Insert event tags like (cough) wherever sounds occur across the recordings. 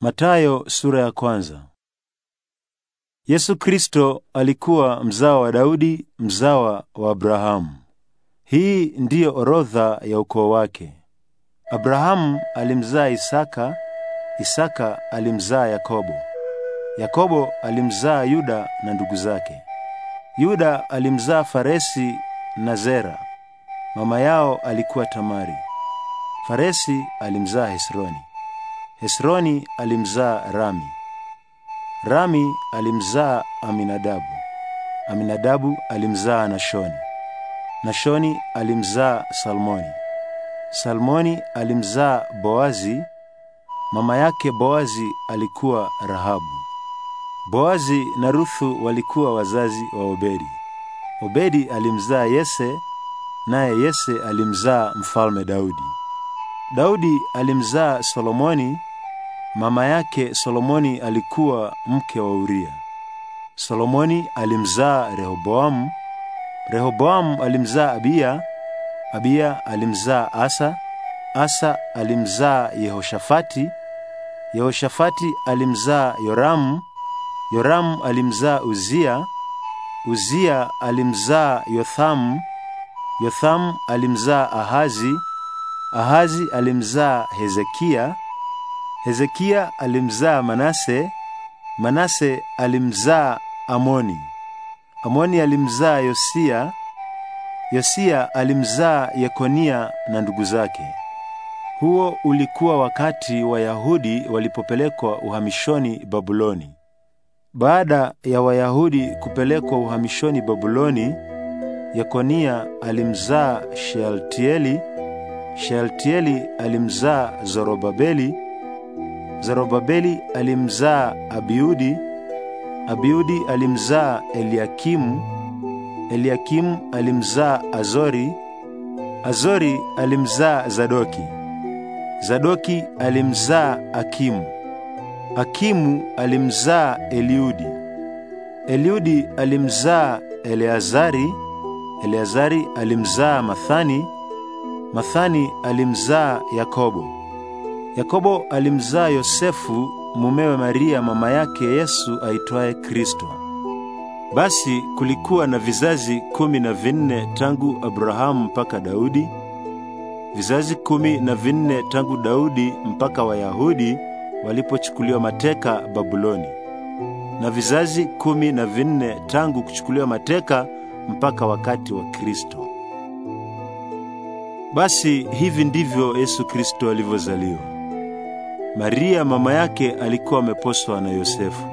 Matayo sura ya kwanza. Yesu Kristo alikuwa mzao wa Daudi, mzawa wa Abrahamu. Hii ndiyo orodha ya ukoo wake. Abrahamu alimzaa Isaka, Isaka alimzaa Yakobo. Yakobo alimzaa Yuda na ndugu zake. Yuda alimzaa Faresi na Zera. Mama yao alikuwa Tamari. Faresi alimzaa Hesroni. Hesroni alimzaa Rami. Rami alimzaa Aminadabu. Aminadabu alimzaa Nashoni. Nashoni alimzaa Salmoni. Salmoni alimzaa Boazi. Mama yake Boazi alikuwa Rahabu. Boazi na Ruthu walikuwa wazazi wa Obedi. Obedi alimzaa Yese, naye Yese alimzaa Mfalme Daudi. Daudi alimzaa Solomoni Mama yake Solomoni alikuwa mke wa Uria. Solomoni alimzaa Rehoboamu. Rehoboamu alimzaa Abiya. Abiya alimzaa Asa. Asa alimzaa Yehoshafati. Yehoshafati alimzaa Yoramu. Yoramu alimzaa Uzia. Uzia alimzaa Yothamu. Yothamu alimzaa Ahazi. Ahazi alimzaa Hezekia. Hezekia alimzaa Manase, Manase alimzaa Amoni, Amoni alimzaa Yosia, Yosia alimzaa Yekonia na ndugu zake. Huo ulikuwa wakati Wayahudi walipopelekwa uhamishoni Babuloni. Baada ya Wayahudi kupelekwa uhamishoni Babuloni, Yekonia alimzaa Shealtieli, Shealtieli alimzaa Zorobabeli Zerubabeli alimzaa Abiudi, Abiudi alimzaa Eliakimu, Eliakimu alimzaa Azori, Azori alimzaa Zadoki, Zadoki alimzaa Akimu, Akimu alimzaa Eliudi, Eliudi alimzaa Eleazari, Eleazari alimzaa Mathani, Mathani alimzaa Yakobo. Yakobo alimzaa Yosefu mumewe Maria mama yake Yesu aitwaye Kristo. Basi kulikuwa na vizazi kumi na vinne tangu Abrahamu mpaka Daudi, vizazi kumi na vinne tangu Daudi mpaka Wayahudi walipochukuliwa mateka Babuloni, na vizazi kumi na vinne tangu kuchukuliwa mateka mpaka wakati wa Kristo. Basi hivi ndivyo Yesu Kristo alivyozaliwa. Maria mama yake alikuwa ameposwa na Yosefu.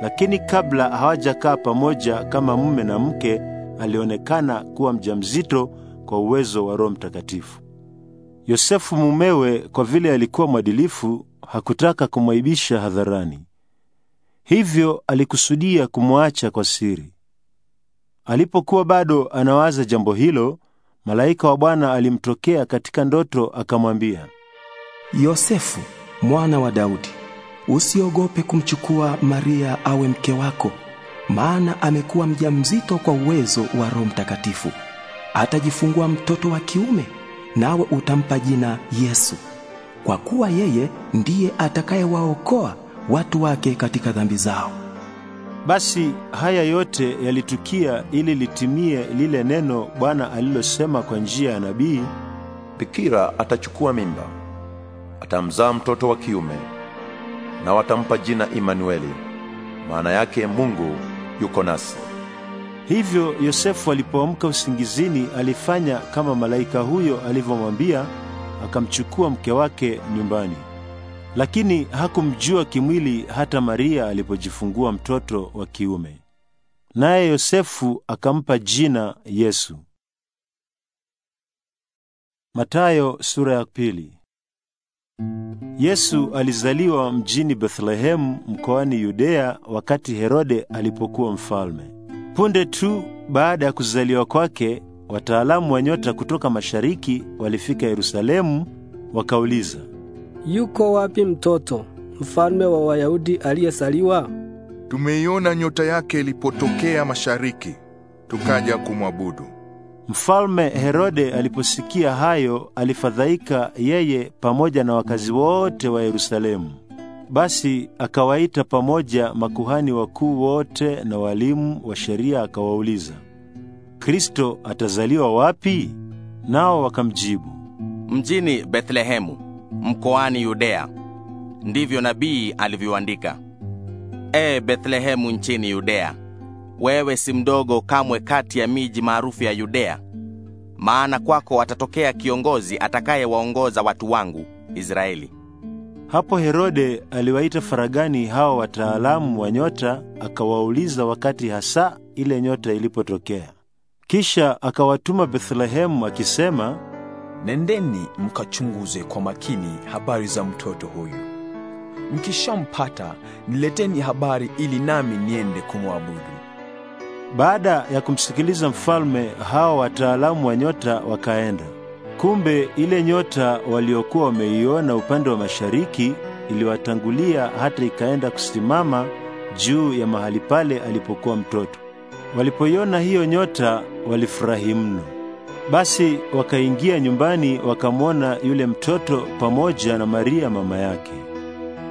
Lakini kabla hawajakaa pamoja kama mume na mke, alionekana kuwa mjamzito kwa uwezo wa Roho Mtakatifu. Yosefu mumewe, kwa vile alikuwa mwadilifu, hakutaka kumwaibisha hadharani, hivyo alikusudia kumwacha kwa siri. Alipokuwa bado anawaza jambo hilo, malaika wa Bwana alimtokea katika ndoto akamwambia, Yosefu mwana wa Daudi, usiogope kumchukua Maria awe mke wako, maana amekuwa mjamzito kwa uwezo wa Roho Mtakatifu. Atajifungua mtoto wa kiume, nawe utampa jina Yesu, kwa kuwa yeye ndiye atakayewaokoa watu wake katika dhambi zao. Basi haya yote yalitukia ili litimie lile neno Bwana alilosema kwa njia ya nabii, bikira atachukua mimba atamzaa mtoto wa kiume na watampa jina Imanueli, maana yake Mungu yuko nasi. Hivyo Yosefu alipoamka usingizini, alifanya kama malaika huyo alivyomwambia, akamchukua mke wake nyumbani, lakini hakumjua kimwili hata Maria alipojifungua mtoto wa kiume, naye Yosefu akampa jina Yesu. Matayo sura ya pili. Yesu alizaliwa mjini Bethlehemu mkoani Yudea wakati Herode alipokuwa mfalme. Punde tu baada ya kuzaliwa kwake, wataalamu wa nyota kutoka mashariki walifika Yerusalemu wakauliza, "Yuko wapi mtoto mfalme wa Wayahudi aliyesaliwa? Tumeiona nyota yake ilipotokea mashariki, tukaja kumwabudu." Mfalme Herode aliposikia hayo, alifadhaika yeye pamoja na wakazi wote wa Yerusalemu. Basi akawaita pamoja makuhani wakuu wote na walimu wa sheria, akawauliza, Kristo atazaliwa wapi? Nao wakamjibu, mjini Bethlehemu mkoani Yudea, ndivyo nabii alivyoandika: E Bethlehemu nchini Yudea, wewe si mdogo kamwe kati ya miji maarufu ya Yudea, maana kwako atatokea kiongozi atakayewaongoza watu wangu Israeli. Hapo Herode aliwaita faragani hawa wataalamu wa nyota, akawauliza wakati hasa ile nyota ilipotokea. Kisha akawatuma Bethlehemu akisema, nendeni mkachunguze kwa makini habari za mtoto huyu. Mkishampata nileteni habari, ili nami niende kumwabudu. Baada ya kumsikiliza mfalme, hao wataalamu wa nyota wakaenda. Kumbe ile nyota waliokuwa wameiona upande wa mashariki iliwatangulia hata ikaenda kusimama juu ya mahali pale alipokuwa mtoto. Walipoiona hiyo nyota walifurahi mno. Basi wakaingia nyumbani wakamwona yule mtoto pamoja na Maria mama yake.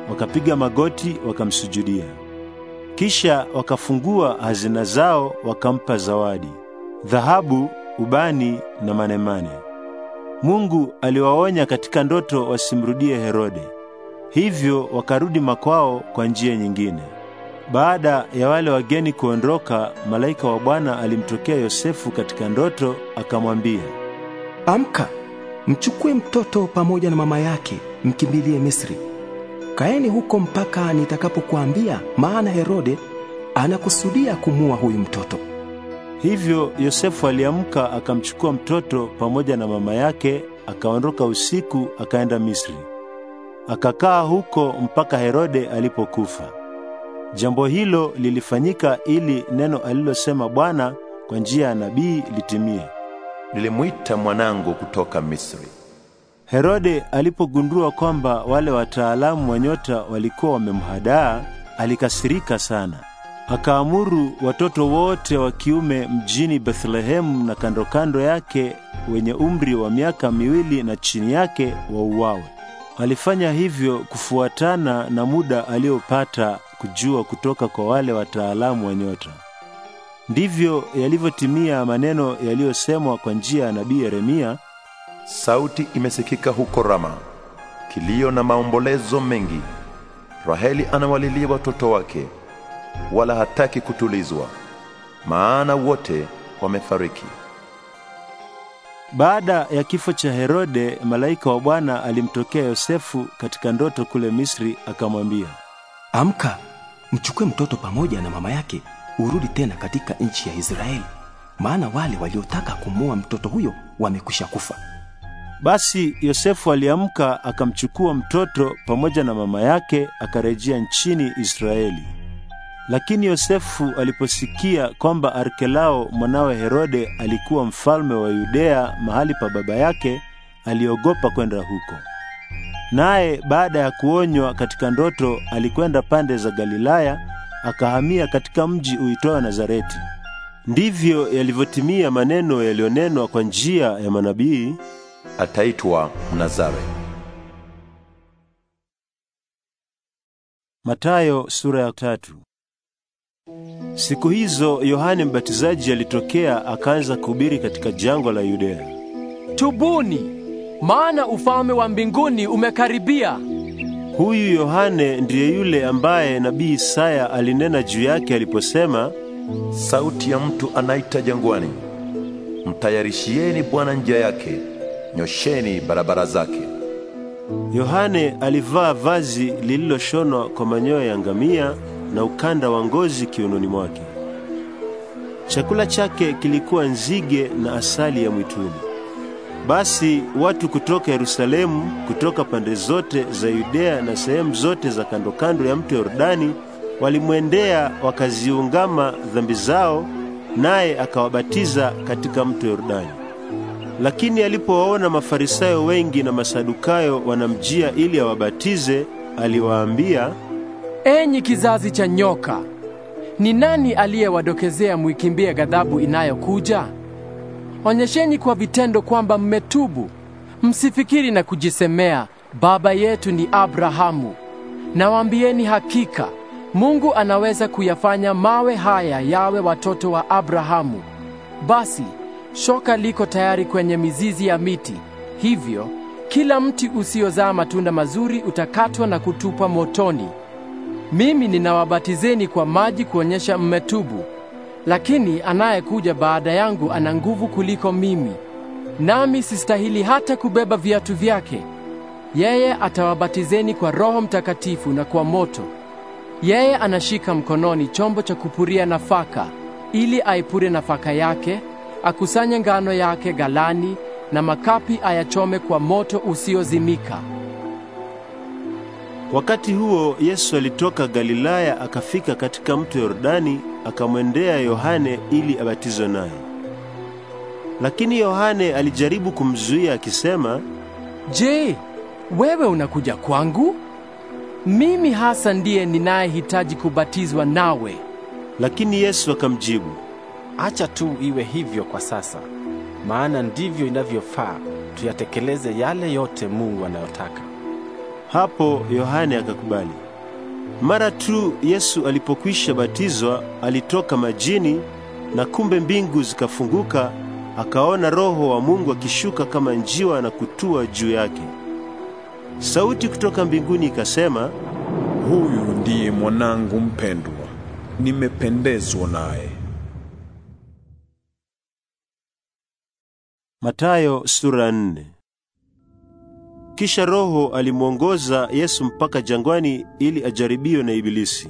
Wakapiga magoti wakamsujudia. Kisha wakafungua hazina zao wakampa zawadi, dhahabu, ubani na manemane. Mungu aliwaonya katika ndoto wasimrudie Herode. Hivyo wakarudi makwao kwa njia nyingine. Baada ya wale wageni kuondoka, malaika wa Bwana alimtokea Yosefu katika ndoto akamwambia, "Amka, mchukue mtoto pamoja na mama yake, mkimbilie Misri." kaeni huko mpaka nitakapokuambia, maana Herode anakusudia kumua huyu mtoto. Hivyo Yosefu aliamka akamchukua mtoto pamoja na mama yake, akaondoka usiku akaenda Misri, akakaa huko mpaka Herode alipokufa. Jambo hilo lilifanyika ili neno alilosema Bwana kwa njia ya nabii litimie, nilimwita mwanangu kutoka Misri. Herode alipogundua kwamba wale wataalamu wa nyota walikuwa wamemhadaa, alikasirika sana. Akaamuru watoto wote wa kiume mjini Bethlehemu na kando kando yake wenye umri wa miaka miwili na chini yake wauawe. alifanya hivyo kufuatana na muda aliyopata kujua kutoka kwa wale wataalamu wa nyota. Ndivyo yalivyotimia maneno yaliyosemwa kwa njia ya nabii Yeremia sauti imesikika huko Rama, kilio na maombolezo mengi. Raheli anawalilia watoto wake, wala hataki kutulizwa, maana wote wamefariki. Baada ya kifo cha Herode, malaika wa Bwana alimtokea Yosefu katika ndoto kule Misri, akamwambia, amka, mchukue mtoto pamoja na mama yake, urudi tena katika nchi ya Israeli, maana wale waliotaka kumua mtoto huyo wamekwisha kufa. Basi Yosefu aliamka akamchukua mtoto pamoja na mama yake akarejea nchini Israeli. Lakini Yosefu aliposikia kwamba Arkelao mwanawe Herode alikuwa mfalme wa Yudea mahali pa baba yake, aliogopa kwenda huko. Naye baada ya kuonywa katika ndoto, alikwenda pande za Galilaya, akahamia katika mji uitwao Nazareti. Ndivyo yalivyotimia maneno yaliyonenwa kwa njia ya manabii ataitwa Mnazari. Matayo sura ya tatu. Siku hizo Yohane Mbatizaji alitokea akaanza kuhubiri katika jangwa la Yudea. Tubuni, maana ufalme wa mbinguni umekaribia. Huyu Yohane ndiye yule ambaye nabii Isaya alinena juu yake aliposema, sauti ya mtu anaita jangwani, mtayarishieni Bwana njia yake nyosheni barabara zake. Yohane alivaa vazi lililoshonwa kwa manyoya ya ngamia na ukanda wa ngozi kiunoni mwake. Chakula chake kilikuwa nzige na asali ya mwituni. Basi watu kutoka Yerusalemu, kutoka pande zote za Yudea na sehemu zote za kando kando ya mto Yordani walimwendea wakaziungama dhambi zao, naye akawabatiza katika mto Yordani. Lakini alipowaona Mafarisayo wengi na Masadukayo wanamjia ili awabatize, aliwaambia, enyi kizazi cha nyoka, ni nani aliyewadokezea mwikimbie ghadhabu inayokuja? Onyesheni kwa vitendo kwamba mmetubu. Msifikiri na kujisemea, baba yetu ni Abrahamu. Nawaambieni hakika Mungu anaweza kuyafanya mawe haya yawe watoto wa Abrahamu. Basi shoka liko tayari kwenye mizizi ya miti, hivyo kila mti usiozaa matunda mazuri utakatwa na kutupwa motoni. Mimi ninawabatizeni kwa maji kuonyesha mmetubu, lakini anayekuja baada yangu ana nguvu kuliko mimi, nami sistahili hata kubeba viatu vyake. Yeye atawabatizeni kwa Roho Mtakatifu na kwa moto. Yeye anashika mkononi chombo cha kupuria nafaka ili aipure nafaka yake akusanye ngano yake galani na makapi ayachome kwa moto usiozimika. Wakati huo Yesu alitoka Galilaya akafika katika mto Yordani akamwendea Yohane ili abatizwe naye. Lakini Yohane alijaribu kumzuia akisema, "Je, wewe unakuja kwangu? Mimi hasa ndiye ninayehitaji kubatizwa nawe." Lakini Yesu akamjibu, acha tu iwe hivyo kwa sasa, maana ndivyo inavyofaa tuyatekeleze yale yote Mungu anayotaka. Hapo Yohane akakubali. Mara tu Yesu alipokwisha batizwa, alitoka majini na kumbe mbingu zikafunguka, akaona Roho wa Mungu akishuka kama njiwa na kutua juu yake. Sauti kutoka mbinguni ikasema, Huyu ndiye mwanangu mpendwa, nimependezwa naye. Matayo sura nne. Kisha Roho alimwongoza Yesu mpaka jangwani ili ajaribiwe na Ibilisi.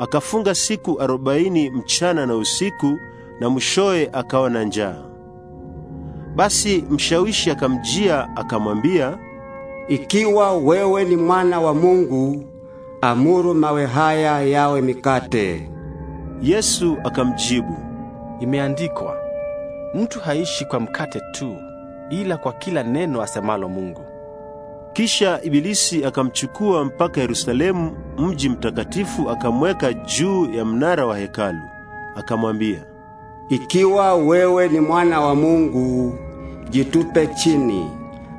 Akafunga siku arobaini mchana na usiku, na mwishowe akawa na njaa. Basi mshawishi akamjia akamwambia, ikiwa wewe ni mwana wa Mungu, amuru mawe haya yawe mikate. Yesu akamjibu, imeandikwa mtu haishi kwa mkate tu, ila kwa kila neno asemalo Mungu. Kisha Ibilisi akamchukua mpaka Yerusalemu, mji mtakatifu, akamweka juu ya mnara wa hekalu, akamwambia, ikiwa wewe ni mwana wa Mungu, jitupe chini,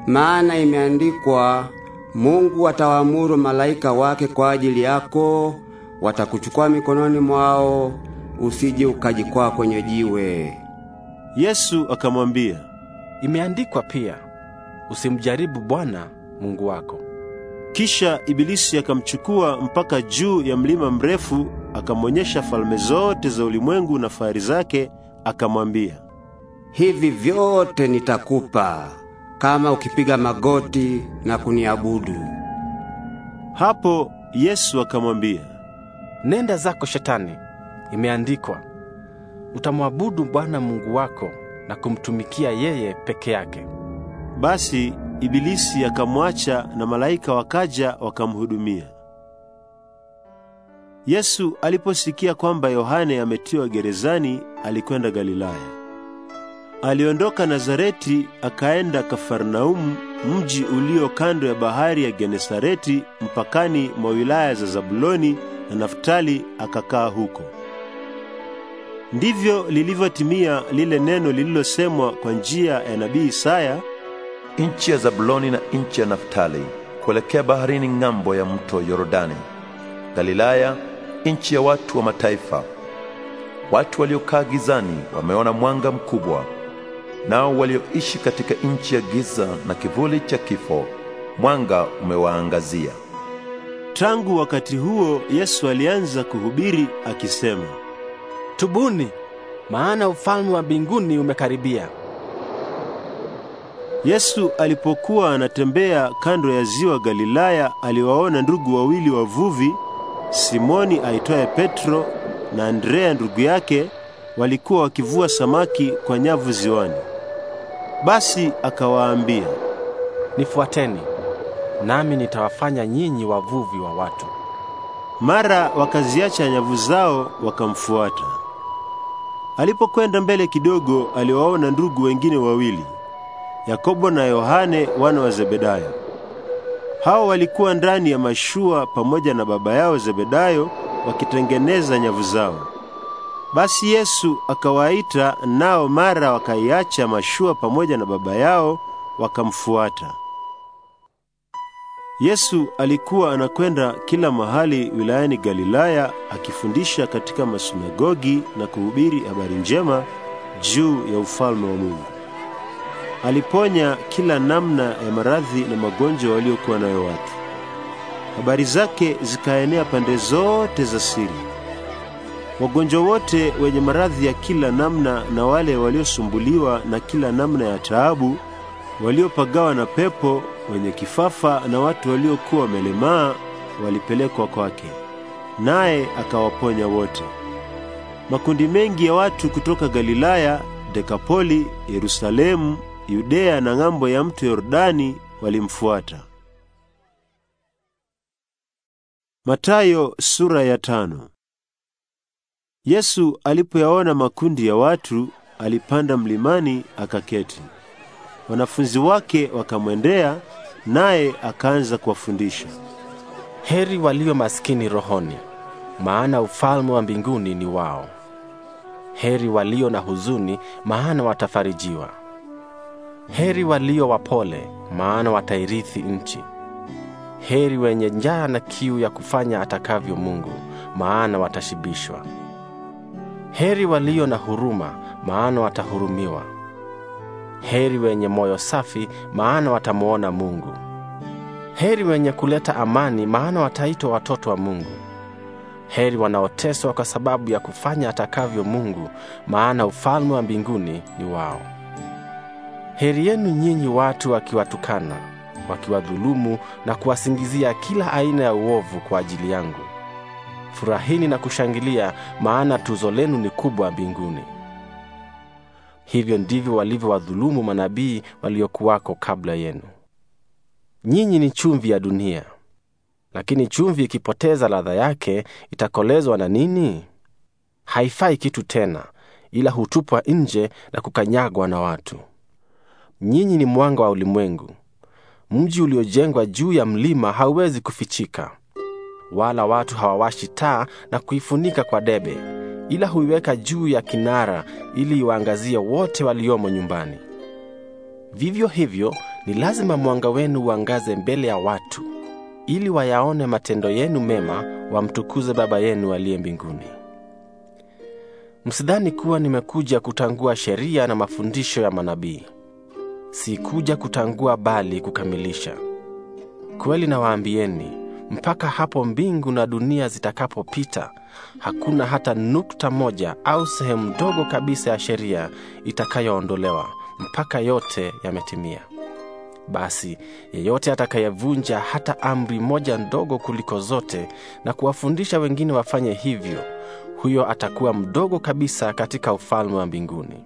maana imeandikwa, Mungu atawaamuru malaika wake kwa ajili yako, watakuchukua mikononi mwao, usije ukajikwaa kwenye jiwe. Yesu akamwambia, imeandikwa pia, usimjaribu Bwana Mungu wako. Kisha Ibilisi akamchukua mpaka juu ya mlima mrefu, akamwonyesha falme zote za ulimwengu na fahari zake, akamwambia, hivi vyote nitakupa kama ukipiga magoti na kuniabudu. Hapo Yesu akamwambia, nenda zako Shetani, imeandikwa utamwabudu Bwana Mungu wako na kumtumikia yeye peke yake. Basi Ibilisi akamwacha na malaika wakaja wakamhudumia. Yesu aliposikia kwamba Yohane ametiwa gerezani, alikwenda Galilaya. Aliondoka Nazareti akaenda Kafarnaumu, mji ulio kando ya bahari ya Genesareti, mpakani mwa wilaya za Zabuloni na Naftali, akakaa huko. Ndivyo lilivyotimia lile neno lililosemwa kwa njia ya nabii Isaya, nchi ya Zabuloni na nchi ya Naftali, kuelekea baharini ng'ambo ya mto Yordani, Galilaya, nchi ya watu wa mataifa. Watu waliokaa gizani wameona mwanga mkubwa, nao walioishi katika nchi ya giza na kivuli cha kifo, mwanga umewaangazia. Tangu wakati huo Yesu alianza kuhubiri akisema tubuni, maana ufalme wa mbinguni umekaribia. Yesu alipokuwa anatembea kando ya ziwa Galilaya, aliwaona ndugu wawili wavuvi, Simoni aitwaye Petro na Andrea ndugu yake, walikuwa wakivua samaki kwa nyavu ziwani. Basi akawaambia, "Nifuateni, nami nitawafanya nyinyi wavuvi wa watu." Mara wakaziacha nyavu zao wakamfuata. Alipokwenda mbele kidogo, aliwaona ndugu wengine wawili, Yakobo na Yohane wana wa Zebedayo. Hao walikuwa ndani ya mashua pamoja na baba yao Zebedayo wakitengeneza nyavu zao. Basi Yesu akawaita, nao mara wakaiacha mashua pamoja na baba yao wakamfuata. Yesu alikuwa anakwenda kila mahali wilayani Galilaya akifundisha katika masinagogi na kuhubiri habari njema juu ya ufalme wa Mungu. Aliponya kila namna ya maradhi na magonjwa waliokuwa nayo watu. Habari zake zikaenea pande zote za siri. Wagonjwa wote wenye maradhi ya kila namna na wale waliosumbuliwa na kila namna ya taabu, waliopagawa na pepo wenye kifafa na watu waliokuwa wamelemaa walipelekwa kwake, naye akawaponya wote. Makundi mengi ya watu kutoka Galilaya, Dekapoli, Yerusalemu, Yudea na ng'ambo ya mto Yordani walimfuata. Matayo sura ya tano. Yesu alipoyaona makundi ya watu alipanda mlimani akaketi. Wanafunzi wake wakamwendea naye akaanza kuwafundisha, heri walio maskini rohoni, maana ufalme wa mbinguni ni wao. Heri walio na huzuni, maana watafarijiwa. Heri hmm. walio wapole, maana watairithi nchi. Heri wenye njaa na kiu ya kufanya atakavyo Mungu, maana watashibishwa. Heri walio na huruma, maana watahurumiwa. Heri wenye moyo safi, maana watamwona Mungu. Heri wenye kuleta amani, maana wataitwa watoto wa Mungu. Heri wanaoteswa kwa sababu ya kufanya atakavyo Mungu, maana ufalme wa mbinguni ni wao. Heri yenu nyinyi watu wakiwatukana, wakiwadhulumu na kuwasingizia kila aina ya uovu kwa ajili yangu. Furahini na kushangilia, maana tuzo lenu ni kubwa mbinguni. Hivyo ndivyo walivyowadhulumu manabii waliokuwako kabla yenu. Nyinyi ni chumvi ya dunia, lakini chumvi ikipoteza ladha yake itakolezwa na nini? Haifai kitu tena, ila hutupwa nje na kukanyagwa na watu. Nyinyi ni mwanga wa ulimwengu. Mji uliojengwa juu ya mlima hauwezi kufichika, wala watu hawawashi taa na kuifunika kwa debe ila huiweka juu ya kinara ili iwaangazie wote waliomo nyumbani. Vivyo hivyo ni lazima mwanga wenu uangaze mbele ya watu, ili wayaone matendo yenu mema, wamtukuze Baba yenu aliye mbinguni. Msidhani kuwa nimekuja kutangua sheria na mafundisho ya manabii. Sikuja kutangua bali kukamilisha. Kweli nawaambieni, mpaka hapo mbingu na dunia zitakapopita hakuna hata nukta moja au sehemu ndogo kabisa ya sheria itakayoondolewa mpaka yote yametimia. Basi yeyote atakayevunja hata amri moja ndogo kuliko zote na kuwafundisha wengine wafanye hivyo, huyo atakuwa mdogo kabisa katika ufalme wa mbinguni.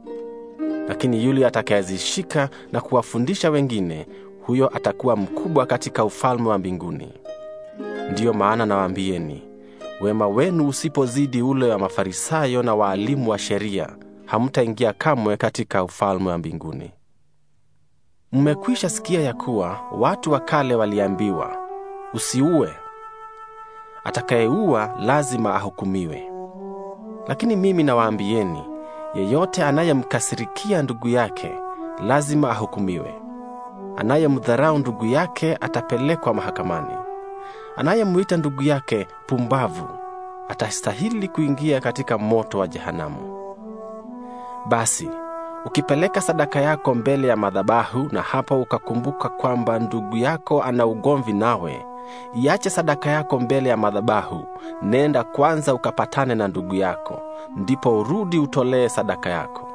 Lakini yule atakayezishika na kuwafundisha wengine, huyo atakuwa mkubwa katika ufalme wa mbinguni. Ndiyo maana nawaambieni, wema wenu usipozidi ule wa Mafarisayo na waalimu wa sheria, hamtaingia kamwe katika ufalme wa mbinguni. Mmekwisha sikia ya kuwa watu wa kale waliambiwa, usiue, atakayeua lazima ahukumiwe. Lakini mimi nawaambieni, yeyote anayemkasirikia ndugu yake lazima ahukumiwe. Anayemdharau ndugu yake atapelekwa mahakamani anayemwita ndugu yake pumbavu atastahili kuingia katika moto wa jehanamu. Basi ukipeleka sadaka yako mbele ya madhabahu, na hapo ukakumbuka kwamba ndugu yako ana ugomvi nawe, iache sadaka yako mbele ya madhabahu, nenda kwanza ukapatane na ndugu yako, ndipo urudi utolee sadaka yako.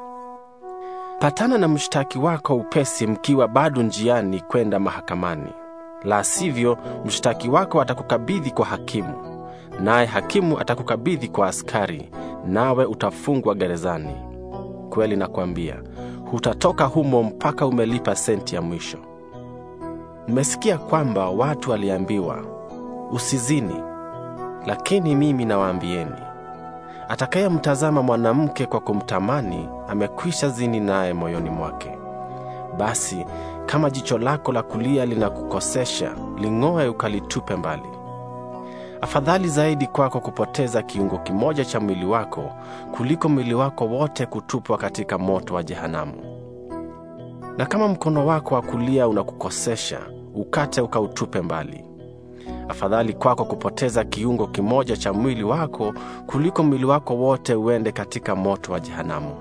Patana na mshtaki wako upesi mkiwa bado njiani kwenda mahakamani la sivyo mshtaki wako atakukabidhi kwa hakimu, naye hakimu atakukabidhi kwa askari, nawe utafungwa gerezani. Kweli nakwambia, hutatoka humo mpaka umelipa senti ya mwisho. Mmesikia kwamba watu waliambiwa, usizini. Lakini mimi nawaambieni, atakayemtazama mwanamke kwa kumtamani amekwisha zini naye moyoni mwake. Basi kama jicho lako la kulia linakukosesha, ling'oe ukalitupe mbali. Afadhali zaidi kwako kupoteza kiungo kimoja cha mwili wako kuliko mwili wako wote kutupwa katika moto wa jehanamu. Na kama mkono wako wa kulia unakukosesha, ukate ukautupe mbali. Afadhali kwako kupoteza kiungo kimoja cha mwili wako kuliko mwili wako wote uende katika moto wa jehanamu.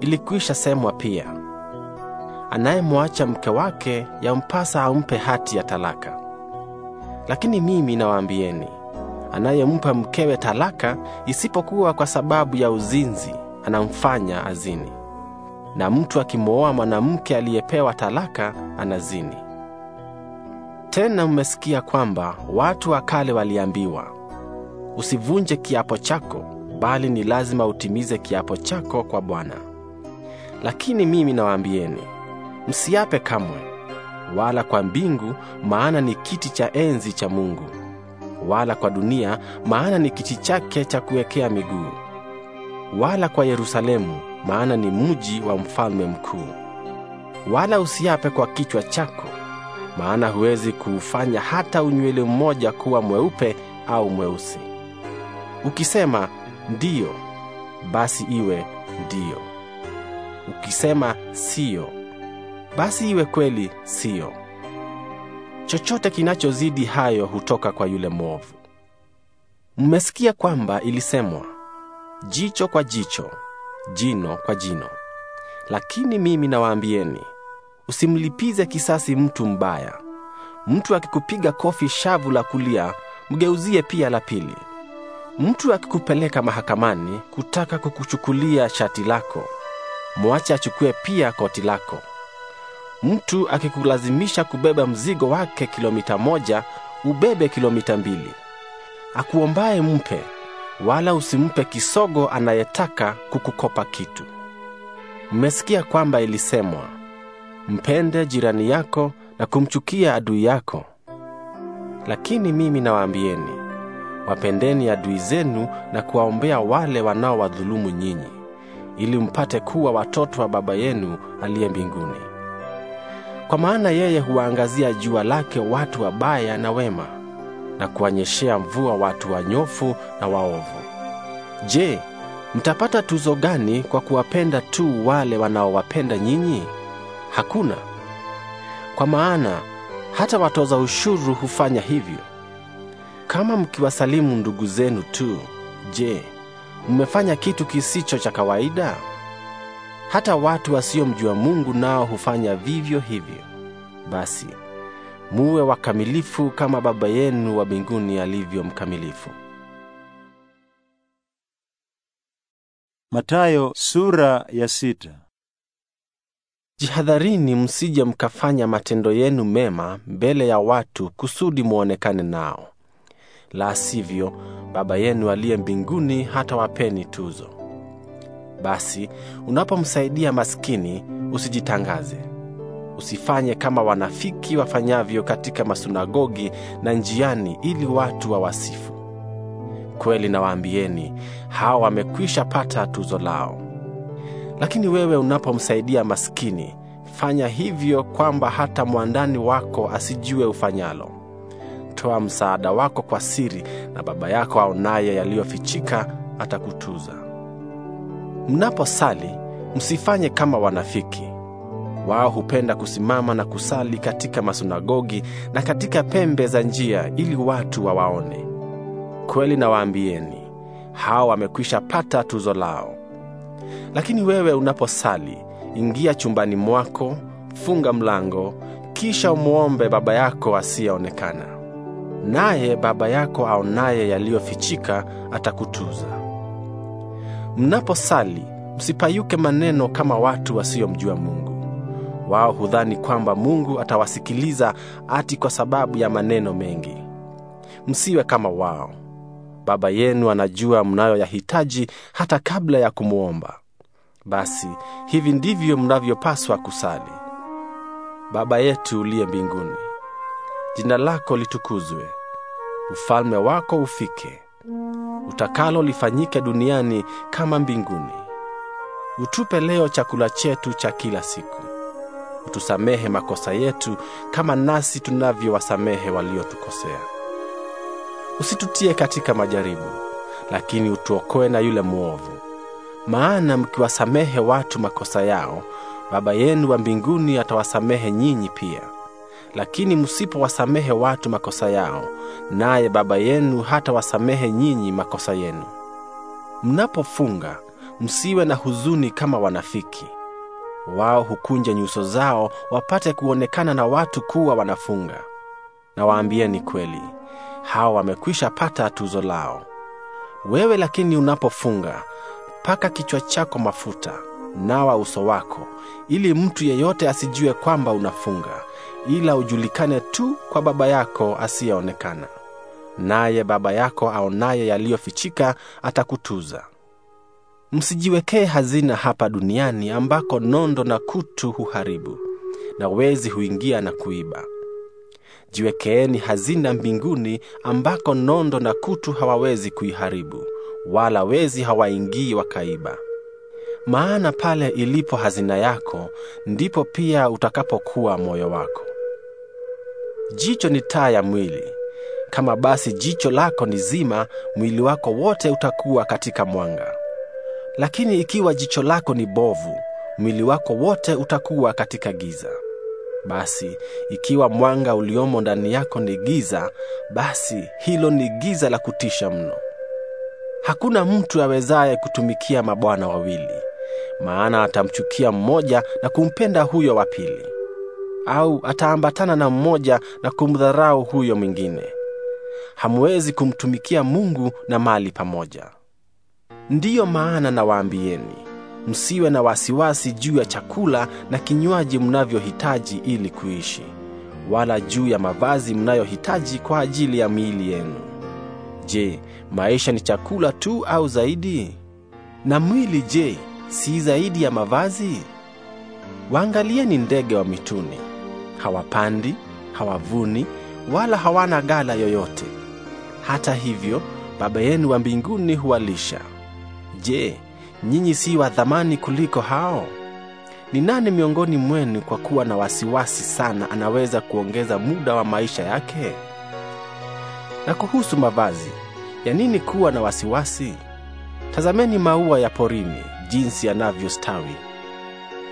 Ilikwisha semwa pia anayemwacha mke wake yampasa ampe hati ya talaka. Lakini mimi nawaambieni, anayempa mkewe talaka isipokuwa kwa sababu ya uzinzi, anamfanya azini, na mtu akimwoa mwanamke aliyepewa talaka anazini. Tena mmesikia kwamba watu wa kale waliambiwa, usivunje kiapo chako, bali ni lazima utimize kiapo chako kwa Bwana. Lakini mimi nawaambieni msiape kamwe, wala kwa mbingu, maana ni kiti cha enzi cha Mungu, wala kwa dunia, maana ni kiti chake cha kuwekea miguu, wala kwa Yerusalemu, maana ni mji wa mfalme mkuu. Wala usiape kwa kichwa chako, maana huwezi kuufanya hata unywele mmoja kuwa mweupe au mweusi. Ukisema ndiyo, basi iwe ndiyo; ukisema siyo basi iwe kweli siyo. Chochote kinachozidi hayo hutoka kwa yule mwovu. Mmesikia kwamba ilisemwa jicho kwa jicho, jino kwa jino. Lakini mimi nawaambieni, usimlipize kisasi mtu mbaya. Mtu akikupiga kofi shavu la kulia, mgeuzie pia la pili. Mtu akikupeleka mahakamani kutaka kukuchukulia shati lako, mwache achukue pia koti lako. Mtu akikulazimisha kubeba mzigo wake kilomita moja, ubebe kilomita mbili. Akuombaye mpe, wala usimpe kisogo anayetaka kukukopa kitu. Mmesikia kwamba ilisemwa, mpende jirani yako na kumchukia adui yako. Lakini mimi nawaambieni, wapendeni adui zenu na kuwaombea wale wanaowadhulumu nyinyi, ili mpate kuwa watoto wa Baba yenu aliye mbinguni. Kwa maana yeye huwaangazia jua lake watu wabaya na wema, na kuwanyeshea mvua watu wanyofu na waovu. Je, mtapata tuzo gani kwa kuwapenda tu wale wanaowapenda nyinyi? Hakuna. Kwa maana hata watoza ushuru hufanya hivyo. Kama mkiwasalimu ndugu zenu tu, je, mmefanya kitu kisicho cha kawaida? Hata watu wasiomjua Mungu nao hufanya vivyo hivyo. Basi muwe wakamilifu kama Baba yenu wa mbinguni alivyo mkamilifu. Mathayo sura ya sita. Jihadharini msije mkafanya matendo yenu mema mbele ya watu kusudi mwonekane nao. La sivyo, Baba yenu aliye mbinguni hata wapeni tuzo. Basi unapomsaidia maskini usijitangaze. Usifanye kama wanafiki wafanyavyo katika masunagogi na njiani, ili watu wawasifu. Kweli nawaambieni, hao wamekwisha pata tuzo lao. Lakini wewe unapomsaidia maskini, fanya hivyo kwamba hata mwandani wako asijue ufanyalo. Toa msaada wako kwa siri, na Baba yako aonaye yaliyofichika atakutuza. Mnaposali msifanye kama wanafiki. Wao hupenda kusimama na kusali katika masunagogi na katika pembe za njia ili watu wawaone. Kweli nawaambieni, hao wamekwisha pata tuzo lao. Lakini wewe unaposali, ingia chumbani mwako, funga mlango, kisha umwombe Baba yako asiyeonekana, naye Baba yako aonaye yaliyofichika atakutuza. Mnaposali msipayuke maneno kama watu wasiomjua Mungu. Wao hudhani kwamba Mungu atawasikiliza ati kwa sababu ya maneno mengi. Msiwe kama wao. Baba yenu anajua mnayoyahitaji hata kabla ya kumwomba. Basi hivi ndivyo mnavyopaswa kusali: Baba yetu uliye mbinguni, jina lako litukuzwe, ufalme wako ufike utakalo lifanyike duniani kama mbinguni. Utupe leo chakula chetu cha kila siku. Utusamehe makosa yetu kama nasi tunavyowasamehe waliotukosea. Usitutie katika majaribu, lakini utuokoe na yule mwovu. Maana mkiwasamehe watu makosa yao, Baba yenu wa mbinguni atawasamehe nyinyi pia. Lakini msipowasamehe watu makosa yao, naye Baba yenu hata wasamehe nyinyi makosa yenu. Mnapofunga msiwe na huzuni kama wanafiki. Wao hukunja nyuso zao wapate kuonekana na watu kuwa wanafunga. Na kweli, hao wamekwisha pata tuzo lao. Wewe lakini unapofunga, paka kichwa chako mafuta, nawa uso wako, ili mtu yeyote asijue kwamba unafunga, ila ujulikane tu kwa Baba yako asiyeonekana. Naye Baba yako aonaye yaliyofichika atakutuza. Msijiwekee hazina hapa duniani, ambako nondo na kutu huharibu na wezi huingia na kuiba. Jiwekeeni hazina mbinguni, ambako nondo na kutu hawawezi kuiharibu, wala wezi hawaingii wakaiba. Maana pale ilipo hazina yako, ndipo pia utakapokuwa moyo wako. Jicho ni taa ya mwili. Kama basi jicho lako ni zima, mwili wako wote utakuwa katika mwanga. Lakini ikiwa jicho lako ni bovu, mwili wako wote utakuwa katika giza. Basi ikiwa mwanga uliomo ndani yako ni giza, basi hilo ni giza la kutisha mno. Hakuna mtu awezaye kutumikia mabwana wawili, maana atamchukia mmoja na kumpenda huyo wa pili au ataambatana na mmoja na kumdharau huyo mwingine. Hamwezi kumtumikia Mungu na mali pamoja. Ndiyo maana nawaambieni, msiwe na wasiwasi juu ya chakula na kinywaji mnavyohitaji ili kuishi, wala juu ya mavazi mnayohitaji kwa ajili ya miili yenu. Je, maisha ni chakula tu au zaidi? Na mwili je, si zaidi ya mavazi? Waangalieni ndege wa mituni hawapandi, hawavuni, wala hawana gala yoyote. Hata hivyo, Baba yenu wa mbinguni huwalisha. Je, nyinyi si wa thamani kuliko hao? Ni nani miongoni mwenu kwa kuwa na wasiwasi sana anaweza kuongeza muda wa maisha yake? Na kuhusu mavazi, ya nini kuwa na wasiwasi? Tazameni maua ya porini jinsi yanavyostawi,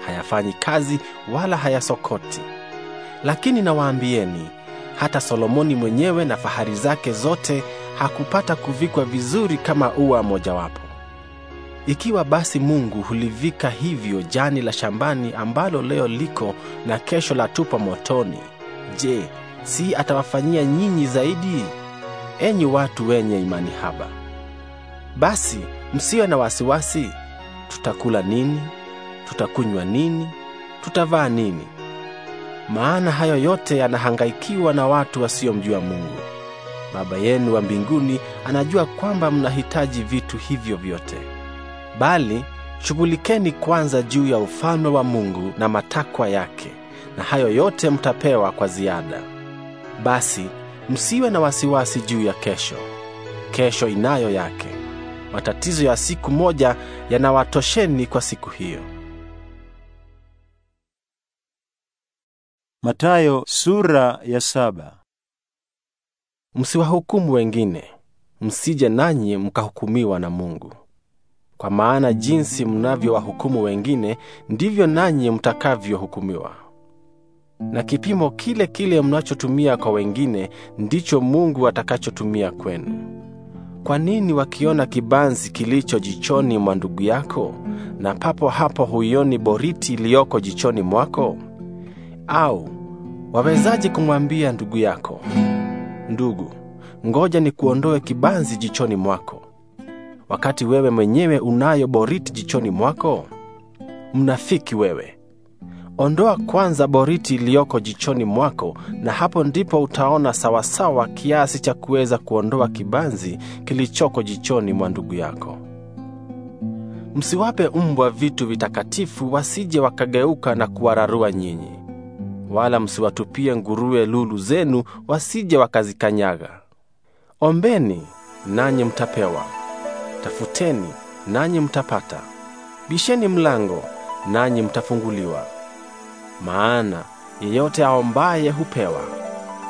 hayafanyi kazi wala hayasokoti. Lakini nawaambieni, hata Solomoni mwenyewe na fahari zake zote hakupata kuvikwa vizuri kama ua mojawapo. Ikiwa basi Mungu hulivika hivyo jani la shambani ambalo leo liko na kesho la tupa motoni, je, si atawafanyia nyinyi zaidi, enyi watu wenye imani haba? Basi msiwe na wasiwasi, tutakula nini? Tutakunywa nini? Tutavaa nini? maana hayo yote yanahangaikiwa na watu wasiomjua Mungu. Baba yenu wa mbinguni anajua kwamba mnahitaji vitu hivyo vyote. Bali shughulikeni kwanza juu ya ufalme wa Mungu na matakwa yake, na hayo yote mtapewa kwa ziada. Basi msiwe na wasiwasi juu ya kesho. Kesho inayo yake. Matatizo ya siku moja yanawatosheni kwa siku hiyo. Matayo sura ya saba. Msiwahukumu wengine, msije nanyi mkahukumiwa na Mungu. Kwa maana jinsi mnavyowahukumu wengine, ndivyo nanyi mtakavyohukumiwa. Na kipimo kile kile mnachotumia kwa wengine, ndicho Mungu atakachotumia kwenu. Kwa nini wakiona kibanzi kilicho jichoni mwa ndugu yako, na papo hapo huioni boriti iliyoko jichoni mwako? Au wawezaje kumwambia ndugu yako, ndugu, ngoja nikuondoe kibanzi jichoni mwako, wakati wewe mwenyewe unayo boriti jichoni mwako? Mnafiki wewe! Ondoa kwanza boriti iliyoko jichoni mwako, na hapo ndipo utaona sawasawa kiasi cha kuweza kuondoa kibanzi kilichoko jichoni mwa ndugu yako. Msiwape mbwa vitu vitakatifu, wasije wakageuka na kuwararua nyinyi wala msiwatupie nguruwe lulu zenu, wasije wakazikanyaga. Ombeni nanyi mtapewa, tafuteni nanyi mtapata, bisheni mlango nanyi mtafunguliwa. Maana yeyote aombaye hupewa,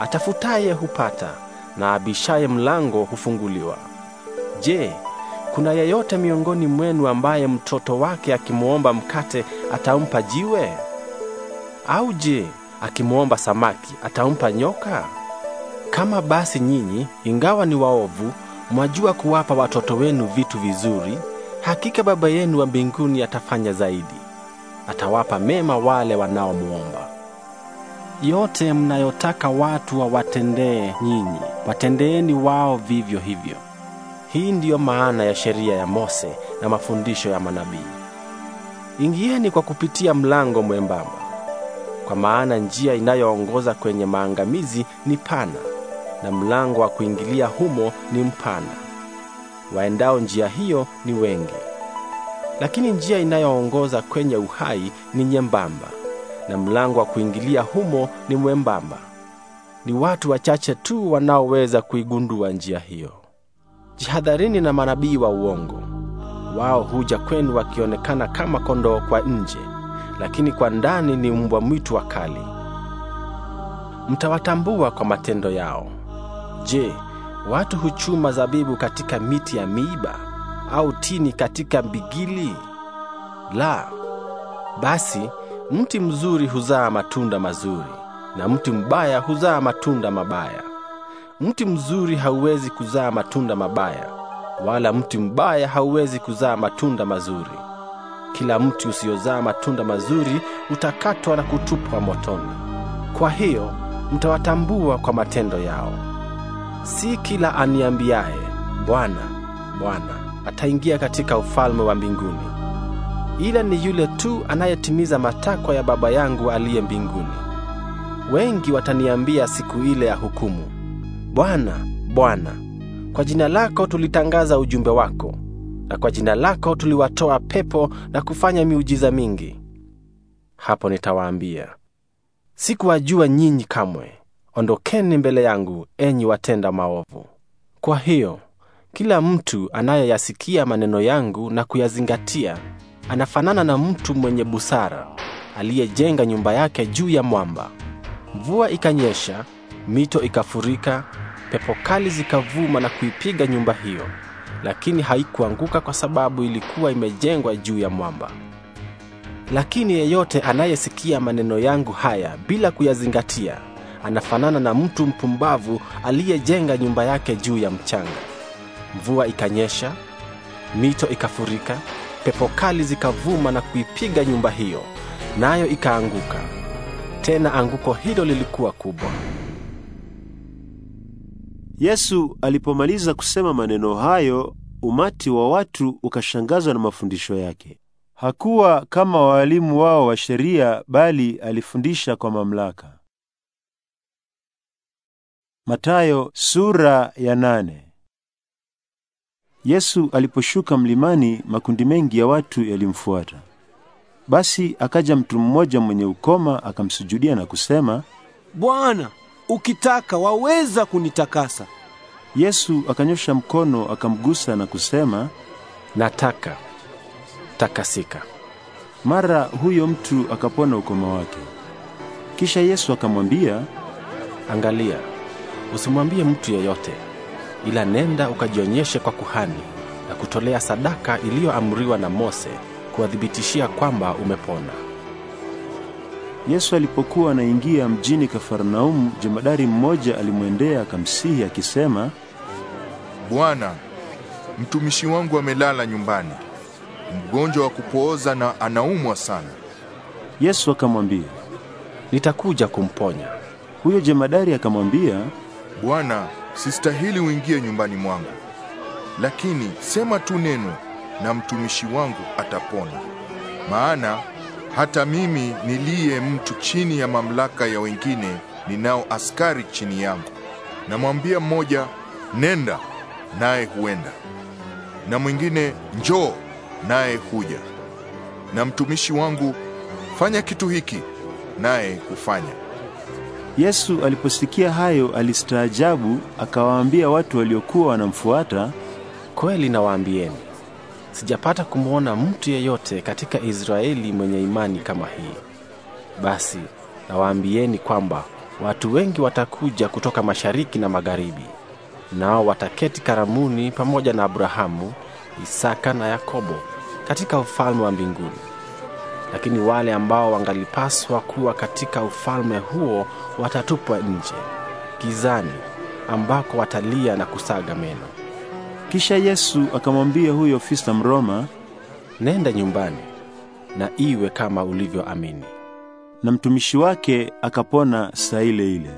atafutaye hupata, na abishaye mlango hufunguliwa. Je, kuna yeyote miongoni mwenu ambaye mtoto wake akimwomba mkate atampa jiwe? Au je, akimwomba samaki, atampa nyoka? Kama basi nyinyi, ingawa ni waovu, mwajua kuwapa watoto wenu vitu vizuri, hakika Baba yenu wa mbinguni atafanya zaidi, atawapa mema wale wanaomwomba. Yote mnayotaka watu wawatendee nyinyi, watendeeni wao vivyo hivyo. Hii ndiyo maana ya sheria ya Mose na mafundisho ya manabii. Ingieni kwa kupitia mlango mwembamba kwa maana njia inayoongoza kwenye maangamizi ni pana na mlango wa kuingilia humo ni mpana. Waendao njia hiyo ni wengi. Lakini njia inayoongoza kwenye uhai ni nyembamba na mlango wa kuingilia humo ni mwembamba. Ni watu wachache tu wanaoweza kuigundua njia hiyo. Jihadharini na manabii wa uongo. Wao huja kwenu wakionekana kama kondoo kwa nje lakini kwa ndani ni mbwa mwitu wakali. Mtawatambua kwa matendo yao. Je, watu huchuma zabibu katika miti ya miiba au tini katika mbigili? La! Basi mti mzuri huzaa matunda mazuri na mti mbaya huzaa matunda mabaya. Mti mzuri hauwezi kuzaa matunda mabaya, wala mti mbaya hauwezi kuzaa matunda mazuri. Kila mti usiozaa matunda mazuri utakatwa na kutupwa motoni. Kwa hiyo mtawatambua kwa matendo yao. Si kila aniambiaye Bwana, Bwana ataingia katika ufalme wa mbinguni, ila ni yule tu anayetimiza matakwa ya Baba yangu aliye mbinguni. Wengi wataniambia siku ile ya hukumu, Bwana, Bwana, kwa jina lako tulitangaza ujumbe wako na kwa jina lako tuliwatoa pepo na kufanya miujiza mingi. Hapo nitawaambia, sikuwajua nyinyi kamwe, ondokeni mbele yangu, enyi watenda maovu. Kwa hiyo kila mtu anayeyasikia maneno yangu na kuyazingatia anafanana na mtu mwenye busara aliyejenga nyumba yake juu ya mwamba. Mvua ikanyesha, mito ikafurika, pepo kali zikavuma na kuipiga nyumba hiyo lakini haikuanguka kwa sababu ilikuwa imejengwa juu ya mwamba. Lakini yeyote anayesikia maneno yangu haya bila kuyazingatia anafanana na mtu mpumbavu aliyejenga nyumba yake juu ya mchanga. Mvua ikanyesha, mito ikafurika, pepo kali zikavuma na kuipiga nyumba hiyo, nayo ikaanguka. Tena anguko hilo lilikuwa kubwa. Yesu alipomaliza kusema maneno hayo, umati wa watu ukashangazwa na mafundisho yake. Hakuwa kama waalimu wao wa sheria, bali alifundisha kwa mamlaka. Matayo sura ya nane. Yesu aliposhuka mlimani, makundi mengi ya watu yalimfuata. Basi akaja mtu mmoja mwenye ukoma akamsujudia na kusema, Bwana, ukitaka waweza kunitakasa. Yesu akanyosha mkono akamgusa na kusema, nataka takasika. Mara huyo mtu akapona ukoma wake. Kisha Yesu akamwambia, angalia, usimwambie mtu yeyote, ila nenda ukajionyeshe kwa kuhani na kutolea sadaka iliyoamriwa na Mose kuwathibitishia kwamba umepona. Yesu alipokuwa anaingia mjini Kafarnaumu, jemadari mmoja alimwendea akamsihi akisema, Bwana, mtumishi wangu amelala nyumbani, mgonjwa wa kupooza na anaumwa sana. Yesu akamwambia, nitakuja kumponya. Huyo jemadari akamwambia, Bwana, sistahili uingie nyumbani mwangu, lakini sema tu neno na mtumishi wangu atapona. Maana hata mimi niliye mtu chini ya mamlaka ya wengine, ninao askari chini yangu. Namwambia mmoja, nenda, naye huenda, na mwingine, njoo, naye huja, na mtumishi wangu, fanya kitu hiki, naye hufanya. Yesu aliposikia hayo alistaajabu, akawaambia watu waliokuwa wanamfuata, kweli nawaambieni sijapata kumwona mtu yeyote katika Israeli mwenye imani kama hii. Basi nawaambieni kwamba watu wengi watakuja kutoka mashariki na magharibi, nao wataketi karamuni pamoja na Abrahamu, Isaka na Yakobo katika ufalme wa mbinguni. Lakini wale ambao wangalipaswa kuwa katika ufalme huo watatupwa nje gizani, ambako watalia na kusaga meno. Kisha Yesu akamwambia huyo ofisa Mroma, nenda nyumbani na iwe kama ulivyoamini. Na mtumishi wake akapona saa ile ile.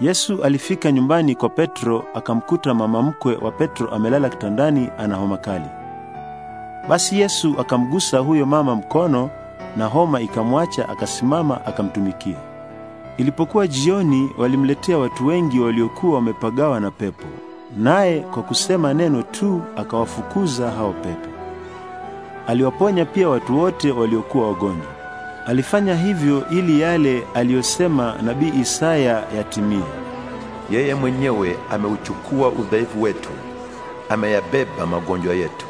Yesu alifika nyumbani kwa Petro, akamkuta mama mkwe wa Petro amelala kitandani, ana homa kali. Basi Yesu akamgusa huyo mama mkono, na homa ikamwacha, akasimama akamtumikia. Ilipokuwa jioni, walimletea watu wengi waliokuwa wamepagawa na pepo naye kwa kusema neno tu akawafukuza hao pepo. Aliwaponya pia watu wote waliokuwa wagonjwa. Alifanya hivyo ili yale aliyosema nabii Isaya yatimie: yeye mwenyewe ameuchukua udhaifu wetu, ameyabeba magonjwa yetu.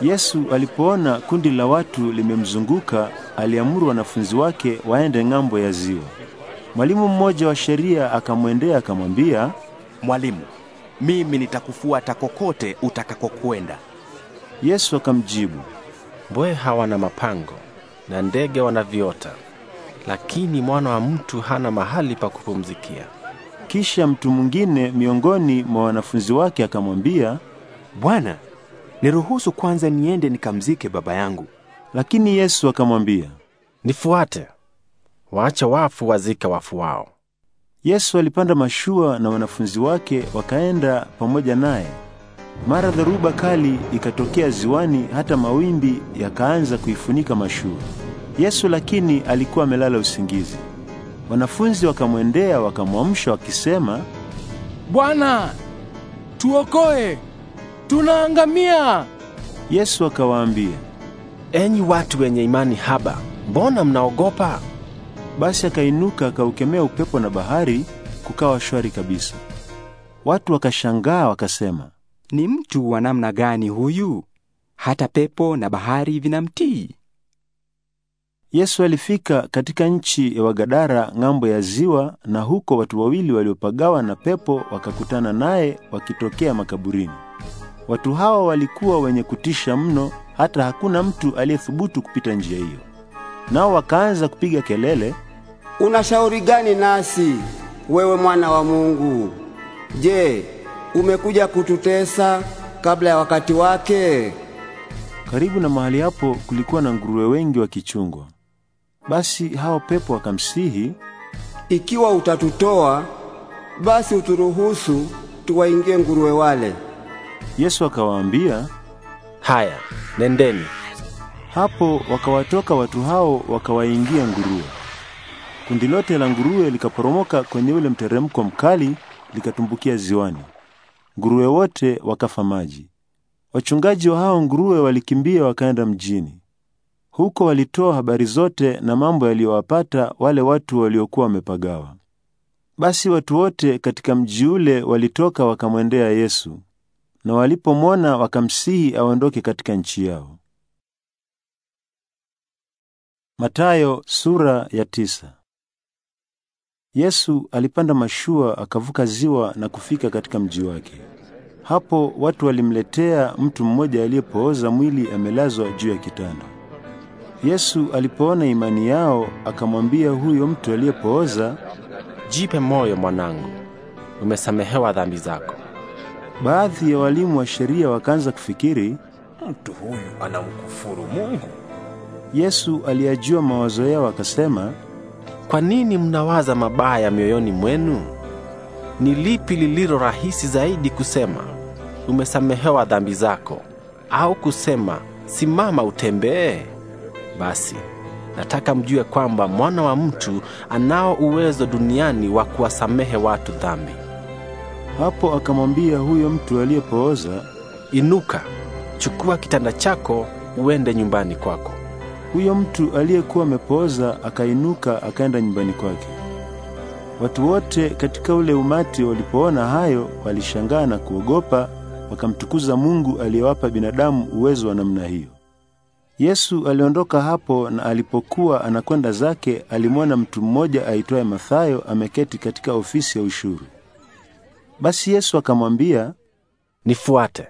Yesu alipoona kundi la watu limemzunguka, aliamuru wanafunzi wake waende ng'ambo ya ziwa. Mwalimu mmoja wa sheria akamwendea akamwambia, Mwalimu, mimi nitakufuata kokote utakakokwenda. Yesu akamjibu, mbweha hawana mapango na ndege wana viota, lakini mwana wa mtu hana mahali pa kupumzikia. Kisha mtu mwingine miongoni mwa wanafunzi wake akamwambia, Bwana, niruhusu kwanza niende nikamzike baba yangu. Lakini Yesu akamwambia, nifuate, waache wafu wazike wafu wao. Yesu alipanda mashua na wanafunzi wake wakaenda pamoja naye. Mara dharuba kali ikatokea ziwani, hata mawimbi yakaanza kuifunika mashua. Yesu lakini alikuwa amelala usingizi. Wanafunzi wakamwendea wakamwamsha wakisema, Bwana, tuokoe, tunaangamia. Yesu akawaambia, enyi watu wenye imani haba, mbona mnaogopa? Basi akainuka akaukemea upepo na bahari, kukawa shwari kabisa. Watu wakashangaa wakasema, ni mtu wa namna gani huyu? Hata pepo na bahari vinamtii. Yesu alifika katika nchi ya Wagadara ng'ambo ya ziwa, na huko watu wawili waliopagawa na pepo wakakutana naye wakitokea makaburini. Watu hawa walikuwa wenye kutisha mno, hata hakuna mtu aliyethubutu kupita njia hiyo. Nao wakaanza kupiga kelele, Unashauri gani nasi wewe mwana wa Mungu? Je, umekuja kututesa kabla ya wakati wake? Karibu na mahali hapo kulikuwa na nguruwe wengi wa kichungwa. Basi hao pepo wakamsihi, ikiwa utatutoa basi uturuhusu tuwaingie nguruwe wale. Yesu akawaambia, haya, nendeni. Hapo wakawatoka watu hao wakawaingia nguruwe. Kundi lote la nguruwe likaporomoka kwenye ule mteremko mkali likatumbukia ziwani. Nguruwe wote wakafa maji. Wachungaji wa hao nguruwe walikimbia wakaenda mjini. Huko walitoa habari zote na mambo yaliyowapata wale watu waliokuwa wamepagawa. Basi watu wote katika mji ule walitoka wakamwendea Yesu, na walipomwona wakamsihi aondoke katika nchi yao. Matayo sura ya tisa. Yesu alipanda mashua akavuka ziwa na kufika katika mji wake. Hapo watu walimletea mtu mmoja aliyepooza mwili amelazwa juu ya kitanda. Yesu alipoona imani yao akamwambia huyo mtu aliyepooza, jipe moyo mwanangu, umesamehewa dhambi zako. Baadhi ya walimu wa sheria wakaanza kufikiri, mtu huyu anamkufuru Mungu. Yesu aliyajua mawazo yao akasema, kwa nini mnawaza mabaya mioyoni mwenu? Ni lipi lililo rahisi zaidi kusema, umesamehewa dhambi zako, au kusema simama utembee? Basi nataka mjue kwamba mwana wa mtu anao uwezo duniani wa kuwasamehe watu dhambi. Hapo akamwambia huyo mtu aliyepooza, inuka, chukua kitanda chako uende nyumbani kwako. Huyo mtu aliyekuwa amepooza akainuka akaenda nyumbani kwake. Watu wote katika ule umati walipoona hayo walishangaa na kuogopa, wakamtukuza Mungu aliyewapa binadamu uwezo wa namna hiyo. Yesu aliondoka hapo na alipokuwa anakwenda zake alimwona mtu mmoja aitwaye Mathayo ameketi katika ofisi ya ushuru. Basi Yesu akamwambia, "Nifuate."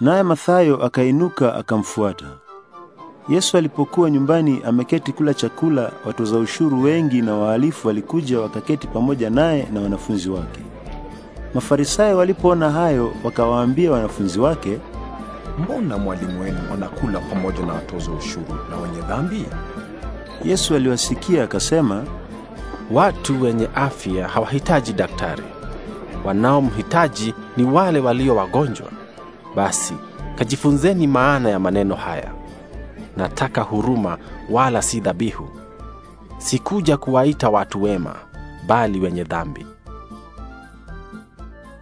Naye Mathayo akainuka akamfuata. Yesu alipokuwa nyumbani ameketi kula chakula, watoza ushuru wengi na wahalifu walikuja wakaketi pamoja naye na wanafunzi wake. Mafarisayo walipoona hayo, wakawaambia wanafunzi wake, mbona mwalimu wenu anakula pamoja na watoza ushuru na wenye dhambi? Yesu aliwasikia akasema, watu wenye afya hawahitaji daktari, wanaomhitaji ni wale walio wagonjwa. Basi kajifunzeni maana ya maneno haya nataka huruma wala si dhabihu. Sikuja kuwaita watu wema, bali wenye dhambi.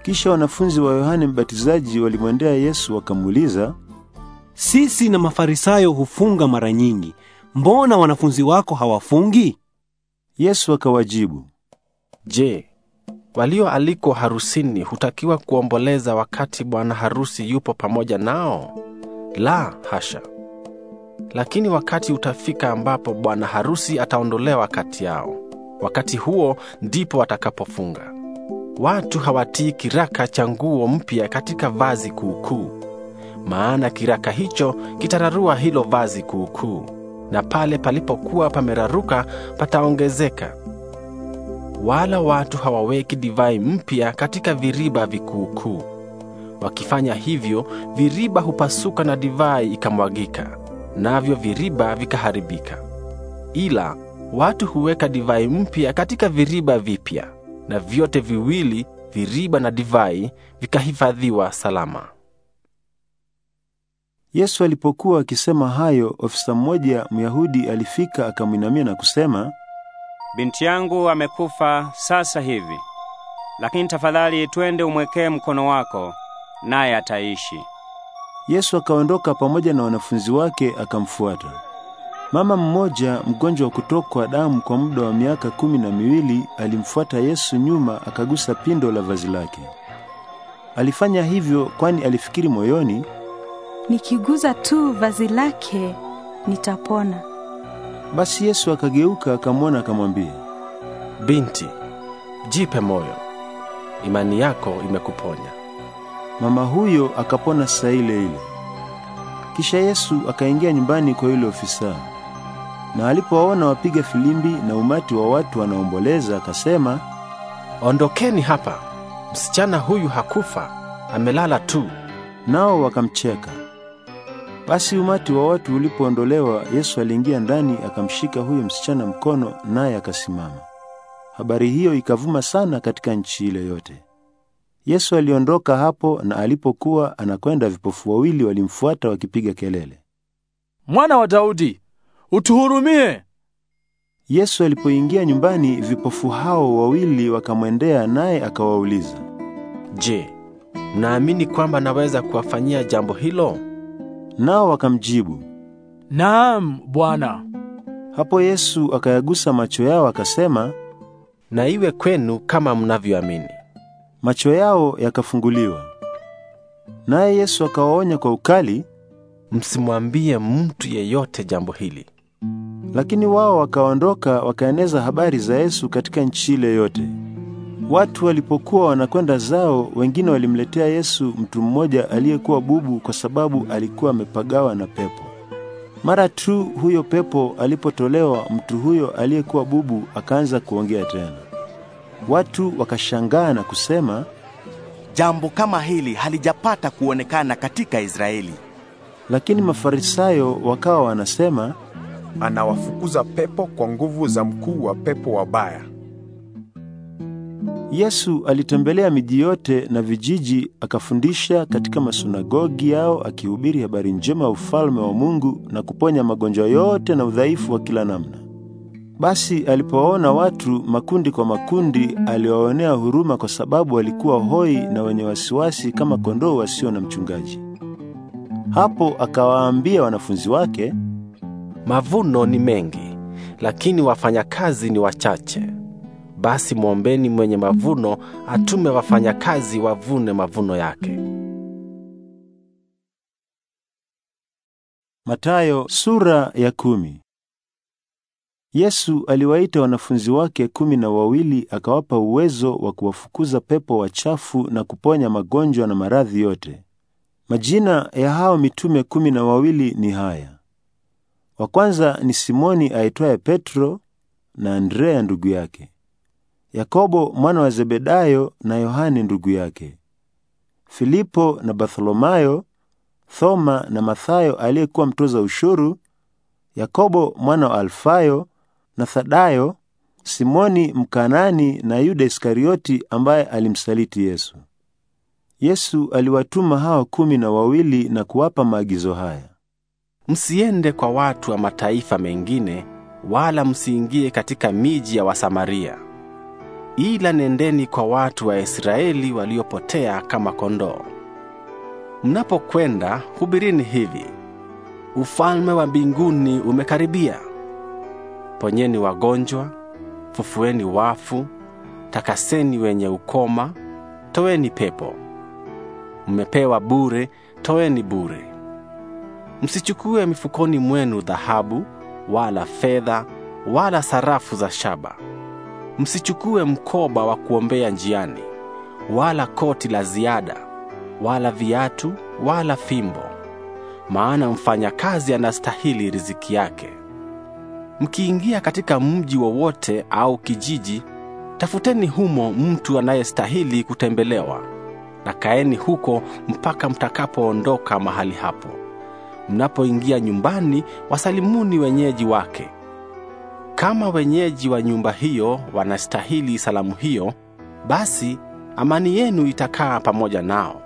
Kisha wanafunzi wa Yohane Mbatizaji walimwendea Yesu wakamuuliza, sisi na Mafarisayo hufunga mara nyingi, mbona wanafunzi wako hawafungi? Yesu akawajibu, Je, walioalikwa harusini hutakiwa kuomboleza wakati bwana harusi yupo pamoja nao? La hasha! lakini wakati utafika ambapo bwana harusi ataondolewa kati yao. Wakati huo ndipo watakapofunga. Watu hawatii kiraka cha nguo mpya katika vazi kuukuu, maana kiraka hicho kitararua hilo vazi kuukuu, na pale palipokuwa pameraruka pataongezeka. Wala watu hawaweki divai mpya katika viriba vikuukuu; wakifanya hivyo, viriba hupasuka na divai ikamwagika navyo viriba vikaharibika. Ila watu huweka divai mpya katika viriba vipya, na vyote viwili, viriba na divai, vikahifadhiwa salama. Yesu alipokuwa akisema hayo, ofisa mmoja Myahudi alifika akamwinamia na kusema, binti yangu amekufa sasa hivi, lakini tafadhali twende umwekee mkono wako, naye ataishi. Yesu akaondoka pamoja na wanafunzi wake akamfuata. Mama mmoja mgonjwa wa kutokwa damu kwa muda wa miaka kumi na miwili alimfuata Yesu nyuma akagusa pindo la vazi lake. Alifanya hivyo kwani alifikiri moyoni, nikiguza tu vazi lake nitapona. Basi Yesu akageuka akamwona, akamwambia, binti, jipe moyo, imani yako imekuponya. Mama huyo akapona saa ile ile. Kisha Yesu akaingia nyumbani kwa yule ofisa, na alipowaona wapiga filimbi na umati wa watu wanaomboleza, akasema, ondokeni hapa, msichana huyu hakufa, amelala tu. Nao wakamcheka. Basi umati wa watu ulipoondolewa, Yesu aliingia ndani, akamshika huyo msichana mkono, naye akasimama. Habari hiyo ikavuma sana katika nchi ile yote. Yesu aliondoka hapo, na alipokuwa anakwenda, vipofu wawili walimfuata wakipiga kelele, Mwana wa Daudi, utuhurumie. Yesu alipoingia nyumbani, vipofu hao wawili wakamwendea, naye akawauliza, Je, mnaamini kwamba naweza kuwafanyia jambo hilo? Nao wakamjibu, Naam, Bwana. Hapo Yesu akayagusa macho yao akasema, na iwe kwenu kama mnavyoamini macho yao yakafunguliwa. Naye Yesu akawaonya kwa ukali, msimwambie mtu yeyote jambo hili. Lakini wao wakaondoka wakaeneza habari za Yesu katika nchi ile yote. Watu walipokuwa wanakwenda zao, wengine walimletea Yesu mtu mmoja aliyekuwa bubu, kwa sababu alikuwa amepagawa na pepo. Mara tu huyo pepo alipotolewa, mtu huyo aliyekuwa bubu akaanza kuongea tena. Watu wakashangaa na kusema, jambo kama hili halijapata kuonekana katika Israeli. Lakini Mafarisayo wakawa wanasema, anawafukuza pepo kwa nguvu za mkuu wa pepo wabaya. Yesu alitembelea miji yote na vijiji akafundisha katika masunagogi yao akihubiri habari njema ya ufalme wa Mungu na kuponya magonjwa yote na udhaifu wa kila namna. Basi alipowaona watu makundi kwa makundi, aliwaonea huruma kwa sababu walikuwa hoi na wenye wasiwasi kama kondoo wasio na mchungaji. Hapo akawaambia wanafunzi wake, mavuno ni mengi, lakini wafanyakazi ni wachache. Basi mwombeni mwenye mavuno atume wafanyakazi wavune mavuno yake. Matayo sura ya kumi. Yesu aliwaita wanafunzi wake kumi na wawili akawapa uwezo wa kuwafukuza pepo wachafu na kuponya magonjwa na maradhi yote. Majina ya hao mitume kumi na wawili ni haya: wa kwanza ni Simoni aitwaye Petro na Andrea ndugu yake, Yakobo mwana wa Zebedayo na Yohane ndugu yake, Filipo na Bartholomayo, Thoma na Mathayo aliyekuwa mtoza ushuru, Yakobo mwana wa Alfayo na Thadayo, Simoni Mkanani na Yuda Iskarioti ambaye alimsaliti Yesu. Yesu aliwatuma hao kumi na wawili na kuwapa maagizo haya: msiende kwa watu wa mataifa mengine, wala msiingie katika miji ya Wasamaria, ila nendeni kwa watu wa Israeli waliopotea kama kondoo. Mnapokwenda hubirini hivi: ufalme wa mbinguni umekaribia ponyeni wagonjwa, fufueni wafu, takaseni wenye ukoma, toweni pepo. Mmepewa bure, toeni bure. Msichukue mifukoni mwenu dhahabu wala fedha wala sarafu za shaba. Msichukue mkoba wa kuombea njiani, wala koti la ziada, wala viatu, wala fimbo, maana mfanyakazi anastahili riziki yake mkiingia katika mji wowote au kijiji, tafuteni humo mtu anayestahili kutembelewa, na kaeni huko mpaka mtakapoondoka mahali hapo. Mnapoingia nyumbani, wasalimuni wenyeji wake. Kama wenyeji wa nyumba hiyo wanastahili salamu hiyo, basi amani yenu itakaa pamoja nao.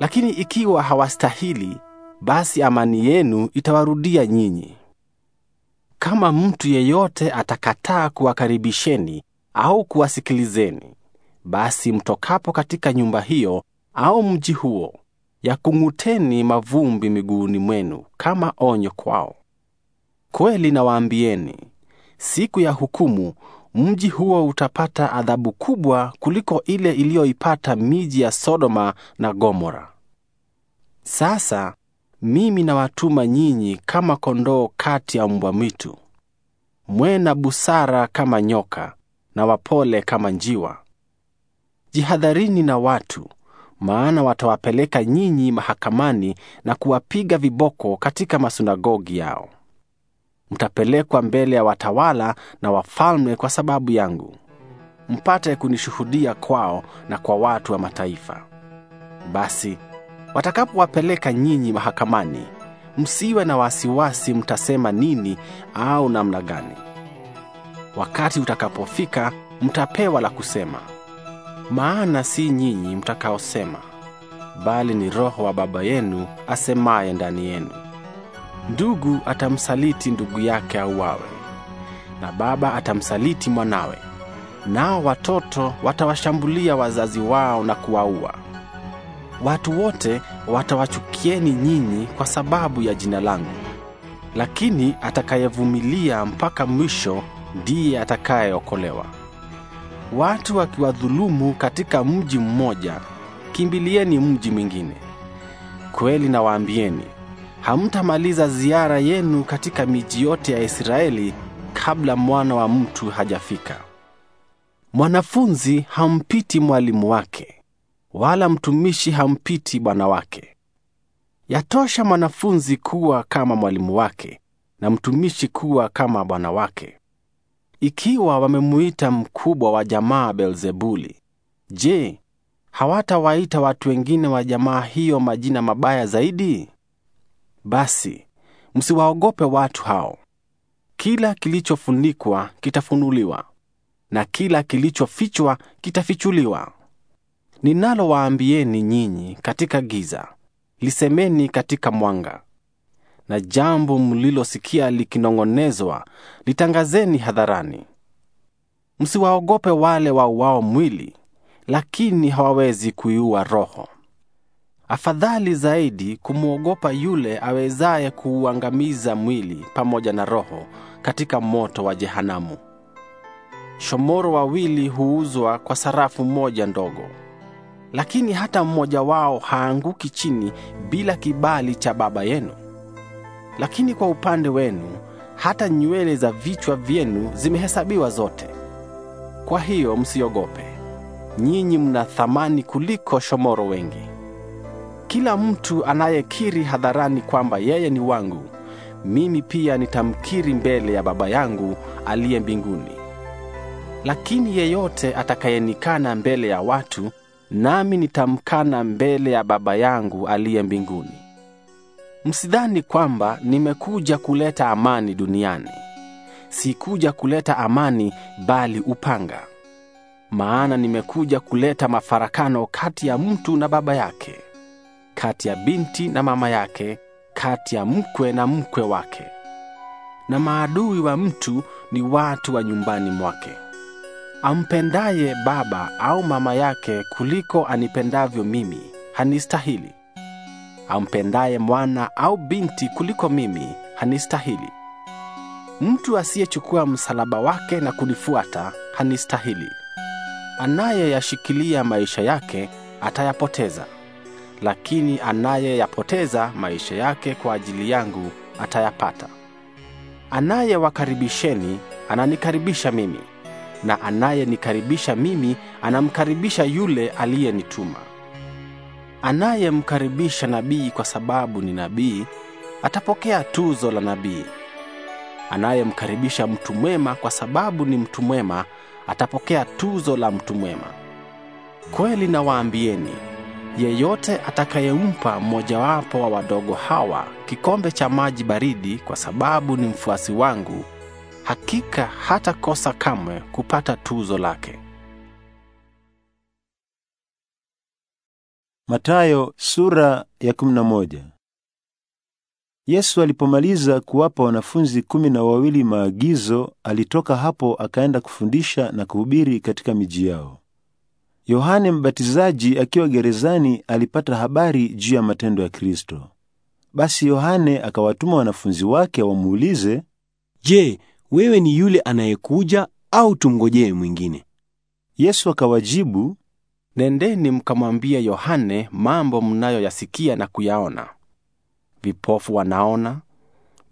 Lakini ikiwa hawastahili, basi amani yenu itawarudia nyinyi. Kama mtu yeyote atakataa kuwakaribisheni au kuwasikilizeni, basi mtokapo katika nyumba hiyo au mji huo, yakung'uteni mavumbi miguuni mwenu kama onyo kwao. Kweli nawaambieni, siku ya hukumu mji huo utapata adhabu kubwa kuliko ile iliyoipata miji ya Sodoma na Gomora. Sasa mimi nawatuma nyinyi kama kondoo kati ya mbwa mwitu. Mwe na busara kama nyoka na wapole kama njiwa. Jihadharini na watu, maana watawapeleka nyinyi mahakamani na kuwapiga viboko katika masunagogi yao. Mtapelekwa mbele ya watawala na wafalme kwa sababu yangu, mpate kunishuhudia kwao na kwa watu wa mataifa. Basi watakapowapeleka nyinyi mahakamani, msiwe na wasiwasi mtasema nini au namna gani. Wakati utakapofika mtapewa la kusema, maana si nyinyi mtakaosema, bali ni Roho wa Baba yenu asemaye ndani yenu. Ndugu atamsaliti ndugu yake auawe, na baba atamsaliti mwanawe, nao watoto watawashambulia wazazi wao na kuwaua watu wote watawachukieni nyinyi kwa sababu ya jina langu, lakini atakayevumilia mpaka mwisho ndiye atakayeokolewa. Watu wakiwadhulumu katika mji mmoja, kimbilieni mji mwingine. Kweli nawaambieni, hamtamaliza ziara yenu katika miji yote ya Israeli kabla mwana wa mtu hajafika. Mwanafunzi hampiti mwalimu wake wala mtumishi hampiti bwana wake. Yatosha mwanafunzi kuwa kama mwalimu wake, na mtumishi kuwa kama bwana wake. Ikiwa wamemuita mkubwa wa jamaa Beelzebuli, je, hawatawaita watu wengine wa jamaa hiyo majina mabaya zaidi? Basi msiwaogope watu hao. Kila kilichofunikwa kitafunuliwa, na kila kilichofichwa kitafichuliwa. Ninalowaambieni nyinyi katika giza, lisemeni katika mwanga, na jambo mlilosikia likinong'onezwa, litangazeni hadharani. Msiwaogope wale wauao mwili, lakini hawawezi kuiua roho. Afadhali zaidi kumwogopa yule awezaye kuuangamiza mwili pamoja na roho katika moto wa jehanamu. Shomoro wawili huuzwa kwa sarafu moja ndogo lakini hata mmoja wao haanguki chini bila kibali cha Baba yenu. Lakini kwa upande wenu, hata nywele za vichwa vyenu zimehesabiwa zote. Kwa hiyo msiogope, nyinyi mna thamani kuliko shomoro wengi. Kila mtu anayekiri hadharani kwamba yeye ni wangu, mimi pia nitamkiri mbele ya Baba yangu aliye mbinguni. Lakini yeyote atakayenikana mbele ya watu, nami nitamkana mbele ya Baba yangu aliye mbinguni. Msidhani kwamba nimekuja kuleta amani duniani. Sikuja kuleta amani, bali upanga. Maana nimekuja kuleta mafarakano kati ya mtu na baba yake, kati ya binti na mama yake, kati ya mkwe na mkwe wake, na maadui wa mtu ni watu wa nyumbani mwake. Ampendaye baba au mama yake kuliko anipendavyo mimi hanistahili. Ampendaye mwana au binti kuliko mimi hanistahili. Mtu asiyechukua msalaba wake na kunifuata hanistahili. Anayeyashikilia maisha yake atayapoteza, lakini anayeyapoteza maisha yake kwa ajili yangu atayapata. Anayewakaribisheni ananikaribisha mimi na anayenikaribisha mimi anamkaribisha yule aliyenituma. Anayemkaribisha nabii kwa sababu ni nabii atapokea tuzo la nabii. Anayemkaribisha mtu mwema kwa sababu ni mtu mwema atapokea tuzo la mtu mwema. Kweli nawaambieni, yeyote atakayempa mmojawapo wa wadogo hawa kikombe cha maji baridi kwa sababu ni mfuasi wangu hakika hatakosa kamwe kupata tuzo lake. Matayo sura ya Yesu alipomaliza kuwapa wanafunzi kumi na wawili maagizo, alitoka hapo akaenda kufundisha na kuhubiri katika miji yao. Yohane Mbatizaji akiwa gerezani alipata habari juu ya matendo ya Kristo. Basi Yohane akawatuma wanafunzi wake wamuulize, "Je, wewe ni yule anayekuja au tumngojee mwingine? Yesu akawajibu, nendeni mkamwambia Yohane mambo mnayoyasikia na kuyaona: vipofu wanaona,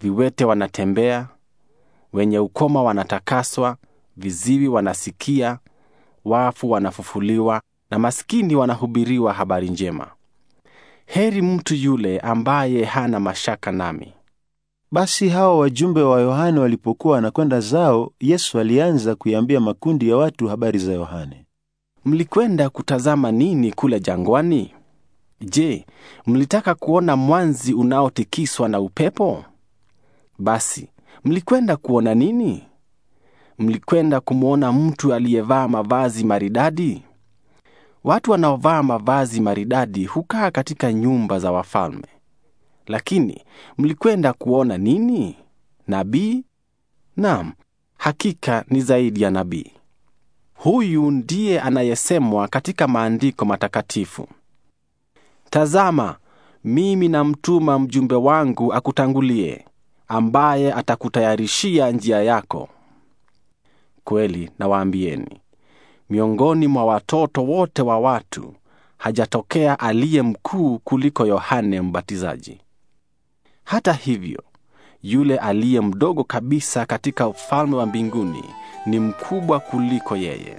viwete wanatembea, wenye ukoma wanatakaswa, viziwi wanasikia, wafu wanafufuliwa, na maskini wanahubiriwa habari njema. Heri mtu yule ambaye hana mashaka nami. Basi hao wajumbe wa Yohane walipokuwa wanakwenda zao, Yesu alianza kuiambia makundi ya watu habari za Yohane. Mlikwenda kutazama nini kule jangwani? Je, mlitaka kuona mwanzi unaotikiswa na upepo? Basi mlikwenda kuona nini? Mlikwenda kumwona mtu aliyevaa mavazi maridadi? Watu wanaovaa mavazi maridadi hukaa katika nyumba za wafalme. Lakini mlikwenda kuona nini? Nabii? Naam, hakika ni zaidi ya nabii. Huyu ndiye anayesemwa katika maandiko matakatifu: Tazama, mimi namtuma mjumbe wangu akutangulie, ambaye atakutayarishia njia yako. Kweli nawaambieni, miongoni mwa watoto wote wa watu hajatokea aliye mkuu kuliko Yohane Mbatizaji. Hata hivyo, yule aliye mdogo kabisa katika ufalme wa mbinguni ni mkubwa kuliko yeye.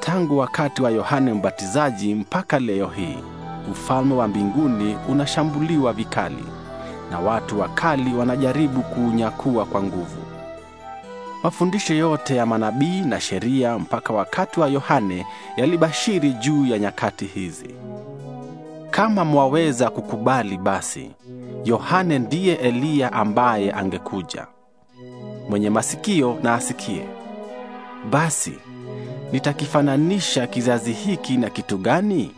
Tangu wakati wa Yohane Mbatizaji mpaka leo hii, ufalme wa mbinguni unashambuliwa vikali na watu wakali wanajaribu kuunyakua kwa nguvu. Mafundisho yote ya manabii na sheria mpaka wakati wa Yohane yalibashiri juu ya nyakati hizi. Kama mwaweza kukubali basi, Yohane ndiye Eliya ambaye angekuja. Mwenye masikio na asikie. Basi nitakifananisha kizazi hiki na kitu gani?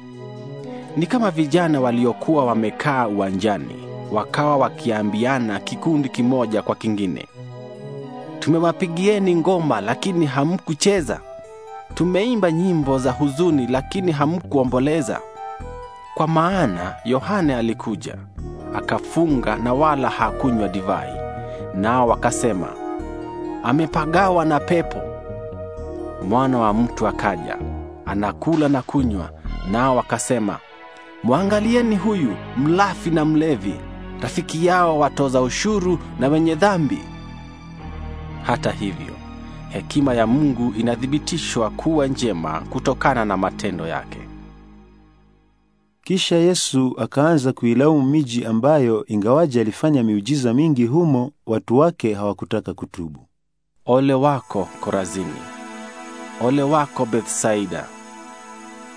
Ni kama vijana waliokuwa wamekaa uwanjani, wakawa wakiambiana kikundi kimoja kwa kingine, tumewapigieni ngoma lakini hamkucheza, tumeimba nyimbo za huzuni lakini hamkuomboleza. Kwa maana Yohane alikuja akafunga na wala hakunywa divai. Nao wakasema, amepagawa na pepo. Mwana wa mtu akaja, anakula na kunywa. Nao wakasema, mwangalieni huyu mlafi na mlevi, rafiki yao watoza ushuru na wenye dhambi. Hata hivyo, hekima ya Mungu inathibitishwa kuwa njema kutokana na matendo yake. Kisha Yesu akaanza kuilaumu miji ambayo ingawaje alifanya miujiza mingi humo, watu wake hawakutaka kutubu. Ole wako Korazini! Ole wako Bethsaida!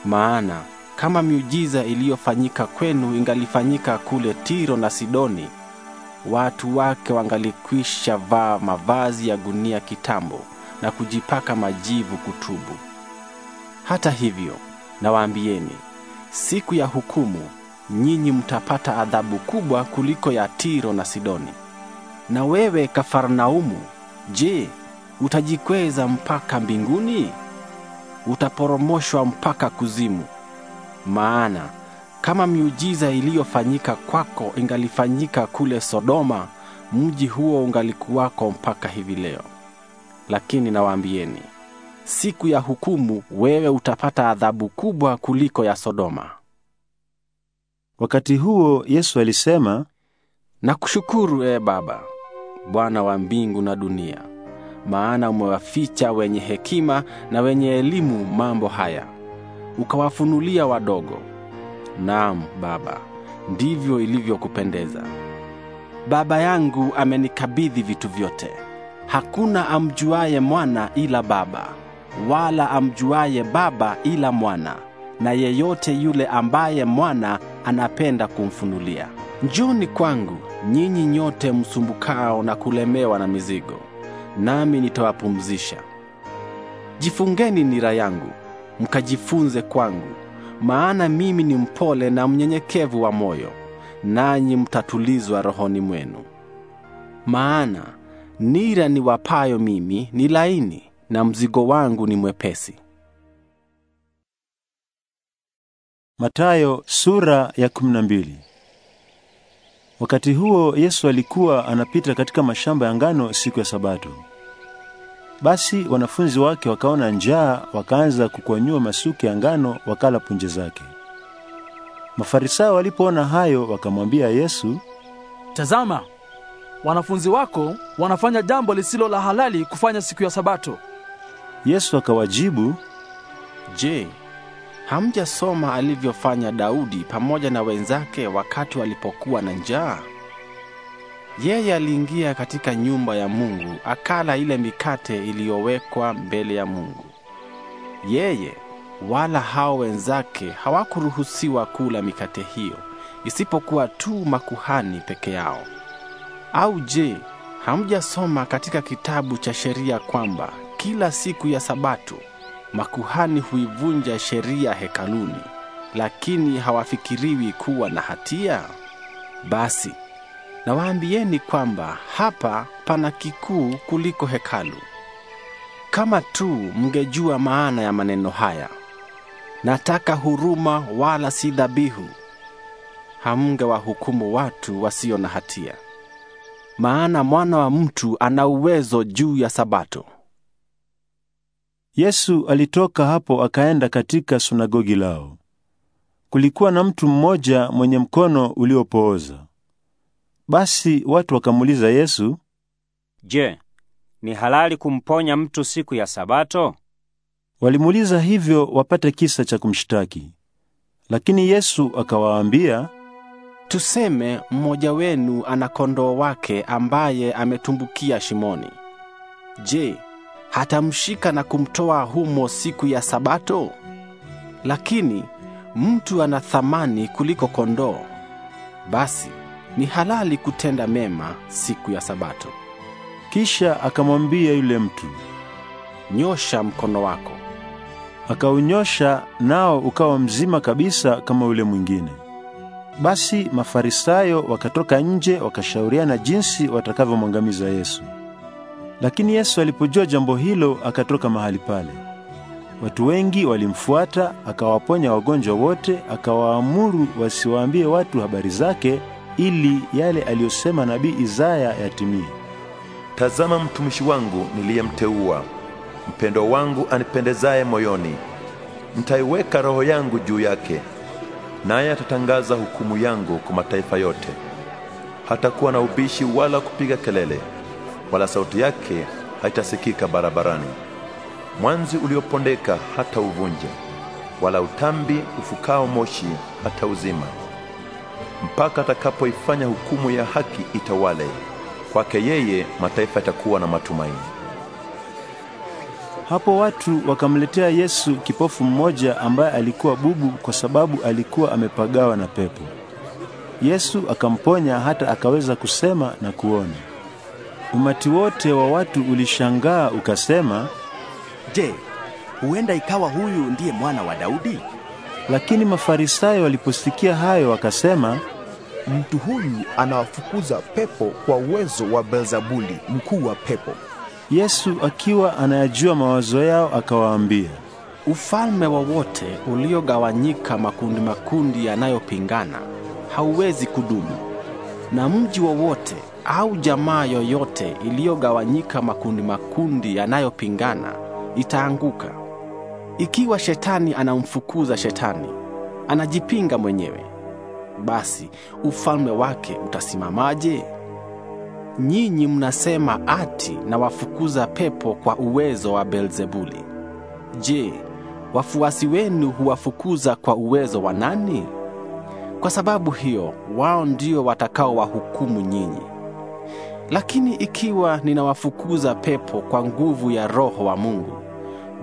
Maana kama miujiza iliyofanyika kwenu ingalifanyika kule Tiro na Sidoni, watu wake wangalikwisha vaa mavazi ya gunia kitambo na kujipaka majivu kutubu. Hata hivyo, nawaambieni siku ya hukumu nyinyi mtapata adhabu kubwa kuliko ya Tiro na Sidoni. Na wewe Kafarnaumu, je, utajikweza mpaka mbinguni? Utaporomoshwa mpaka kuzimu. Maana kama miujiza iliyofanyika kwako ingalifanyika kule Sodoma, mji huo ungalikuwako mpaka hivi leo. Lakini nawaambieni siku ya hukumu wewe utapata adhabu kubwa kuliko ya Sodoma. Wakati huo Yesu alisema, nakushukuru ee Baba, Bwana wa mbingu na dunia, maana umewaficha wenye hekima na wenye elimu mambo haya, ukawafunulia wadogo. Naam Baba, ndivyo ilivyokupendeza. Baba yangu amenikabidhi vitu vyote. Hakuna amjuaye mwana ila Baba, wala amjuaye Baba ila Mwana, na yeyote yule ambaye Mwana anapenda kumfunulia. Njoni kwangu nyinyi nyote msumbukao na kulemewa na mizigo, nami nitawapumzisha. Jifungeni nira yangu, mkajifunze kwangu, maana mimi ni mpole na mnyenyekevu wa moyo, nanyi mtatulizwa rohoni mwenu. Maana nira niwapayo mimi ni laini na mzigo wangu ni mwepesi. Matayo sura ya 12. Wakati huo Yesu alikuwa anapita katika mashamba ya ngano siku ya Sabato. Basi wanafunzi wake wakaona njaa, wakaanza kukwanyua masuke ya ngano wakala punje zake. Mafarisayo walipoona hayo, wakamwambia Yesu, "Tazama, wanafunzi wako wanafanya jambo lisilo la halali kufanya siku ya Sabato." Yesu akawajibu, "Je, hamjasoma alivyofanya Daudi pamoja na wenzake wakati walipokuwa na njaa? Yeye aliingia katika nyumba ya Mungu, akala ile mikate iliyowekwa mbele ya Mungu. Yeye wala hao wenzake hawakuruhusiwa kula mikate hiyo, isipokuwa tu makuhani peke yao. Au je, hamjasoma katika kitabu cha sheria kwamba kila siku ya Sabato makuhani huivunja sheria hekaluni, lakini hawafikiriwi kuwa na hatia. Basi nawaambieni kwamba hapa pana kikuu kuliko hekalu. Kama tu mngejua maana ya maneno haya, nataka huruma wala si dhabihu, hamngewahukumu watu wasio na hatia. Maana mwana wa mtu ana uwezo juu ya Sabato. Yesu alitoka hapo akaenda katika sunagogi lao. Kulikuwa na mtu mmoja mwenye mkono uliopooza. Basi watu wakamuuliza Yesu, "Je, ni halali kumponya mtu siku ya Sabato?" Walimuuliza hivyo wapate kisa cha kumshtaki. Lakini Yesu akawaambia, "Tuseme mmoja wenu ana kondoo wake ambaye ametumbukia shimoni. Je, hatamshika na kumtoa humo siku ya Sabato? Lakini mtu ana thamani kuliko kondoo. Basi ni halali kutenda mema siku ya Sabato. Kisha akamwambia yule mtu, nyosha mkono wako. Akaunyosha nao ukawa mzima kabisa kama yule mwingine. Basi Mafarisayo wakatoka nje wakashauriana jinsi watakavyomwangamiza Yesu. Lakini Yesu alipojua jambo hilo akatoka mahali pale. Watu wengi walimfuata, akawaponya wagonjwa wote, akawaamuru wasiwaambie watu habari zake ili yale aliyosema nabii Isaya yatimie. Tazama mtumishi wangu niliyemteua, mpendo wangu anipendezaye moyoni. Nitaiweka roho yangu juu yake, naye atatangaza hukumu yangu kwa mataifa yote. Hatakuwa na ubishi wala kupiga kelele wala sauti yake haitasikika barabarani. Mwanzi uliopondeka hata uvunja, wala utambi ufukao moshi hata uzima, mpaka atakapoifanya hukumu ya haki itawale. Kwake yeye mataifa yatakuwa na matumaini. Hapo watu wakamletea Yesu kipofu mmoja ambaye alikuwa bubu kwa sababu alikuwa amepagawa na pepo. Yesu akamponya hata akaweza kusema na kuona. Umati wote wa watu ulishangaa ukasema, "Je, huenda ikawa huyu ndiye mwana wa Daudi?" Lakini Mafarisayo waliposikia hayo wakasema, "Mtu huyu anawafukuza pepo kwa uwezo wa Beelzebuli, mkuu wa pepo." Yesu akiwa anayajua mawazo yao akawaambia, Ufalme wowote uliogawanyika makundi makundi yanayopingana hauwezi kudumu, na mji wowote au jamaa yoyote iliyogawanyika makundi makundi yanayopingana itaanguka. Ikiwa shetani anamfukuza shetani, anajipinga mwenyewe, basi ufalme wake utasimamaje? Nyinyi mnasema ati nawafukuza pepo kwa uwezo wa Beelzebuli. Je, wafuasi wenu huwafukuza kwa uwezo wa nani? Kwa sababu hiyo wao ndio watakaowahukumu nyinyi. Lakini ikiwa ninawafukuza pepo kwa nguvu ya Roho wa Mungu,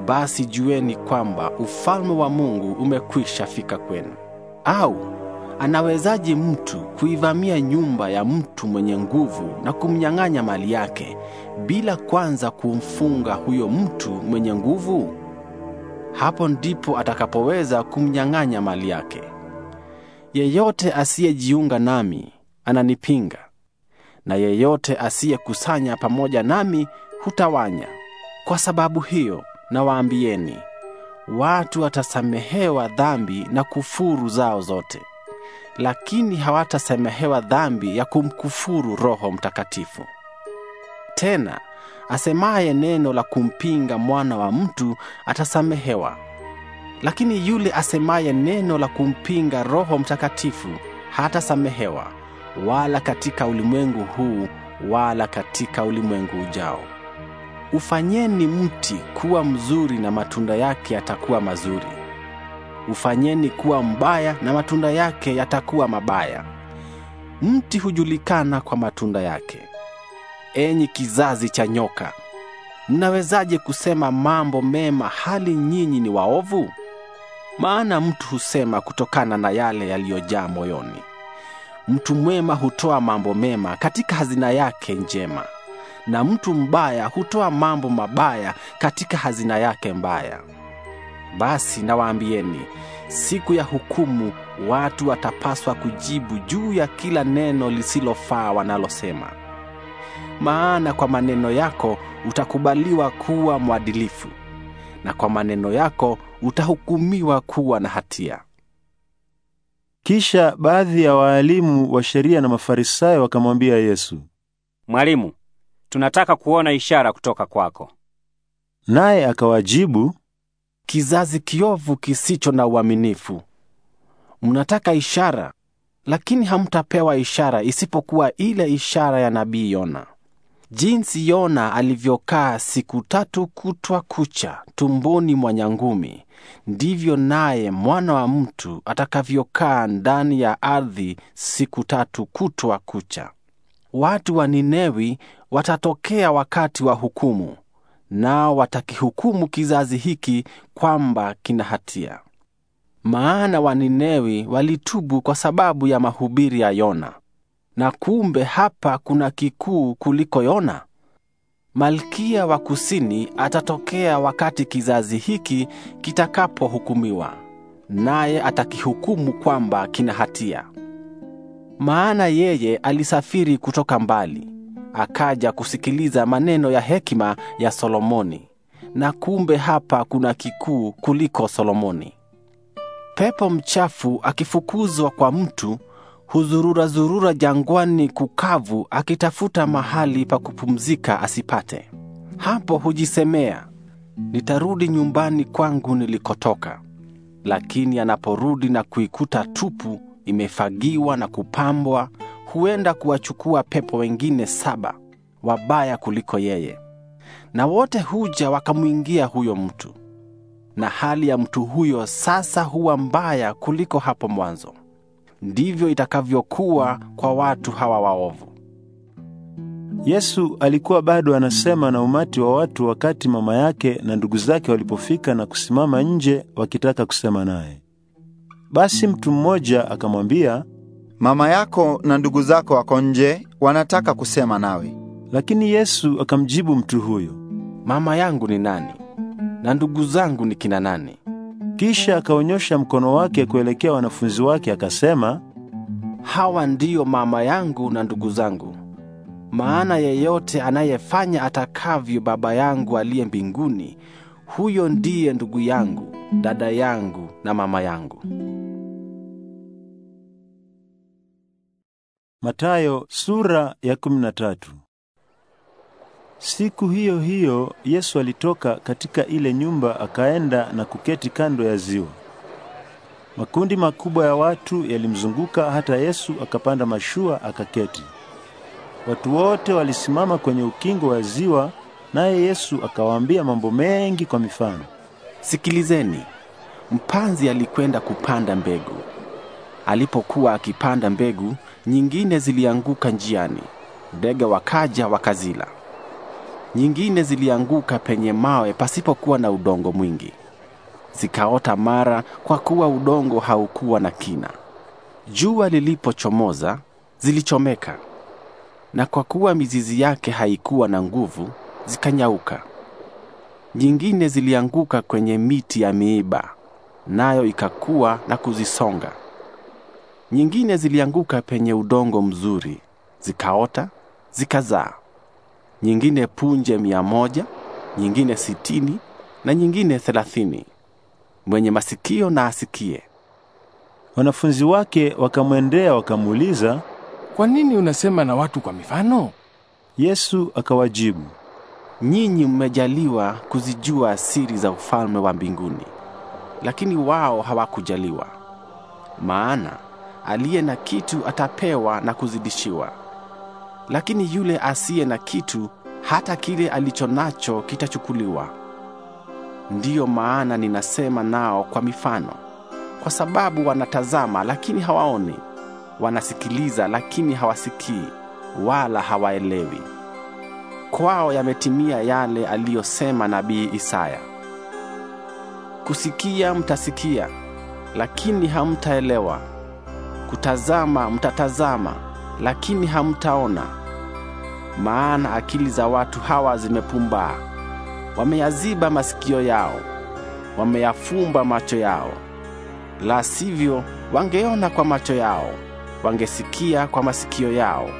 basi jueni kwamba ufalme wa Mungu umekwisha fika kwenu. Au anawezaje mtu kuivamia nyumba ya mtu mwenye nguvu na kumnyang'anya mali yake bila kwanza kumfunga huyo mtu mwenye nguvu? Hapo ndipo atakapoweza kumnyang'anya mali yake. Yeyote asiyejiunga nami ananipinga na yeyote asiyekusanya pamoja nami hutawanya. Kwa sababu hiyo, nawaambieni, watu watasamehewa dhambi na kufuru zao zote, lakini hawatasamehewa dhambi ya kumkufuru Roho Mtakatifu. Tena asemaye neno la kumpinga mwana wa mtu atasamehewa, lakini yule asemaye neno la kumpinga Roho Mtakatifu hatasamehewa wala katika ulimwengu huu wala katika ulimwengu ujao. Ufanyeni mti kuwa mzuri na matunda yake yatakuwa mazuri. Ufanyeni kuwa mbaya na matunda yake yatakuwa mabaya. Mti hujulikana kwa matunda yake. Enyi kizazi cha nyoka, mnawezaje kusema mambo mema hali nyinyi ni waovu? Maana mtu husema kutokana na yale yaliyojaa moyoni. Mtu mwema hutoa mambo mema katika hazina yake njema, na mtu mbaya hutoa mambo mabaya katika hazina yake mbaya. Basi nawaambieni, siku ya hukumu watu watapaswa kujibu juu ya kila neno lisilofaa wanalosema. Maana kwa maneno yako utakubaliwa kuwa mwadilifu, na kwa maneno yako utahukumiwa kuwa na hatia. Kisha baadhi ya waalimu wa sheria na Mafarisayo wakamwambia Yesu, Mwalimu, tunataka kuona ishara kutoka kwako. Naye akawajibu, kizazi kiovu kisicho na uaminifu. Mnataka ishara, lakini hamtapewa ishara isipokuwa ile ishara ya nabii Yona jinsi Yona alivyokaa siku tatu kutwa kucha tumboni mwa nyangumi, ndivyo naye mwana wa mtu atakavyokaa ndani ya ardhi siku tatu kutwa kucha. Watu wa Ninewi watatokea wakati wa hukumu, nao watakihukumu kizazi hiki kwamba kina hatia, maana Waninewi walitubu kwa sababu ya mahubiri ya Yona na kumbe hapa kuna kikuu kuliko Yona. Malkia wa kusini atatokea wakati kizazi hiki kitakapohukumiwa, naye atakihukumu kwamba kina hatia, maana yeye alisafiri kutoka mbali akaja kusikiliza maneno ya hekima ya Solomoni, na kumbe hapa kuna kikuu kuliko Solomoni. Pepo mchafu akifukuzwa kwa mtu huzurura zurura jangwani kukavu akitafuta mahali pa kupumzika asipate. Hapo hujisemea, nitarudi nyumbani kwangu nilikotoka. Lakini anaporudi na kuikuta tupu, imefagiwa na kupambwa, huenda kuwachukua pepo wengine saba wabaya kuliko yeye, na wote huja wakamwingia huyo mtu, na hali ya mtu huyo sasa huwa mbaya kuliko hapo mwanzo ndivyo itakavyokuwa kwa watu hawa waovu. Yesu alikuwa bado anasema na umati wa watu wakati mama yake na ndugu zake walipofika na kusimama nje wakitaka kusema naye. Basi mtu mmoja akamwambia, mama yako na ndugu zako wako nje, wanataka kusema nawe. Lakini Yesu akamjibu mtu huyo, mama yangu ni nani na ndugu zangu ni kina nani? Kisha akaonyosha mkono wake kuelekea wanafunzi wake akasema, hawa ndiyo mama yangu na ndugu zangu, maana yeyote anayefanya atakavyo Baba yangu aliye mbinguni, huyo ndiye ndugu yangu, dada yangu na mama yangu. Matayo sura ya kumi na tatu. Siku hiyo hiyo Yesu alitoka katika ile nyumba akaenda na kuketi kando ya ziwa. Makundi makubwa ya watu yalimzunguka hata Yesu akapanda mashua akaketi. Watu wote walisimama kwenye ukingo wa ziwa, naye Yesu akawaambia mambo mengi kwa mifano. Sikilizeni, mpanzi alikwenda kupanda mbegu. Alipokuwa akipanda mbegu, nyingine zilianguka njiani, ndege wakaja wakazila nyingine zilianguka penye mawe pasipokuwa na udongo mwingi, zikaota mara, kwa kuwa udongo haukuwa na kina. Jua lilipochomoza zilichomeka, na kwa kuwa mizizi yake haikuwa na nguvu, zikanyauka. Nyingine zilianguka kwenye miti ya miiba, nayo ikakua na kuzisonga. Nyingine zilianguka penye udongo mzuri, zikaota, zikazaa nyingine punje mia moja, nyingine sitini na nyingine thelathini. Mwenye masikio na asikie. Wanafunzi wake wakamwendea wakamuuliza, kwa nini unasema na watu kwa mifano? Yesu akawajibu, nyinyi mmejaliwa kuzijua siri za ufalme wa mbinguni, lakini wao hawakujaliwa. Maana aliye na kitu atapewa na kuzidishiwa lakini yule asiye na kitu, hata kile alicho nacho kitachukuliwa. Ndiyo maana ninasema nao kwa mifano, kwa sababu wanatazama lakini hawaoni, wanasikiliza lakini hawasikii wala hawaelewi. Kwao yametimia yale aliyosema nabii Isaya: kusikia mtasikia, lakini hamtaelewa; kutazama mtatazama, lakini hamtaona maana akili za watu hawa zimepumbaa. Wameyaziba masikio yao, wameyafumba macho yao, la sivyo wangeona kwa macho yao, wangesikia kwa masikio yao,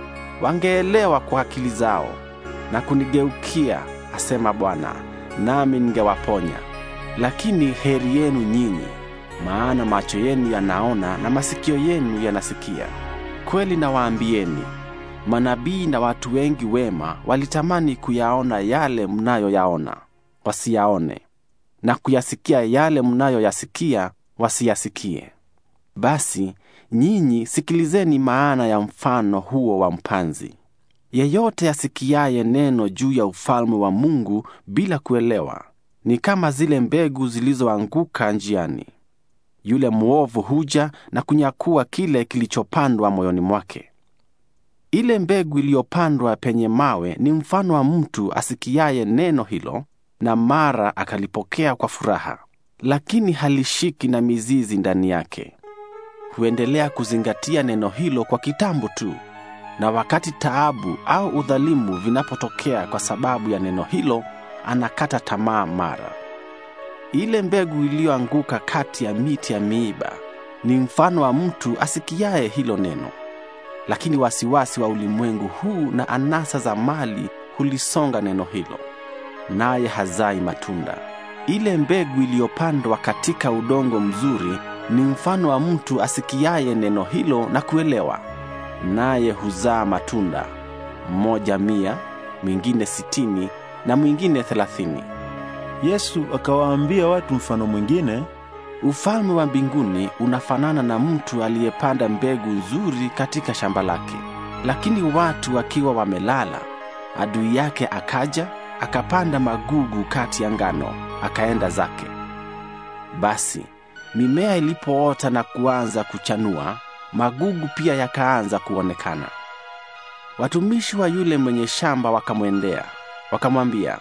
wangeelewa kwa akili zao na kunigeukia, asema Bwana, nami ningewaponya. Lakini heri yenu nyinyi, maana macho yenu yanaona na masikio yenu yanasikia. Kweli nawaambieni Manabii na watu wengi wema walitamani kuyaona yale mnayoyaona, wasiyaone, na kuyasikia yale mnayoyasikia, wasiyasikie. Basi nyinyi sikilizeni maana ya mfano huo wa mpanzi. Yeyote asikiaye neno juu ya ufalme wa Mungu bila kuelewa ni kama zile mbegu zilizoanguka njiani. Yule mwovu huja na kunyakua kile kilichopandwa moyoni mwake. Ile mbegu iliyopandwa penye mawe ni mfano wa mtu asikiaye neno hilo na mara akalipokea kwa furaha, lakini halishiki na mizizi ndani yake. Huendelea kuzingatia neno hilo kwa kitambo tu, na wakati taabu au udhalimu vinapotokea kwa sababu ya neno hilo, anakata tamaa mara. Ile mbegu iliyoanguka kati ya miti ya miiba ni mfano wa mtu asikiaye hilo neno lakini wasiwasi wa ulimwengu huu na anasa za mali hulisonga neno hilo, naye hazai matunda. Ile mbegu iliyopandwa katika udongo mzuri ni mfano wa mtu asikiaye neno hilo na kuelewa, naye huzaa matunda, mmoja mia, mwingine sitini na mwingine thelathini. Yesu akawaambia watu mfano mwingine Ufalme wa mbinguni unafanana na mtu aliyepanda mbegu nzuri katika shamba lake, lakini watu wakiwa wamelala, adui yake akaja akapanda magugu kati ya ngano, akaenda zake. Basi mimea ilipoota na kuanza kuchanua, magugu pia yakaanza kuonekana. Watumishi wa yule mwenye shamba wakamwendea, wakamwambia,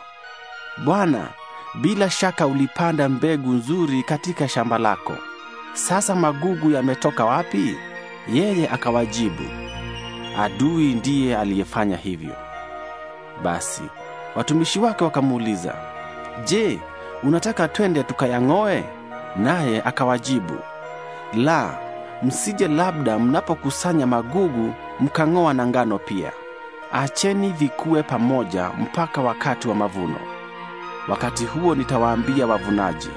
Bwana, bila shaka ulipanda mbegu nzuri katika shamba lako. Sasa magugu yametoka wapi? Yeye akawajibu, adui ndiye aliyefanya hivyo. Basi watumishi wake wakamuuliza, je, unataka twende tukayang'oe? Naye akawajibu, la, msije labda mnapokusanya magugu mkang'oa na ngano pia. Acheni vikue pamoja mpaka wakati wa mavuno. Wakati huo nitawaambia wavunaji,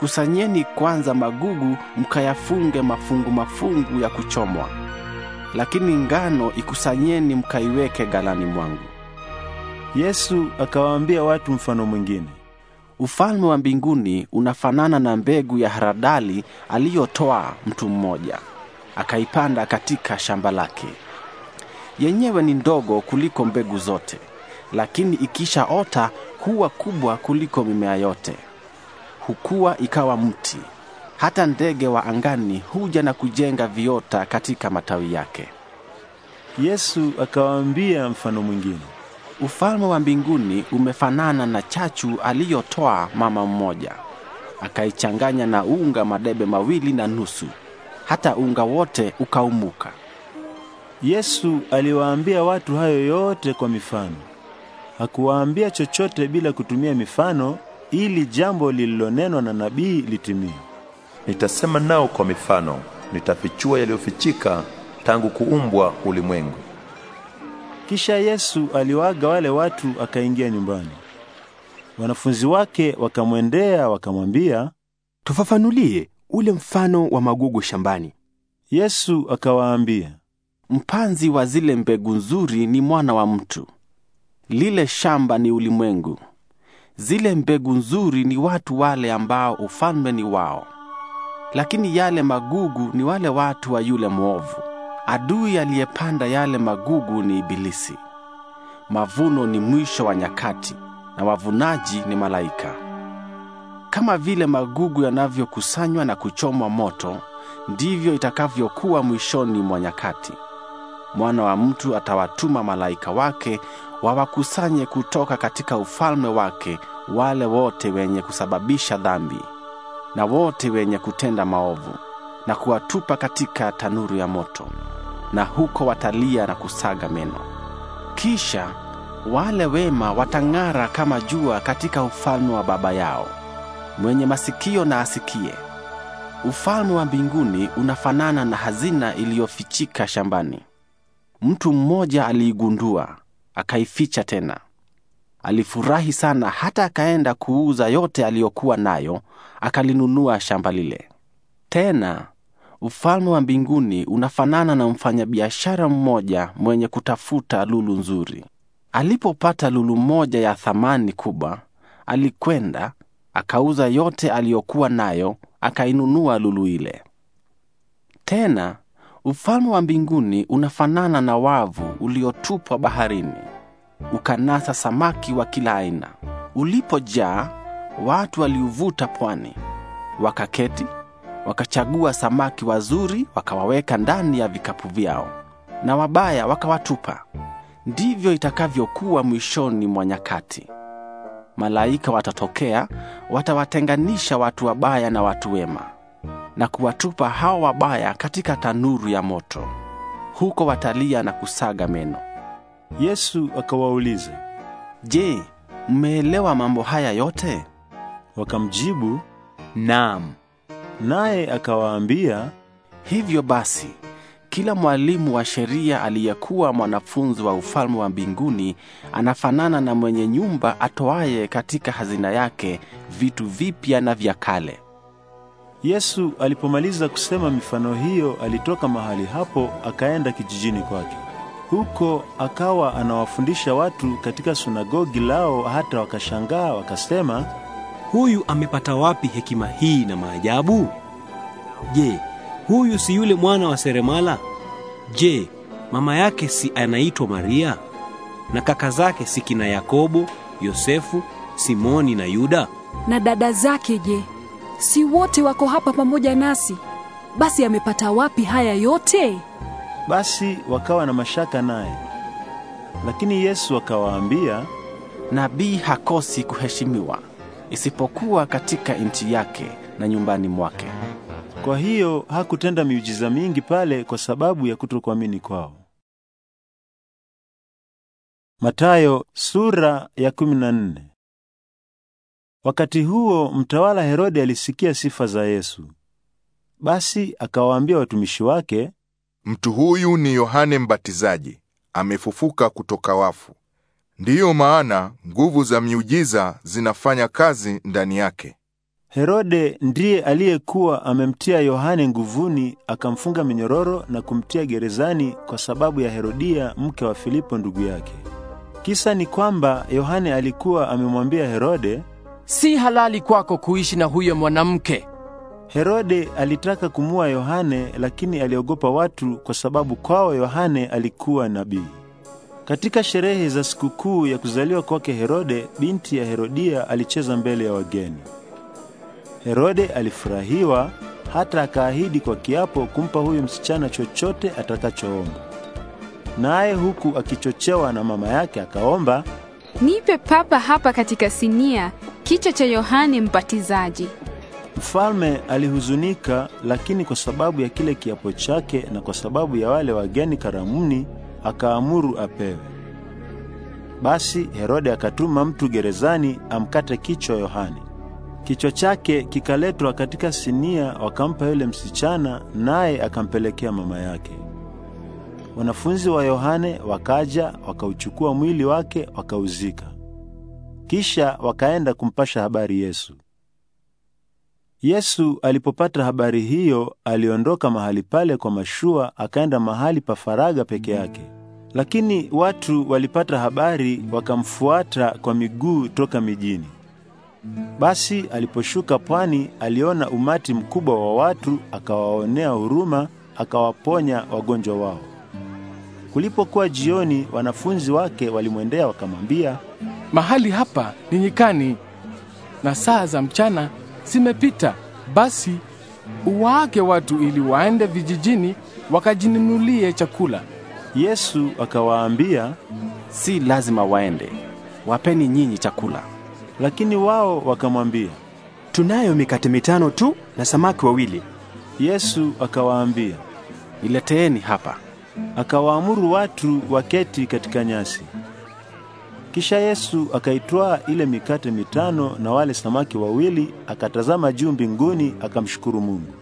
kusanyeni kwanza magugu, mkayafunge mafungu mafungu ya kuchomwa, lakini ngano ikusanyeni mkaiweke galani mwangu. Yesu akawaambia watu mfano mwingine, ufalme wa mbinguni unafanana na mbegu ya haradali aliyotoa mtu mmoja, akaipanda katika shamba lake. Yenyewe ni ndogo kuliko mbegu zote, lakini ikishaota kuwa kubwa kuliko mimea yote, hukua ikawa mti. Hata ndege wa angani huja na kujenga viota katika matawi yake. Yesu akawaambia mfano mwingine, ufalme wa mbinguni umefanana na chachu aliyotoa mama mmoja, akaichanganya na unga madebe mawili na nusu, hata unga wote ukaumuka. Yesu aliwaambia watu hayo yote kwa mifano hakuwaambia chochote bila kutumia mifano ili jambo lililonenwa na nabii litimie. Nitasema nao kwa mifano, nitafichua yaliyofichika tangu kuumbwa ulimwengu. Kisha Yesu aliwaaga wale watu akaingia nyumbani. Wanafunzi wake wakamwendea wakamwambia, tufafanulie ule mfano wa magugu shambani. Yesu akawaambia, mpanzi wa zile mbegu nzuri ni mwana wa mtu lile shamba ni ulimwengu, zile mbegu nzuri ni watu wale ambao ufalme ni wao, lakini yale magugu ni wale watu wa yule mwovu. Adui aliyepanda yale magugu ni Ibilisi. Mavuno ni mwisho wa nyakati, na wavunaji ni malaika. Kama vile magugu yanavyokusanywa na kuchomwa moto, ndivyo itakavyokuwa mwishoni mwa nyakati. Mwana wa mtu atawatuma malaika wake wawakusanye kutoka katika ufalme wake wale wote wenye kusababisha dhambi na wote wenye kutenda maovu na kuwatupa katika tanuru ya moto, na huko watalia na kusaga meno. Kisha wale wema watang'ara kama jua katika ufalme wa Baba yao. Mwenye masikio na asikie. Ufalme wa mbinguni unafanana na hazina iliyofichika shambani. Mtu mmoja aliigundua akaificha tena. Alifurahi sana hata akaenda kuuza yote aliyokuwa nayo, akalinunua shamba lile. Tena ufalme wa mbinguni unafanana na mfanyabiashara mmoja mwenye kutafuta lulu nzuri. Alipopata lulu moja ya thamani kubwa, alikwenda akauza yote aliyokuwa nayo, akainunua lulu ile. Tena Ufalme wa mbinguni unafanana na wavu uliotupwa baharini, ukanasa samaki wa kila aina. Ulipojaa, watu waliuvuta pwani, wakaketi, wakachagua samaki wazuri, wakawaweka ndani ya vikapu vyao, na wabaya wakawatupa. Ndivyo itakavyokuwa mwishoni mwa nyakati. Malaika watatokea, watawatenganisha watu wabaya na watu wema na kuwatupa hao wabaya katika tanuru ya moto. Huko watalia na kusaga meno. Yesu akawauliza, Je, mmeelewa mambo haya yote? Wakamjibu, Naam. Naye akawaambia, Hivyo basi, kila mwalimu wa sheria aliyekuwa mwanafunzi wa ufalme wa mbinguni anafanana na mwenye nyumba atoaye katika hazina yake vitu vipya na vya kale. Yesu alipomaliza kusema mifano hiyo, alitoka mahali hapo akaenda kijijini kwake. Huko akawa anawafundisha watu katika sunagogi lao, hata wakashangaa wakasema, huyu amepata wapi hekima hii na maajabu? Je, huyu si yule mwana wa seremala? Je, mama yake si anaitwa Maria? Na kaka zake si kina Yakobo, Yosefu, Simoni na Yuda? Na dada zake je? si wote wako hapa pamoja nasi? Basi amepata wapi haya yote? Basi wakawa na mashaka naye. Lakini Yesu akawaambia, nabii hakosi kuheshimiwa isipokuwa katika nchi yake na nyumbani mwake. Kwa hiyo hakutenda miujiza mingi pale kwa sababu ya kutokuamini kwao. Matayo sura ya Wakati huo mtawala Herode alisikia sifa za Yesu. Basi akawaambia watumishi wake, mtu huyu ni Yohane Mbatizaji, amefufuka kutoka wafu. Ndiyo maana nguvu za miujiza zinafanya kazi ndani yake. Herode ndiye aliyekuwa amemtia Yohane nguvuni, akamfunga minyororo na kumtia gerezani kwa sababu ya Herodia mke wa Filipo ndugu yake. Kisa ni kwamba Yohane alikuwa amemwambia Herode si halali kwako kuishi na huyo mwanamke. Herode alitaka kumua Yohane, lakini aliogopa watu kwa sababu kwao Yohane alikuwa nabii. Katika sherehe za sikukuu ya kuzaliwa kwake Herode, binti ya Herodia alicheza mbele ya wageni. Herode alifurahiwa hata akaahidi kwa kiapo kumpa huyo msichana chochote atakachoomba. Naye huku akichochewa na mama yake akaomba, Nipe papa hapa katika sinia Kichwa cha Yohane Mbatizaji. Mfalme alihuzunika, lakini kwa sababu ya kile kiapo chake na kwa sababu ya wale wageni karamuni, akaamuru apewe. Basi Herode akatuma mtu gerezani amkate kichwa Yohane. Kichwa chake kikaletwa katika sinia, wakampa yule msichana, naye akampelekea mama yake. Wanafunzi wa Yohane wakaja wakauchukua mwili wake wakauzika. Kisha wakaenda kumpasha habari Yesu. Yesu alipopata habari hiyo, aliondoka mahali pale kwa mashua, akaenda mahali pa faraga peke yake. Lakini watu walipata habari, wakamfuata kwa miguu toka mijini. Basi aliposhuka pwani, aliona umati mkubwa wa watu, akawaonea huruma, akawaponya wagonjwa wao. Kulipokuwa jioni, wanafunzi wake walimwendea wakamwambia Mahali hapa ni nyikani na saa za mchana zimepita. Basi uwaage watu ili waende vijijini wakajinunulie chakula. Yesu akawaambia, si lazima waende, wapeni nyinyi chakula. Lakini wao wakamwambia, tunayo mikate mitano tu na samaki wawili. Yesu akawaambia, nileteeni hapa. Akawaamuru watu waketi katika nyasi. Kisha Yesu akaitwaa ile mikate mitano na wale samaki wawili, akatazama juu mbinguni, akamshukuru Mungu.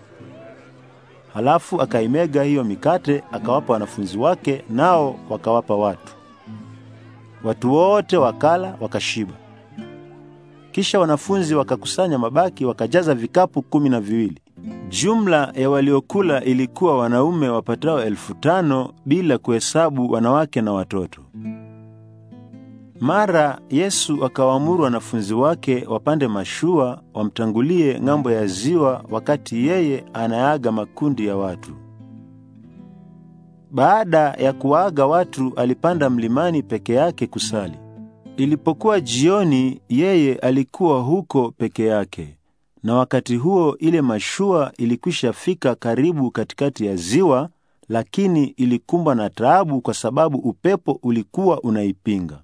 Halafu akaimega hiyo mikate, akawapa wanafunzi wake, nao wakawapa watu. Watu wote wakala wakashiba. Kisha wanafunzi wakakusanya mabaki, wakajaza vikapu kumi na viwili. Jumla ya waliokula ilikuwa wanaume wapatao elfu tano bila kuhesabu wanawake na watoto. Mara Yesu akawaamuru wanafunzi wake wapande mashua wamtangulie ng'ambo ya ziwa wakati yeye anaaga makundi ya watu. Baada ya kuwaaga watu alipanda mlimani peke yake kusali. Ilipokuwa jioni yeye alikuwa huko peke yake. Na wakati huo ile mashua ilikwisha fika karibu katikati ya ziwa, lakini ilikumbwa na taabu kwa sababu upepo ulikuwa unaipinga.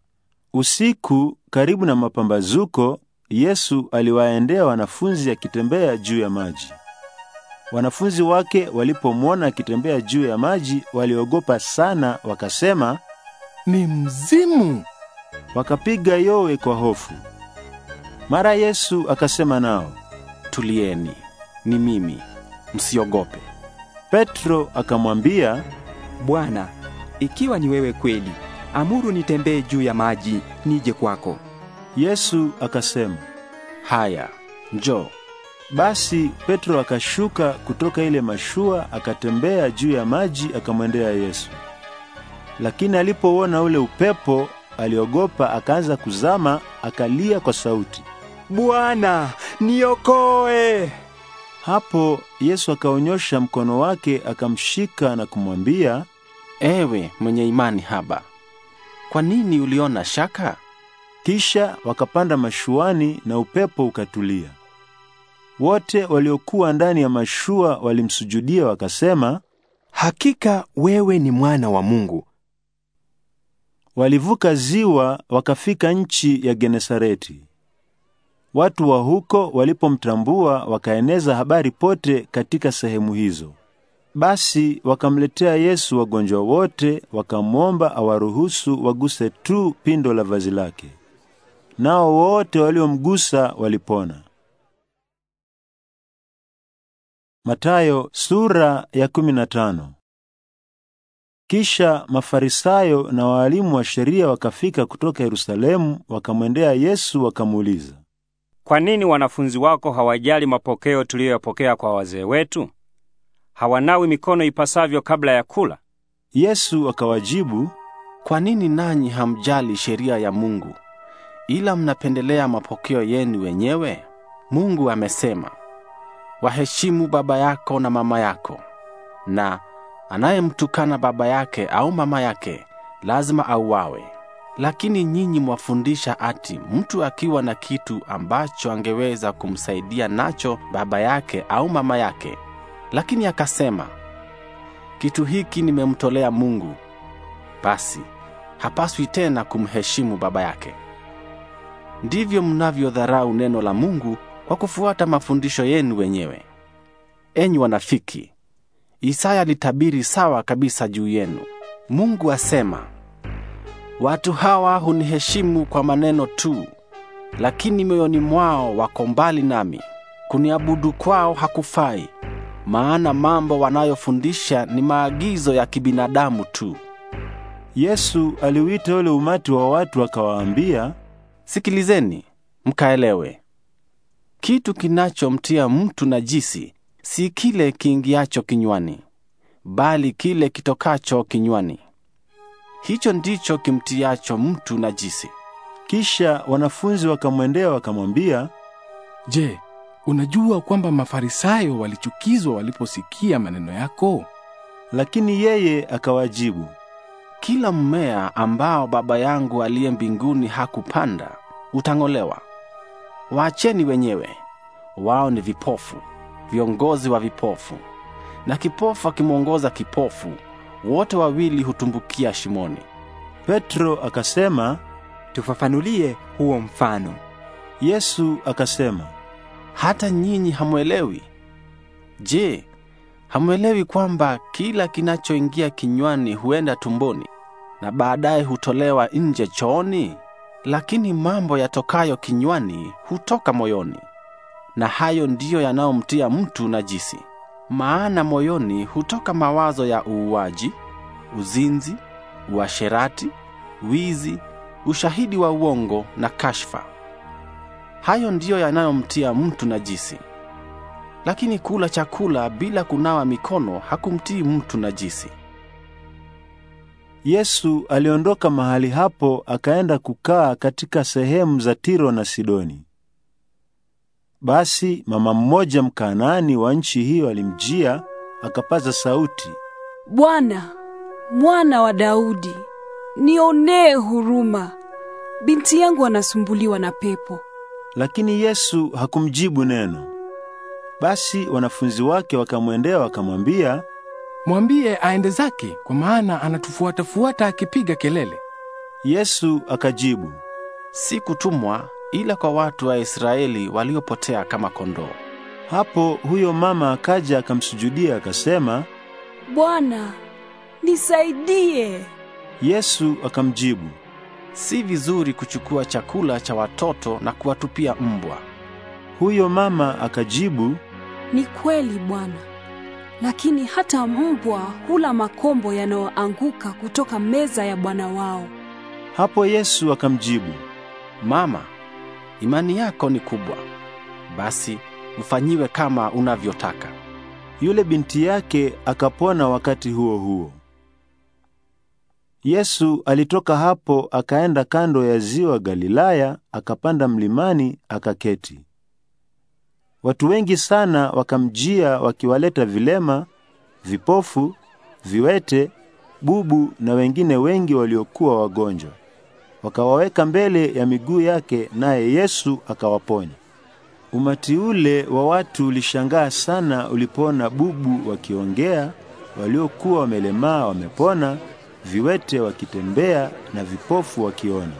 Usiku karibu na mapambazuko, Yesu aliwaendea wanafunzi akitembea juu ya maji. Wanafunzi wake walipomwona akitembea juu ya maji, waliogopa sana, wakasema ni mzimu. Wakapiga yowe kwa hofu. Mara Yesu akasema nao, tulieni, ni mimi, msiogope. Petro akamwambia, Bwana, ikiwa ni wewe kweli amuru nitembee juu ya maji nije kwako. Yesu akasema, haya, njoo. Basi Petro akashuka kutoka ile mashua akatembea juu ya maji akamwendea Yesu. Lakini alipouona ule upepo aliogopa, akaanza kuzama, akalia kwa sauti, Bwana, niokoe! Hapo Yesu akaonyosha mkono wake akamshika na kumwambia, ewe mwenye imani haba, kwa nini uliona shaka? Kisha wakapanda mashuani na upepo ukatulia. Wote waliokuwa ndani ya mashua walimsujudia wakasema, hakika wewe ni mwana wa Mungu. Walivuka ziwa wakafika nchi ya Genesareti. Watu wa huko walipomtambua wakaeneza habari pote katika sehemu hizo. Basi wakamletea Yesu wagonjwa wote, wakamwomba awaruhusu waguse tu pindo la vazi lake. Nao wote waliomgusa walipona. Matayo sura ya 15. Kisha Mafarisayo na waalimu wa sheria wakafika kutoka Yerusalemu, wakamwendea Yesu wakamuuliza, kwa nini wanafunzi wako hawajali mapokeo tuliyoyapokea kwa wazee wetu? hawanawi mikono ipasavyo kabla ya kula? Yesu akawajibu, kwa nini nanyi hamjali sheria ya Mungu ila mnapendelea mapokeo yenu wenyewe? Mungu amesema, waheshimu baba yako na mama yako, na anayemtukana baba yake au mama yake lazima auawe. Lakini nyinyi mwafundisha ati mtu akiwa na kitu ambacho angeweza kumsaidia nacho baba yake au mama yake lakini akasema, kitu hiki nimemtolea Mungu, basi hapaswi tena kumheshimu baba yake. Ndivyo mnavyodharau neno la Mungu kwa kufuata mafundisho yenu wenyewe. Enyi wanafiki, Isaya alitabiri sawa kabisa juu yenu. Mungu asema, watu hawa huniheshimu kwa maneno tu, lakini mioyoni mwao wako mbali nami, kuniabudu kwao hakufai maana mambo wanayofundisha ni maagizo ya kibinadamu tu. Yesu aliuita ule umati wa watu akawaambia, sikilizeni mkaelewe. Kitu kinachomtia mtu najisi si kile kiingiacho kinywani, bali kile kitokacho kinywani. Hicho ndicho kimtiacho mtu najisi. Kisha wanafunzi wakamwendea wakamwambia, Je, Unajua kwamba Mafarisayo walichukizwa waliposikia maneno yako. Lakini yeye akawajibu, kila mmea ambao Baba yangu aliye mbinguni hakupanda utang'olewa. Waacheni wenyewe, wao ni vipofu, viongozi wa vipofu. Na kipofu akimwongoza kipofu, wote wawili hutumbukia shimoni. Petro akasema, tufafanulie huo mfano. Yesu akasema hata nyinyi hamwelewi? Je, hamwelewi kwamba kila kinachoingia kinywani huenda tumboni na baadaye hutolewa nje chooni? Lakini mambo yatokayo kinywani hutoka moyoni, na hayo ndiyo yanayomtia mtu najisi. Maana moyoni hutoka mawazo ya uuaji, uzinzi, uasherati, wizi, ushahidi wa uongo na kashfa. Hayo ndiyo yanayomtia mtu najisi. Lakini kula chakula bila kunawa mikono hakumtii mtu najisi. Yesu aliondoka mahali hapo akaenda kukaa katika sehemu za Tiro na Sidoni. Basi mama mmoja Mkanaani wa nchi hiyo alimjia akapaza sauti, Bwana, mwana wa Daudi, nionee huruma. Binti yangu anasumbuliwa na pepo. Lakini Yesu hakumjibu neno. Basi wanafunzi wake wakamwendea wakamwambia, mwambie aende zake, kwa maana anatufuata fuata akipiga kelele. Yesu akajibu, sikutumwa ila kwa watu wa Israeli waliopotea kama kondoo. Hapo huyo mama akaja akamsujudia akasema, Bwana, nisaidie. Yesu akamjibu, si vizuri kuchukua chakula cha watoto na kuwatupia mbwa. Huyo mama akajibu, ni kweli bwana, lakini hata mbwa hula makombo yanayoanguka kutoka meza ya bwana wao. Hapo Yesu akamjibu, mama, imani yako ni kubwa, basi mfanyiwe kama unavyotaka. Yule binti yake akapona wakati huo huo. Yesu alitoka hapo akaenda kando ya ziwa Galilaya, akapanda mlimani akaketi. Watu wengi sana wakamjia wakiwaleta vilema, vipofu, viwete, bubu na wengine wengi waliokuwa wagonjwa. Wakawaweka mbele ya miguu yake naye Yesu akawaponya. Umati ule wa watu ulishangaa sana ulipoona bubu wakiongea, waliokuwa wamelemaa wamepona viwete wakitembea na vipofu wakiona.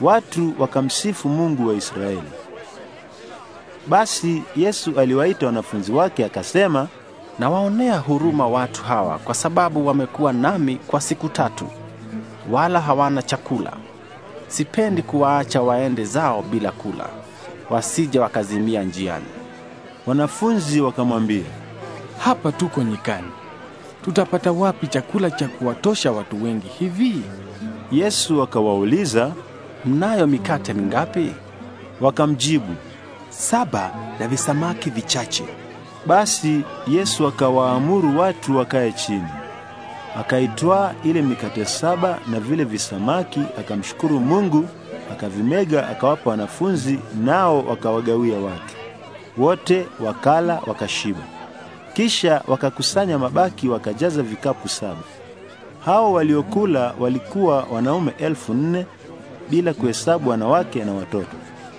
Watu wakamsifu Mungu wa Israeli. Basi Yesu aliwaita wanafunzi wake akasema, nawaonea huruma watu hawa kwa sababu wamekuwa nami kwa siku tatu, wala hawana chakula. Sipendi kuwaacha waende zao bila kula, wasije wakazimia njiani. Wanafunzi wakamwambia, hapa tuko nyikani tutapata wapi chakula cha kuwatosha watu wengi hivi? Yesu akawauliza, mnayo mikate mingapi? Wakamjibu, saba na visamaki vichache. Basi Yesu akawaamuru watu wakae chini. Akaitwaa ile mikate saba na vile visamaki, akamshukuru Mungu, akavimega, akawapa wanafunzi, nao wakawagawia watu wote. Wakala wakashiba. Kisha wakakusanya mabaki wakajaza vikapu saba. Hao waliokula walikuwa wanaume elfu nne bila kuhesabu wanawake na watoto.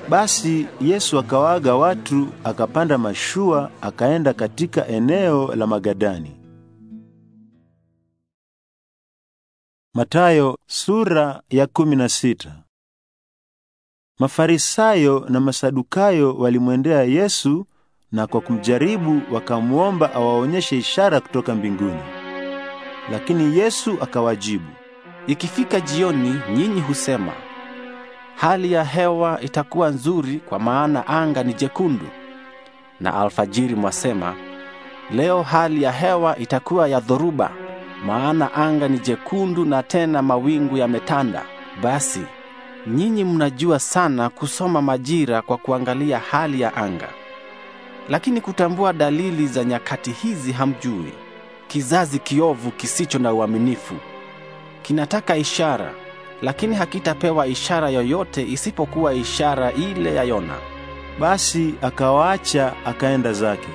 Basi Yesu akawaaga watu, akapanda mashua, akaenda katika eneo la Magadani. Matayo sura ya kumi na sita. Mafarisayo na Masadukayo walimwendea Yesu na kwa kumjaribu wakamwomba awaonyeshe ishara kutoka mbinguni. Lakini Yesu akawajibu, ikifika jioni nyinyi husema hali ya hewa itakuwa nzuri, kwa maana anga ni jekundu, na alfajiri mwasema leo hali ya hewa itakuwa ya dhoruba, maana anga ni jekundu na tena mawingu yametanda. Basi nyinyi mnajua sana kusoma majira kwa kuangalia hali ya anga lakini kutambua dalili za nyakati hizi hamjui. Kizazi kiovu kisicho na uaminifu kinataka ishara, lakini hakitapewa ishara yoyote isipokuwa ishara ile ya Yona. Basi akawaacha akaenda zake.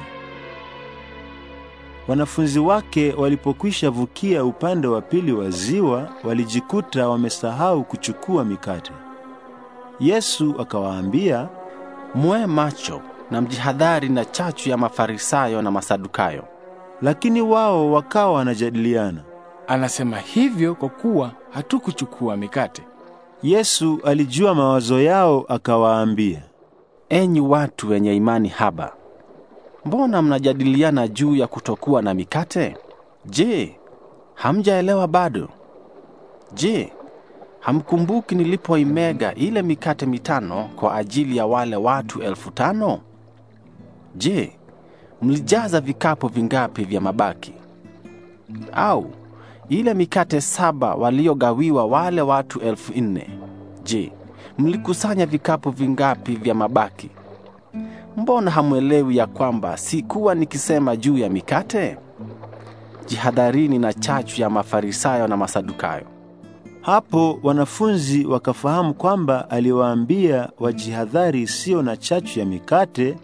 Wanafunzi wake walipokwisha vukia upande wa pili wa ziwa, walijikuta wamesahau kuchukua mikate. Yesu akawaambia, mwe macho na mjihadhari na chachu ya Mafarisayo na Masadukayo. Lakini wao wakawa wanajadiliana, anasema hivyo kwa kuwa hatukuchukua mikate. Yesu alijua mawazo yao, akawaambia, enyi watu wenye imani haba, mbona mnajadiliana juu ya kutokuwa na mikate? Je, hamjaelewa bado? Je, hamkumbuki nilipoimega ile mikate mitano kwa ajili ya wale watu elfu tano? Je, mlijaza vikapu vingapi vya mabaki? Au ile mikate saba waliogawiwa wale watu elfu nne, je, mlikusanya vikapu vingapi vya mabaki? Mbona hamwelewi ya kwamba sikuwa nikisema juu ya mikate? Jihadharini na chachu ya Mafarisayo na Masadukayo. Hapo wanafunzi wakafahamu kwamba aliwaambia wajihadhari sio na chachu ya mikate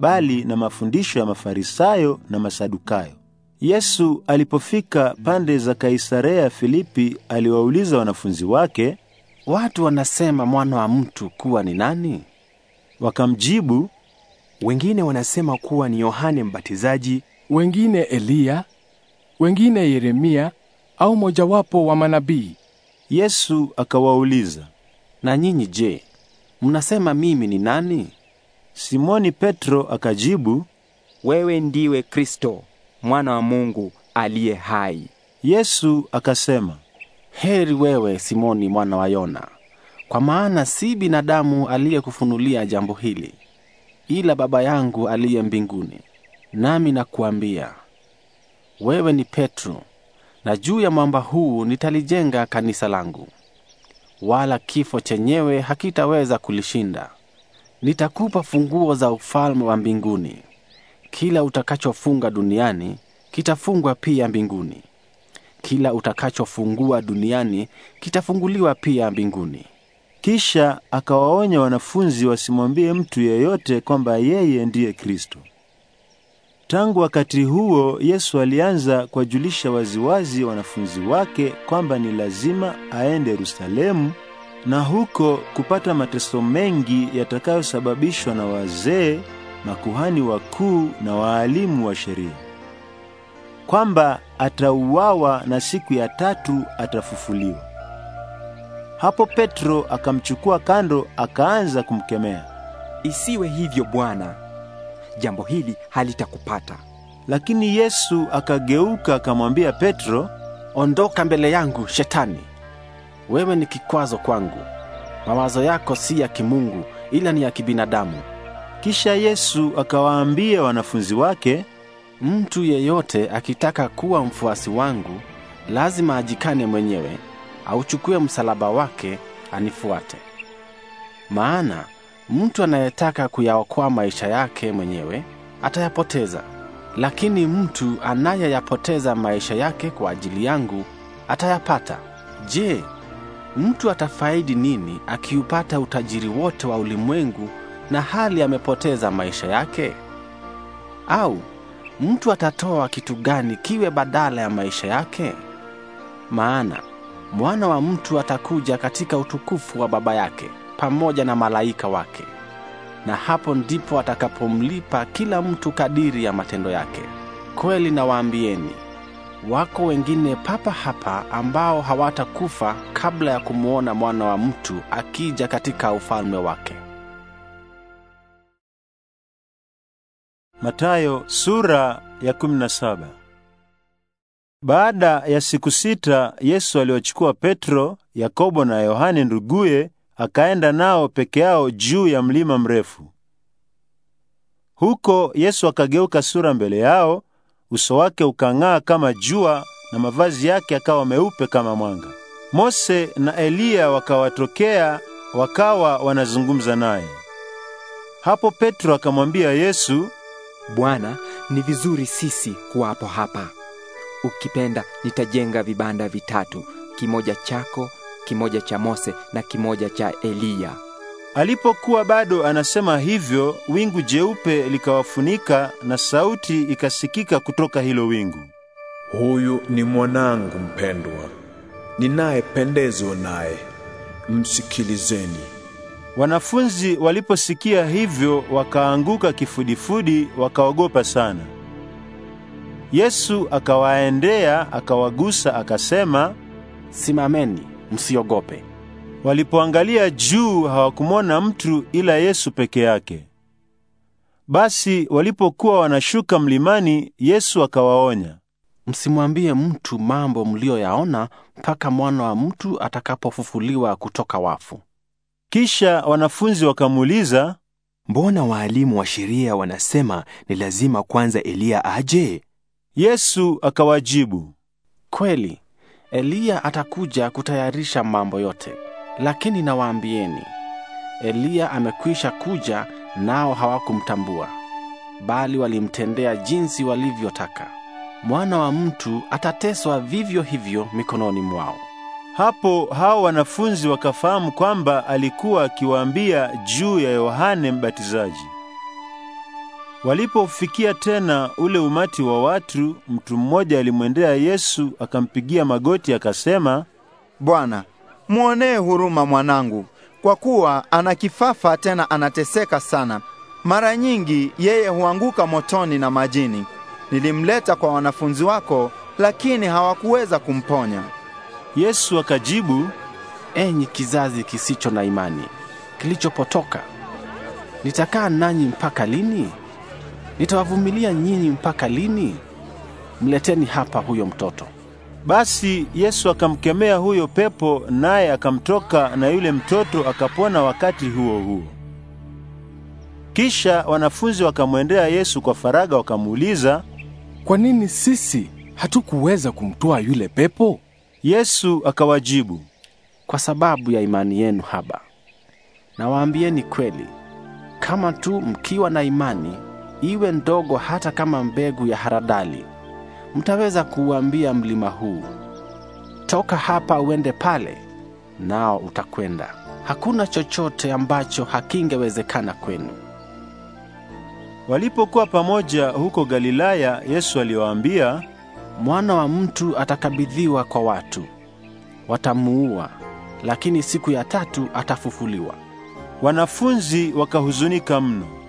bali na mafundisho ya Mafarisayo na Masadukayo. Yesu alipofika pande za Kaisarea Filipi, aliwauliza wanafunzi wake, watu wanasema mwana wa mtu kuwa ni nani? Wakamjibu, wengine wanasema kuwa ni Yohane Mbatizaji, wengine Eliya, wengine Yeremia au mojawapo wa manabii. Yesu akawauliza, na nyinyi je, mnasema mimi ni nani? Simoni Petro akajibu, wewe ndiwe Kristo, mwana wa Mungu aliye hai. Yesu akasema, heri wewe Simoni mwana wa Yona, kwa maana si binadamu aliyekufunulia jambo hili, ila Baba yangu aliye mbinguni. Nami nakuambia wewe ni Petro, na juu ya mwamba huu nitalijenga kanisa langu, wala kifo chenyewe hakitaweza kulishinda. Nitakupa funguo za ufalme wa mbinguni. Kila utakachofunga duniani kitafungwa pia mbinguni, kila utakachofungua duniani kitafunguliwa pia mbinguni. Kisha akawaonya wanafunzi wasimwambie mtu yeyote kwamba yeye ndiye Kristo. Tangu wakati huo Yesu alianza kuwajulisha waziwazi wanafunzi wake kwamba ni lazima aende Yerusalemu na huko kupata mateso mengi yatakayosababishwa na wazee, makuhani wakuu na waalimu wa sheria, kwamba atauawa na siku ya tatu atafufuliwa. Hapo Petro akamchukua kando, akaanza kumkemea, isiwe hivyo Bwana, jambo hili halitakupata. Lakini Yesu akageuka akamwambia Petro, ondoka mbele yangu Shetani, wewe ni kikwazo kwangu, mawazo yako si ya kimungu, ila ni ya kibinadamu. Kisha Yesu akawaambia wanafunzi wake, mtu yeyote akitaka kuwa mfuasi wangu lazima ajikane mwenyewe, auchukue msalaba wake anifuate. Maana mtu anayetaka kuyaokoa maisha yake mwenyewe atayapoteza, lakini mtu anayeyapoteza maisha yake kwa ajili yangu atayapata. Je, mtu atafaidi nini akiupata utajiri wote wa ulimwengu na hali amepoteza maisha yake? Au mtu atatoa kitu gani kiwe badala ya maisha yake? Maana mwana wa mtu atakuja katika utukufu wa Baba yake pamoja na malaika wake, na hapo ndipo atakapomlipa kila mtu kadiri ya matendo yake. Kweli nawaambieni wako wengine papa hapa ambao hawatakufa kabla ya kumwona mwana wa mtu akija katika ufalme wake. Matayo sura ya 17. Baada ya siku sita Yesu aliwachukua Petro, Yakobo na Yohane nduguye akaenda nao peke yao juu ya mlima mrefu. Huko Yesu akageuka sura mbele yao uso wake ukang'aa kama jua na mavazi yake akawa meupe kama mwanga. Mose na Eliya wakawatokea wakawa wanazungumza naye. Hapo Petro akamwambia Yesu, Bwana, ni vizuri sisi kuwapo hapa. Ukipenda nitajenga vibanda vitatu, kimoja chako, kimoja cha Mose na kimoja cha Eliya. Alipokuwa bado anasema hivyo, wingu jeupe likawafunika na sauti ikasikika kutoka hilo wingu, huyu ni mwanangu mpendwa, ninayependezwa naye, msikilizeni. Wanafunzi waliposikia hivyo, wakaanguka kifudifudi, wakaogopa sana. Yesu akawaendea, akawagusa, akasema, simameni, msiogope. Walipoangalia juu hawakumwona mtu ila Yesu peke yake. Basi walipokuwa wanashuka mlimani, Yesu akawaonya, msimwambie mtu mambo mliyoyaona mpaka mwana wa mtu atakapofufuliwa kutoka wafu. Kisha wanafunzi wakamuuliza, mbona waalimu wa sheria wanasema ni lazima kwanza Eliya aje? Yesu akawajibu, kweli Eliya atakuja kutayarisha mambo yote. Lakini nawaambieni, Eliya amekwisha kuja, nao hawakumtambua, bali walimtendea jinsi walivyotaka. Mwana wa mtu atateswa vivyo hivyo mikononi mwao. Hapo hao wanafunzi wakafahamu kwamba alikuwa akiwaambia juu ya Yohane Mbatizaji. Walipofikia tena ule umati wa watu, mtu mmoja alimwendea Yesu akampigia magoti akasema, Bwana, Mwonee huruma mwanangu, kwa kuwa ana kifafa tena anateseka sana. Mara nyingi yeye huanguka motoni na majini. Nilimleta kwa wanafunzi wako, lakini hawakuweza kumponya. Yesu akajibu, enyi kizazi kisicho na imani, kilichopotoka, nitakaa nanyi mpaka lini? Nitawavumilia nyinyi mpaka lini? Mleteni hapa huyo mtoto. Basi Yesu akamkemea huyo pepo, naye akamtoka, na yule mtoto akapona wakati huo huo. Kisha wanafunzi wakamwendea Yesu kwa faraga wakamuuliza, kwa nini sisi hatukuweza kumtoa yule pepo? Yesu akawajibu, kwa sababu ya imani yenu haba. Nawaambieni kweli, kama tu mkiwa na imani iwe ndogo hata kama mbegu ya haradali mtaweza kuuambia mlima huu, toka hapa uende pale, nao utakwenda. Hakuna chochote ambacho hakingewezekana kwenu. Walipokuwa pamoja huko Galilaya, Yesu aliwaambia, mwana wa mtu atakabidhiwa kwa watu, watamuua, lakini siku ya tatu atafufuliwa. Wanafunzi wakahuzunika mno.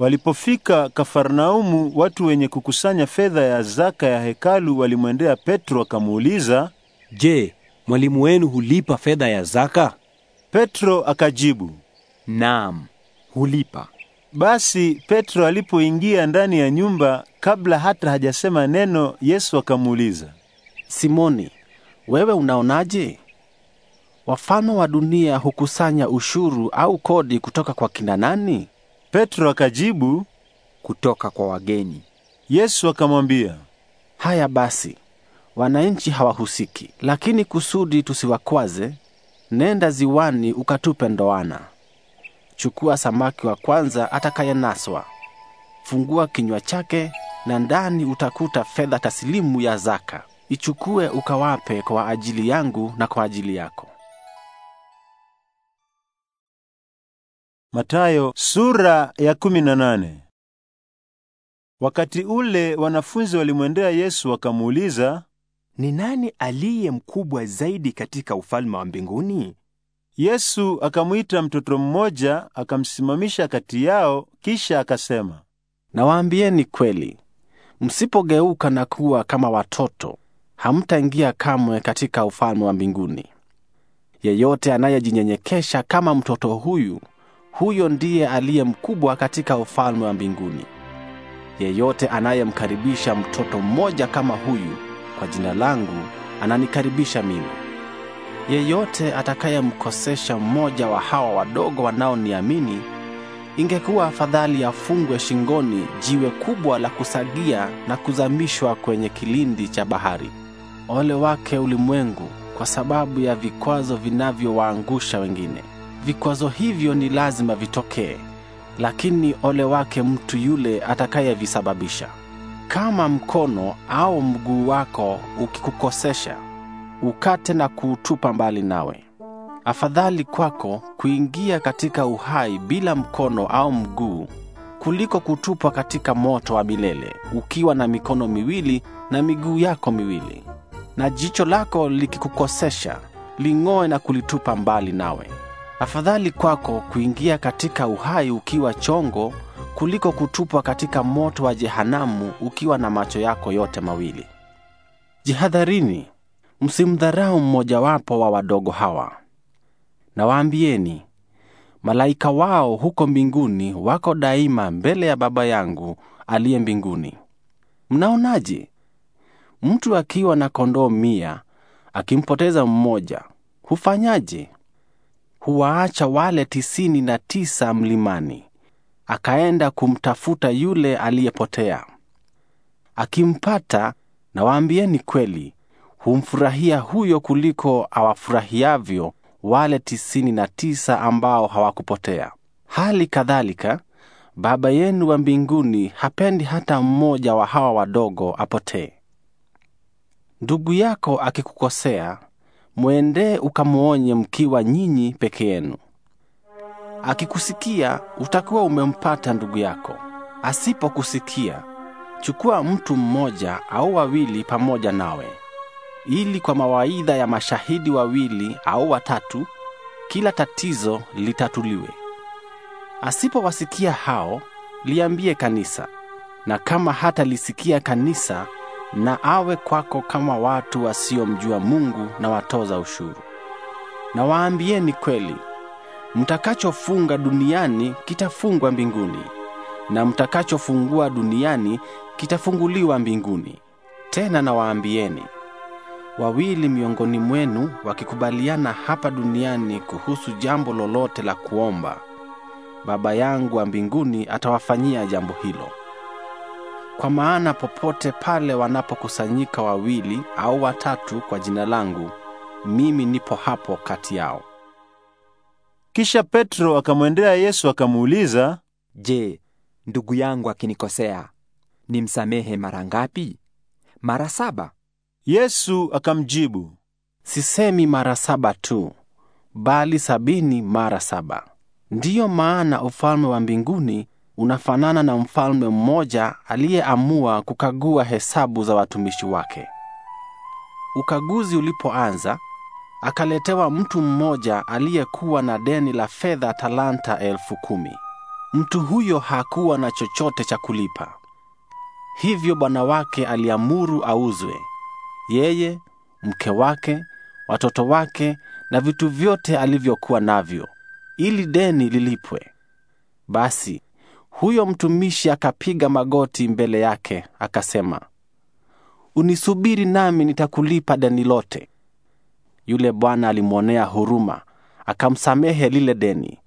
Walipofika Kafarnaumu, watu wenye kukusanya fedha ya zaka ya hekalu walimwendea Petro akamuuliza, "Je, mwalimu wenu hulipa fedha ya zaka?" Petro akajibu, "Naam, hulipa." Basi Petro alipoingia ndani ya nyumba, kabla hata hajasema neno, Yesu akamuuliza, "Simoni, wewe unaonaje? Wafalme wa dunia hukusanya ushuru au kodi kutoka kwa kina nani?" Petro akajibu, kutoka kwa wageni. Yesu akamwambia, haya basi, wananchi hawahusiki, lakini kusudi tusiwakwaze, nenda ziwani ukatupe ndoana. Chukua samaki wa kwanza atakayenaswa, fungua kinywa chake, na ndani utakuta fedha taslimu ya zaka. Ichukue ukawape kwa ajili yangu na kwa ajili yako. Matayo sura ya nane. Wakati ule wanafunzi walimwendea Yesu wakamuuliza, "Ni nani aliye mkubwa zaidi katika ufalme wa mbinguni?" Yesu akamwita mtoto mmoja, akamsimamisha kati yao, kisha akasema, "Nawaambieni kweli, msipogeuka na kuwa kama watoto, hamtaingia kamwe katika ufalme wa mbinguni. Yeyote anayejinyenyekesha kama mtoto huyu huyo ndiye aliye mkubwa katika ufalme wa mbinguni. Yeyote anayemkaribisha mtoto mmoja kama huyu kwa jina langu ananikaribisha mimi. Yeyote atakayemkosesha mmoja wa hawa wadogo wanaoniamini, ingekuwa afadhali afungwe shingoni jiwe kubwa la kusagia na kuzamishwa kwenye kilindi cha bahari. Ole wake ulimwengu kwa sababu ya vikwazo vinavyowaangusha wengine. Vikwazo hivyo ni lazima vitokee, lakini ole wake mtu yule atakayevisababisha. Kama mkono au mguu wako ukikukosesha, ukate na kuutupa mbali nawe. Afadhali kwako kuingia katika uhai bila mkono au mguu kuliko kutupwa katika moto wa milele ukiwa na mikono miwili na miguu yako miwili. Na jicho lako likikukosesha, ling'oe na kulitupa mbali nawe. Afadhali kwako kuingia katika uhai ukiwa chongo kuliko kutupwa katika moto wa jehanamu ukiwa na macho yako yote mawili. Jihadharini, msimdharau mmojawapo wa wadogo hawa. Nawaambieni, malaika wao huko mbinguni wako daima mbele ya Baba yangu aliye mbinguni. Mnaonaje? Mtu akiwa na kondoo mia akimpoteza mmoja, hufanyaje? huwaacha wale tisini na tisa mlimani, akaenda kumtafuta yule aliyepotea. Akimpata, nawaambieni kweli, humfurahia huyo kuliko awafurahiavyo wale tisini na tisa ambao hawakupotea. Hali kadhalika Baba yenu wa mbinguni hapendi hata mmoja wa hawa wadogo apotee. Ndugu yako akikukosea mwendee ukamwonye mkiwa nyinyi peke yenu. Akikusikia utakuwa umempata ndugu yako. Asipokusikia, chukua mtu mmoja au wawili pamoja nawe, ili kwa mawaidha ya mashahidi wawili au watatu kila tatizo litatuliwe. Asipowasikia hao, liambie kanisa, na kama hatalisikia kanisa na awe kwako kama watu wasiomjua Mungu na watoza ushuru. Na waambieni kweli, mtakachofunga duniani kitafungwa mbinguni, na mtakachofungua duniani kitafunguliwa mbinguni. Tena na waambieni, wawili miongoni mwenu wakikubaliana hapa duniani kuhusu jambo lolote la kuomba, Baba yangu wa mbinguni atawafanyia jambo hilo. Kwa maana popote pale wanapokusanyika wawili au watatu kwa jina langu, mimi nipo hapo kati yao. Kisha Petro akamwendea Yesu akamuuliza, Je, ndugu yangu akinikosea nimsamehe mara ngapi? Mara saba? Yesu akamjibu, sisemi mara saba tu, bali sabini mara saba. Ndiyo maana ufalme wa mbinguni unafanana na mfalme mmoja aliyeamua kukagua hesabu za watumishi wake. Ukaguzi ulipoanza, akaletewa mtu mmoja aliyekuwa na deni la fedha talanta elfu kumi. Mtu huyo hakuwa na chochote cha kulipa, hivyo bwana wake aliamuru auzwe, yeye, mke wake, watoto wake na vitu vyote alivyokuwa navyo, ili deni lilipwe. Basi huyo mtumishi akapiga magoti mbele yake, akasema, unisubiri nami nitakulipa deni lote. Yule bwana alimwonea huruma, akamsamehe lile deni,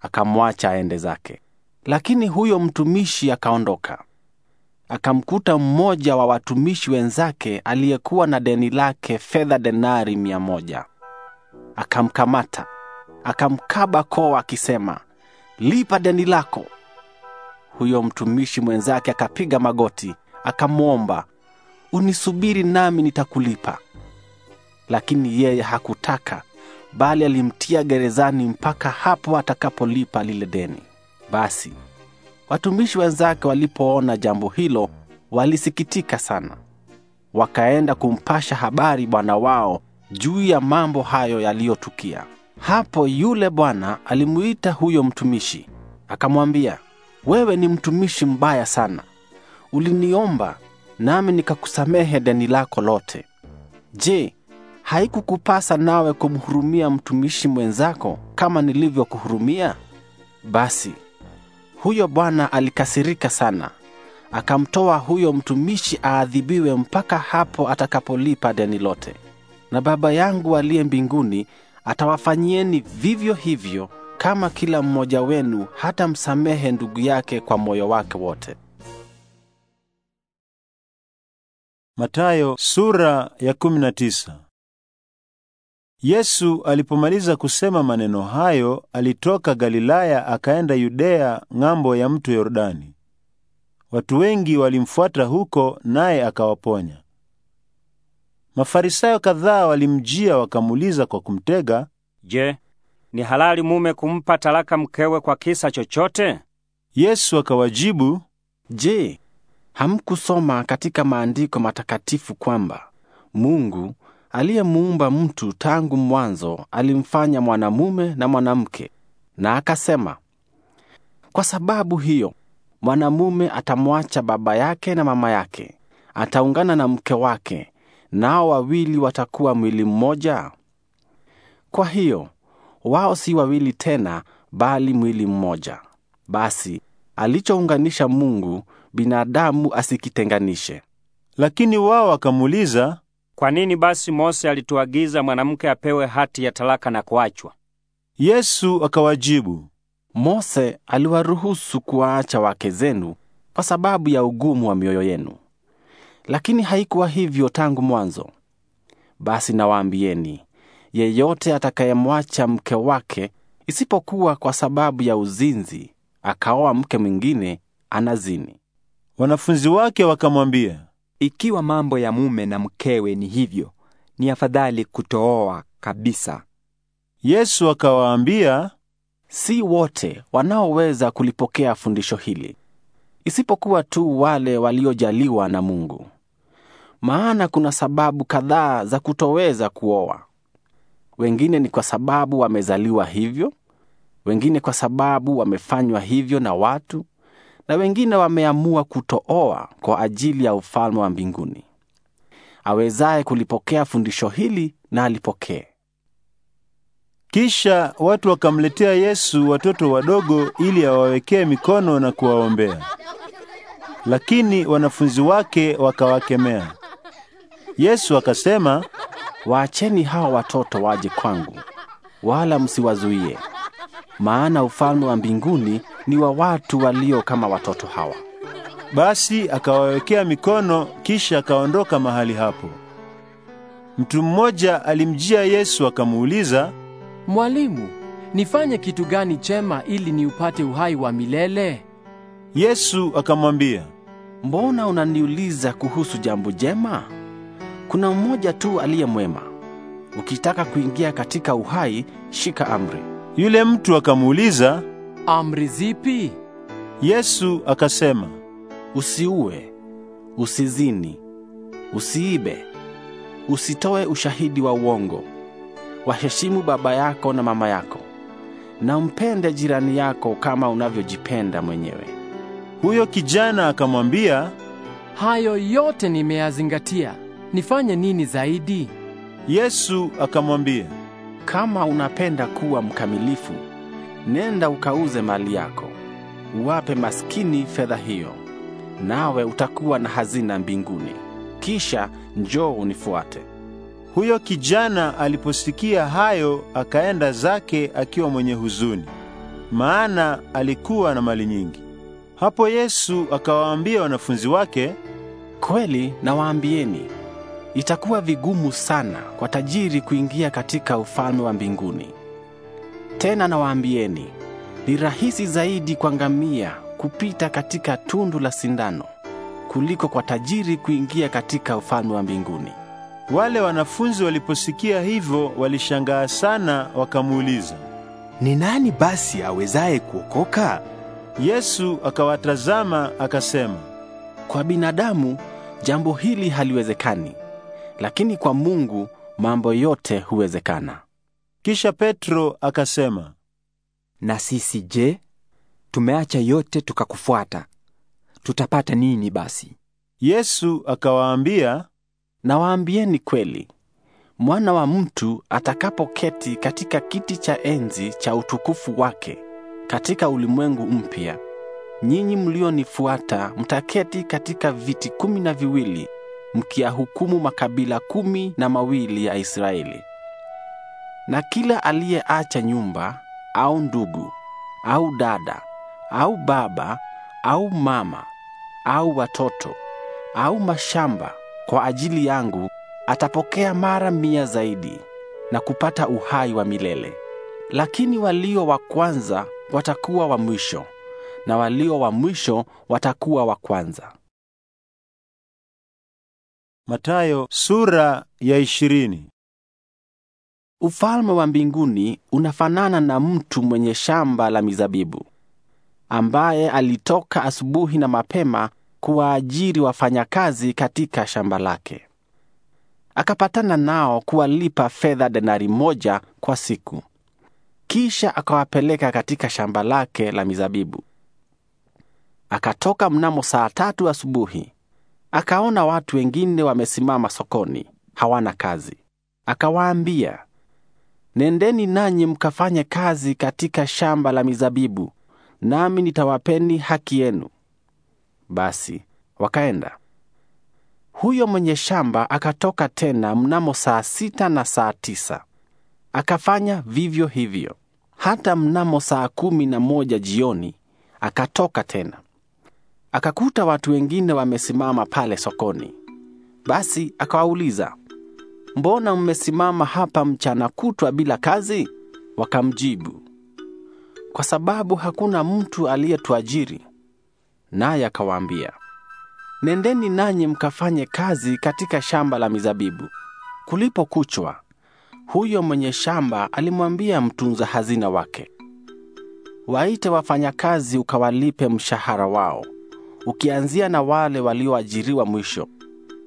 akamwacha aende zake. Lakini huyo mtumishi akaondoka, akamkuta mmoja wa watumishi wenzake aliyekuwa na deni lake fedha denari mia moja. Akamkamata, akamkaba koo akisema, lipa deni lako huyo mtumishi mwenzake akapiga magoti, akamwomba, unisubiri nami nitakulipa. Lakini yeye hakutaka, bali alimtia gerezani mpaka hapo atakapolipa lile deni. Basi watumishi wenzake walipoona jambo hilo, walisikitika sana, wakaenda kumpasha habari bwana wao juu ya mambo hayo yaliyotukia. Hapo yule bwana alimuita huyo mtumishi akamwambia, wewe ni mtumishi mbaya sana, uliniomba nami nikakusamehe deni lako lote. Je, haikukupasa nawe kumhurumia mtumishi mwenzako kama nilivyokuhurumia? Basi huyo bwana alikasirika sana, akamtoa huyo mtumishi aadhibiwe mpaka hapo atakapolipa deni lote. Na Baba yangu aliye mbinguni atawafanyieni vivyo hivyo kama kila mmoja wenu hata msamehe ndugu yake kwa moyo wake wote. Matayo sura ya 19. Yesu alipomaliza kusema maneno hayo, alitoka Galilaya akaenda Yudea ng'ambo ya mto Yordani. Watu wengi walimfuata huko naye akawaponya. Mafarisayo kadhaa walimjia wakamuuliza kwa kumtega, "Je, ni halali mume kumpa talaka mkewe kwa kisa chochote? Yesu akawajibu, Je, hamkusoma katika maandiko matakatifu kwamba Mungu aliyemuumba mtu tangu mwanzo alimfanya mwanamume na mwanamke, na akasema, kwa sababu hiyo mwanamume atamwacha baba yake na mama yake, ataungana na mke wake, nao wawili watakuwa mwili mmoja. Kwa hiyo wao si wawili tena, bali mwili mmoja. Basi alichounganisha Mungu, binadamu asikitenganishe. Lakini wao wakamuuliza, kwa nini basi Mose alituagiza mwanamke apewe hati ya talaka na kuachwa? Yesu akawajibu, Mose aliwaruhusu kuwaacha wake zenu kwa sababu ya ugumu wa mioyo yenu, lakini haikuwa hivyo tangu mwanzo. Basi nawaambieni, yeyote atakayemwacha mke wake isipokuwa kwa sababu ya uzinzi, akaoa mke mwingine, anazini. Wanafunzi wake wakamwambia, ikiwa mambo ya mume na mkewe ni hivyo, ni afadhali kutooa kabisa. Yesu akawaambia, si wote wanaoweza kulipokea fundisho hili, isipokuwa tu wale waliojaliwa na Mungu. Maana kuna sababu kadhaa za kutoweza kuoa wengine ni kwa sababu wamezaliwa hivyo, wengine kwa sababu wamefanywa hivyo na watu, na wengine wameamua kutooa kwa ajili ya ufalme wa mbinguni. Awezaye kulipokea fundisho hili na alipokee. Kisha watu wakamletea Yesu watoto wadogo ili awawekee mikono na kuwaombea, lakini wanafunzi wake wakawakemea. Yesu akasema, waacheni hawa watoto waje kwangu, wala msiwazuie, maana ufalme wa mbinguni ni wa watu walio kama watoto hawa. Basi akawawekea mikono, kisha akaondoka mahali hapo. Mtu mmoja alimjia Yesu akamuuliza, Mwalimu, nifanye kitu gani chema ili niupate uhai wa milele? Yesu akamwambia, Mbona unaniuliza kuhusu jambo jema? Kuna mmoja tu aliye mwema. Ukitaka kuingia katika uhai, shika amri. Yule mtu akamuuliza, amri zipi? Yesu akasema, usiue, usizini, usiibe, usitoe ushahidi wa uongo, waheshimu baba yako na mama yako, na mpende jirani yako kama unavyojipenda mwenyewe. Huyo kijana akamwambia, hayo yote nimeyazingatia nifanye nini zaidi? Yesu akamwambia, kama unapenda kuwa mkamilifu, nenda ukauze mali yako, uwape maskini fedha hiyo, nawe utakuwa na hazina mbinguni. Kisha njoo unifuate. Huyo kijana aliposikia hayo, akaenda zake akiwa mwenye huzuni, maana alikuwa na mali nyingi. Hapo Yesu akawaambia wanafunzi wake, kweli nawaambieni itakuwa vigumu sana kwa tajiri kuingia katika ufalme wa mbinguni. Tena nawaambieni, ni rahisi zaidi kwa ngamia kupita katika tundu la sindano kuliko kwa tajiri kuingia katika ufalme wa mbinguni. Wale wanafunzi waliposikia hivyo walishangaa sana, wakamuuliza, ni nani basi awezaye kuokoka? Yesu akawatazama akasema, kwa binadamu jambo hili haliwezekani, lakini kwa Mungu mambo yote huwezekana. Kisha Petro akasema, na sisi je, tumeacha yote tukakufuata, tutapata nini basi? Yesu akawaambia, nawaambieni kweli, mwana wa mtu atakapoketi katika kiti cha enzi cha utukufu wake katika ulimwengu mpya, nyinyi mlionifuata mtaketi katika viti kumi na viwili mkiyahukumu makabila kumi na mawili ya Israeli. Na kila aliyeacha nyumba au ndugu au dada au baba au mama au watoto au mashamba kwa ajili yangu atapokea mara mia zaidi na kupata uhai wa milele. Lakini walio wa kwanza watakuwa wa mwisho na walio wa mwisho watakuwa wa kwanza. Mathayo sura ya ishirini. Ufalme wa mbinguni unafanana na mtu mwenye shamba la mizabibu ambaye alitoka asubuhi na mapema kuwaajiri wafanyakazi katika shamba lake. Akapatana nao kuwalipa fedha denari moja kwa siku. Kisha akawapeleka katika shamba lake la mizabibu. Akatoka mnamo saa tatu asubuhi Akaona watu wengine wamesimama sokoni, hawana kazi. Akawaambia, nendeni nanyi mkafanye kazi katika shamba la mizabibu, nami nitawapeni haki yenu. Basi wakaenda. Huyo mwenye shamba akatoka tena mnamo saa sita na saa tisa akafanya vivyo hivyo. Hata mnamo saa kumi na moja jioni akatoka tena. Akakuta watu wengine wamesimama pale sokoni. Basi akawauliza, mbona mmesimama hapa mchana kutwa bila kazi? Wakamjibu, kwa sababu hakuna mtu aliyetuajiri. Naye akawaambia, nendeni nanyi mkafanye kazi katika shamba la mizabibu. Kulipo kuchwa, huyo mwenye shamba alimwambia mtunza hazina wake, waite wafanyakazi ukawalipe mshahara wao ukianzia na wale walioajiriwa mwisho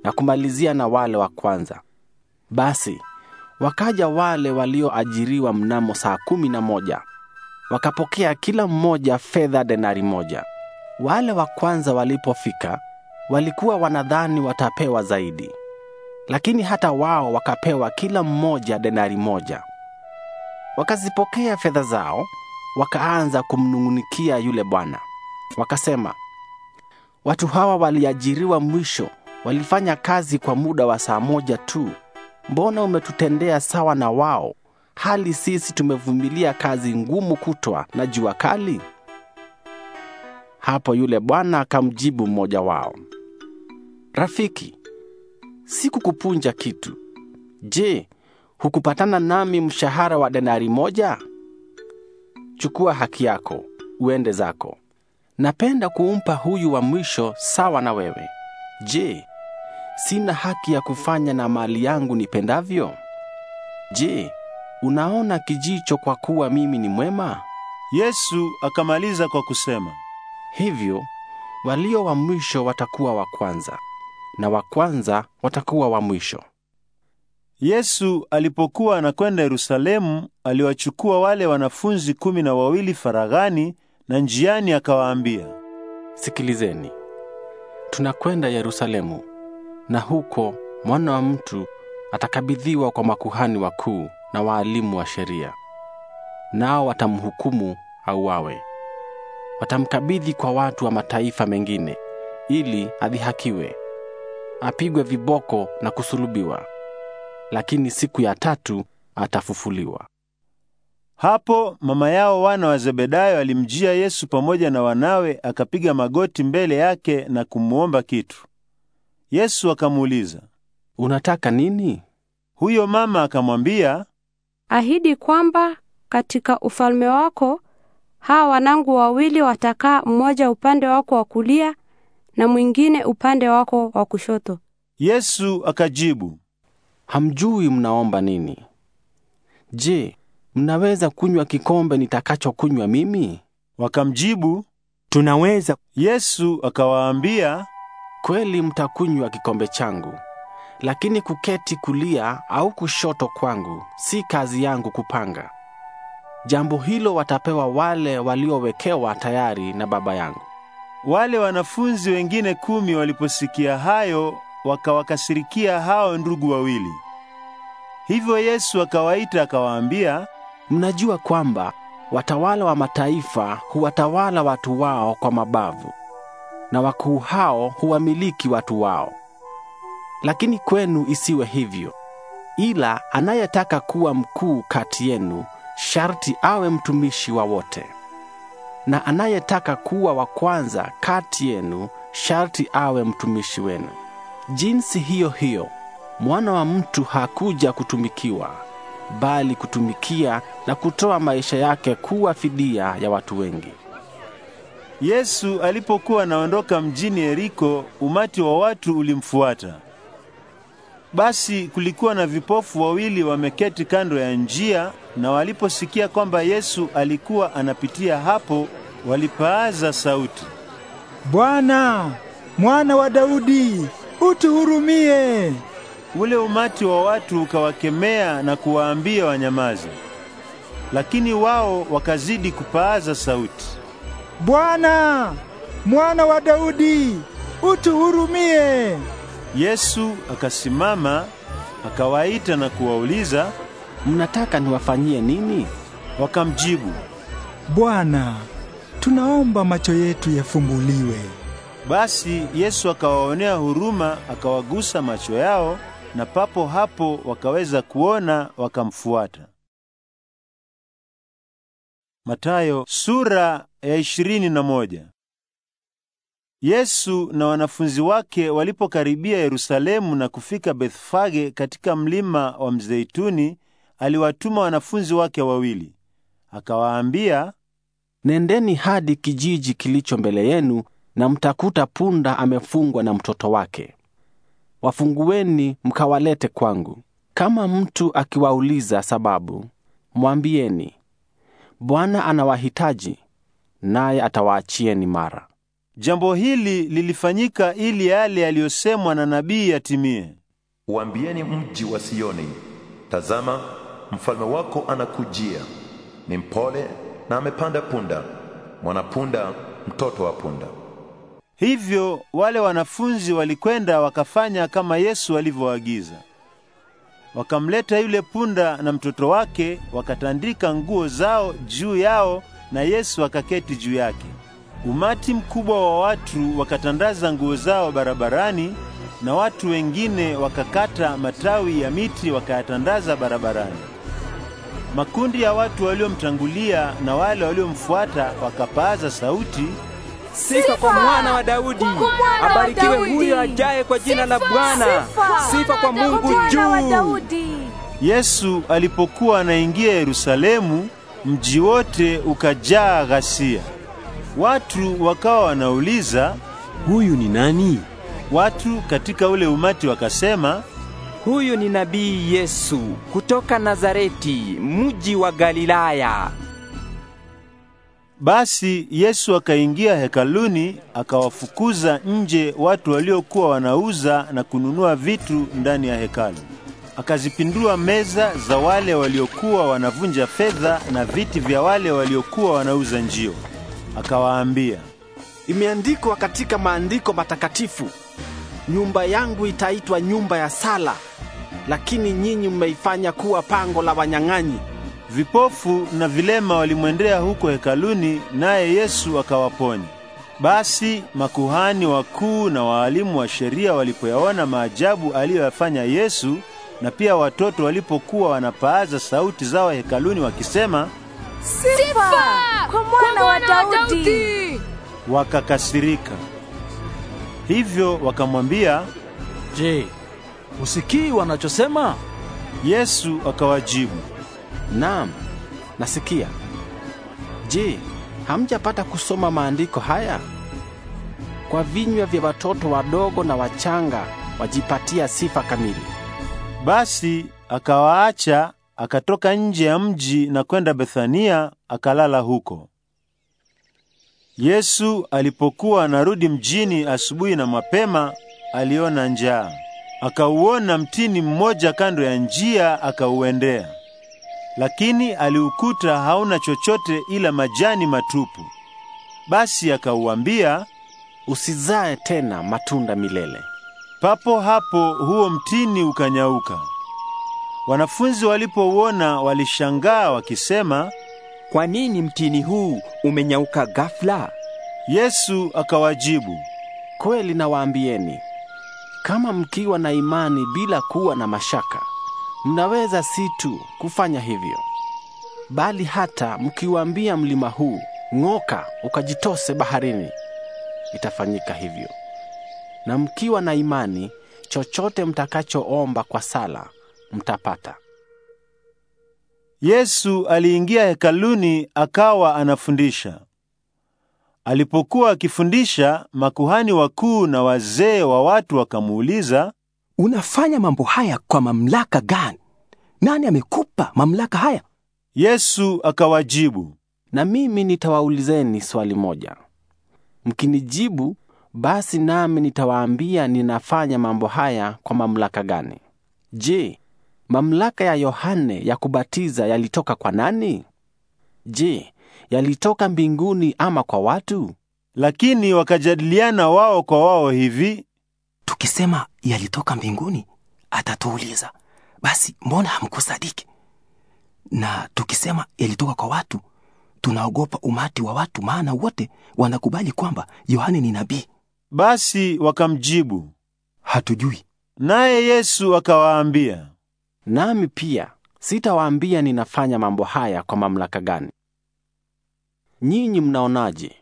na kumalizia na wale wa kwanza. Basi wakaja wale walioajiriwa mnamo saa kumi na moja, wakapokea kila mmoja fedha denari moja. Wale wa kwanza walipofika, walikuwa wanadhani watapewa zaidi, lakini hata wao wakapewa kila mmoja denari moja. Wakazipokea fedha zao, wakaanza kumnung'unikia yule bwana, wakasema Watu hawa waliajiriwa mwisho, walifanya kazi kwa muda wa saa moja tu. Mbona umetutendea sawa na wao, hali sisi tumevumilia kazi ngumu kutwa na jua kali? Hapo yule bwana akamjibu mmoja wao, Rafiki, sikukupunja kitu. Je, hukupatana nami mshahara wa denari moja? Chukua haki yako, uende zako napenda kumpa huyu wa mwisho sawa na wewe. Je, sina haki ya kufanya na mali yangu nipendavyo? Je, unaona kijicho kwa kuwa mimi ni mwema? Yesu akamaliza kwa kusema, hivyo walio wa mwisho watakuwa wa kwanza na wa kwanza watakuwa wa mwisho. Yesu alipokuwa anakwenda Yerusalemu, aliwachukua wale wanafunzi kumi na wawili faraghani na njiani akawaambia, sikilizeni, tunakwenda Yerusalemu, na huko mwana wa mtu atakabidhiwa kwa makuhani wakuu na waalimu wa sheria, nao watamhukumu auawe. Watamkabidhi kwa watu wa mataifa mengine ili adhihakiwe, apigwe viboko na kusulubiwa, lakini siku ya tatu atafufuliwa. Hapo mama yao wana wa Zebedayo alimjia Yesu pamoja na wanawe, akapiga magoti mbele yake na kumwomba kitu. Yesu akamuuliza, unataka nini? Huyo mama akamwambia, ahidi kwamba katika ufalme wako hawa wanangu wawili watakaa mmoja upande wako wa kulia na mwingine upande wako wa kushoto. Yesu akajibu, hamjui mnaomba nini. Je, mnaweza kunywa kikombe nitakachokunywa mimi? Wakamjibu, tunaweza. Yesu akawaambia, kweli mtakunywa kikombe changu, lakini kuketi kulia au kushoto kwangu si kazi yangu kupanga. Jambo hilo watapewa wale waliowekewa tayari na Baba yangu. Wale wanafunzi wengine kumi waliposikia hayo, wakawakasirikia hao ndugu wawili. Hivyo Yesu akawaita akawaambia, Mnajua kwamba watawala wa mataifa huwatawala watu wao kwa mabavu na wakuu hao huwamiliki watu wao. Lakini kwenu isiwe hivyo, ila anayetaka kuwa mkuu kati yenu sharti awe mtumishi wa wote, na anayetaka kuwa wa kwanza kati yenu sharti awe mtumishi wenu. Jinsi hiyo hiyo, mwana wa mtu hakuja kutumikiwa bali kutumikia na kutoa maisha yake kuwa fidia ya watu wengi. Yesu alipokuwa anaondoka mjini Yeriko, umati wa watu ulimfuata. Basi kulikuwa na vipofu wawili wameketi kando ya njia, na waliposikia kwamba Yesu alikuwa anapitia hapo, walipaaza sauti, Bwana, mwana wa Daudi, utuhurumie. Ule umati wa watu ukawakemea na kuwaambia wanyamaze, lakini wao wakazidi kupaaza sauti, Bwana, mwana wa Daudi, utuhurumie. Yesu akasimama akawaita na kuwauliza, mnataka niwafanyie nini? Wakamjibu, Bwana, tunaomba macho yetu yafumbuliwe. Basi Yesu akawaonea huruma, akawagusa macho yao na papo hapo wakaweza kuona wakamfuata. Matayo sura ya ishirini na moja. Yesu na wanafunzi wake walipokaribia Yerusalemu na kufika Bethfage katika mlima wa Mzeituni, aliwatuma wanafunzi wake wawili. Akawaambia, Nendeni hadi kijiji kilicho mbele yenu na mtakuta punda amefungwa na mtoto wake wafungueni mkawalete kwangu. Kama mtu akiwauliza sababu, mwambieni Bwana anawahitaji naye atawaachieni mara. Jambo hili lilifanyika ili yale yaliyosemwa na nabii yatimie. Uambieni mji wa Sioni, tazama mfalme wako anakujia, ni mpole na amepanda punda, mwanapunda, mtoto wa punda. Hivyo wale wanafunzi walikwenda wakafanya kama Yesu alivyoagiza. Wakamleta yule punda na mtoto wake, wakatandika nguo zao juu yao na Yesu akaketi juu yake. Umati mkubwa wa watu wakatandaza nguo zao barabarani na watu wengine wakakata matawi ya miti wakayatandaza barabarani. Makundi ya watu waliomtangulia na wale waliomfuata wakapaaza sauti Sifa kwa mwana wa Daudi, abarikiwe huyo ajaye kwa jina la Bwana. Sifa kwa Mungu juu. Yesu alipokuwa anaingia Yerusalemu, mji wote ukajaa ghasia. Watu wakawa wanauliza, huyu ni nani? Watu katika ule umati wakasema, huyu ni nabii Yesu kutoka Nazareti, mji wa Galilaya. Basi Yesu akaingia hekaluni akawafukuza nje watu waliokuwa wanauza na kununua vitu ndani ya hekalu. Akazipindua meza za wale waliokuwa wanavunja fedha na viti vya wale waliokuwa wanauza njio. Akawaambia, imeandikwa katika maandiko matakatifu, nyumba yangu itaitwa nyumba ya sala, lakini nyinyi mmeifanya kuwa pango la wanyang'anyi. Vipofu na vilema walimwendea huko hekaluni, naye Yesu akawaponya. Basi makuhani wakuu na waalimu wa sheria walipoyaona maajabu aliyoyafanya Yesu, na pia watoto walipokuwa wanapaaza sauti zao hekaluni wakisema, Sifa kwa mwana wa Daudi, wakakasirika. Hivyo wakamwambia, Je, usikii wanachosema? Yesu akawajibu, Naam, nasikia. Je, hamjapata kusoma maandiko haya? Kwa vinywa vya watoto wadogo na wachanga wajipatia sifa kamili. Basi akawaacha akatoka nje ya mji na kwenda Bethania akalala huko. Yesu alipokuwa anarudi mjini asubuhi na mapema, aliona njaa. Akauona mtini mmoja kando ya njia, akauendea lakini aliukuta hauna chochote ila majani matupu. Basi akauambia, usizae tena matunda milele. Papo hapo huo mtini ukanyauka. Wanafunzi walipouona walishangaa wakisema, kwa nini mtini huu umenyauka ghafla? Yesu akawajibu, kweli nawaambieni, kama mkiwa na imani bila kuwa na mashaka mnaweza si tu kufanya hivyo, bali hata mkiwaambia mlima huu ng'oka, ukajitose baharini, itafanyika hivyo. Na mkiwa na imani, chochote mtakachoomba kwa sala mtapata. Yesu aliingia hekaluni akawa anafundisha. Alipokuwa akifundisha, makuhani wakuu na wazee wa watu wakamuuliza, Unafanya mambo haya kwa mamlaka gani? Nani amekupa mamlaka haya? Yesu akawajibu, na mimi nitawaulizeni swali moja. Mkinijibu, basi nami nitawaambia ninafanya mambo haya kwa mamlaka gani. Je, mamlaka ya Yohane ya kubatiza yalitoka kwa nani? Je, yalitoka mbinguni ama kwa watu? Lakini wakajadiliana wao kwa wao hivi, Tukisema yalitoka mbinguni, atatuuliza basi, mbona hamkusadiki? Na tukisema yalitoka kwa watu, tunaogopa umati wa watu, maana wote wanakubali kwamba Yohane ni nabii. Basi wakamjibu, hatujui. Naye Yesu akawaambia, nami pia sitawaambia ninafanya mambo haya kwa mamlaka gani. Nyinyi mnaonaje?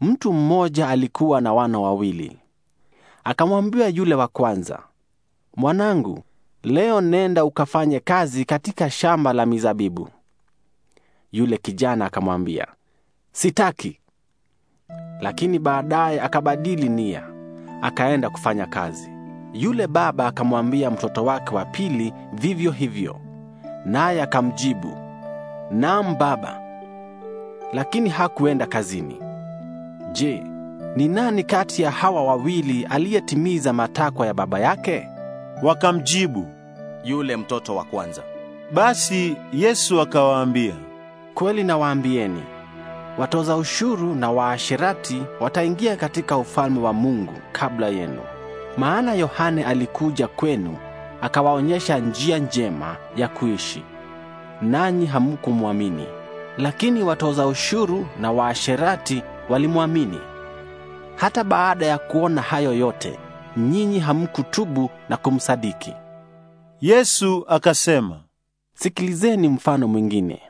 Mtu mmoja alikuwa na wana wawili. Akamwambia yule wa kwanza, mwanangu, leo nenda ukafanye kazi katika shamba la mizabibu. Yule kijana akamwambia, sitaki. Lakini baadaye akabadili nia, akaenda kufanya kazi. Yule baba akamwambia mtoto wake wa pili vivyo hivyo, naye akamjibu, naam baba, lakini hakuenda kazini. Je, ni nani kati ya hawa wawili aliyetimiza matakwa ya baba yake? Wakamjibu, yule mtoto wa kwanza. Basi Yesu akawaambia, kweli nawaambieni, watoza ushuru na waasherati wataingia katika ufalme wa Mungu kabla yenu. Maana Yohane alikuja kwenu akawaonyesha njia njema ya kuishi, nanyi hamkumwamini, lakini watoza ushuru na waasherati walimwamini. Hata baada ya kuona hayo yote, nyinyi hamkutubu na kumsadiki. Yesu akasema, sikilizeni mfano mwingine.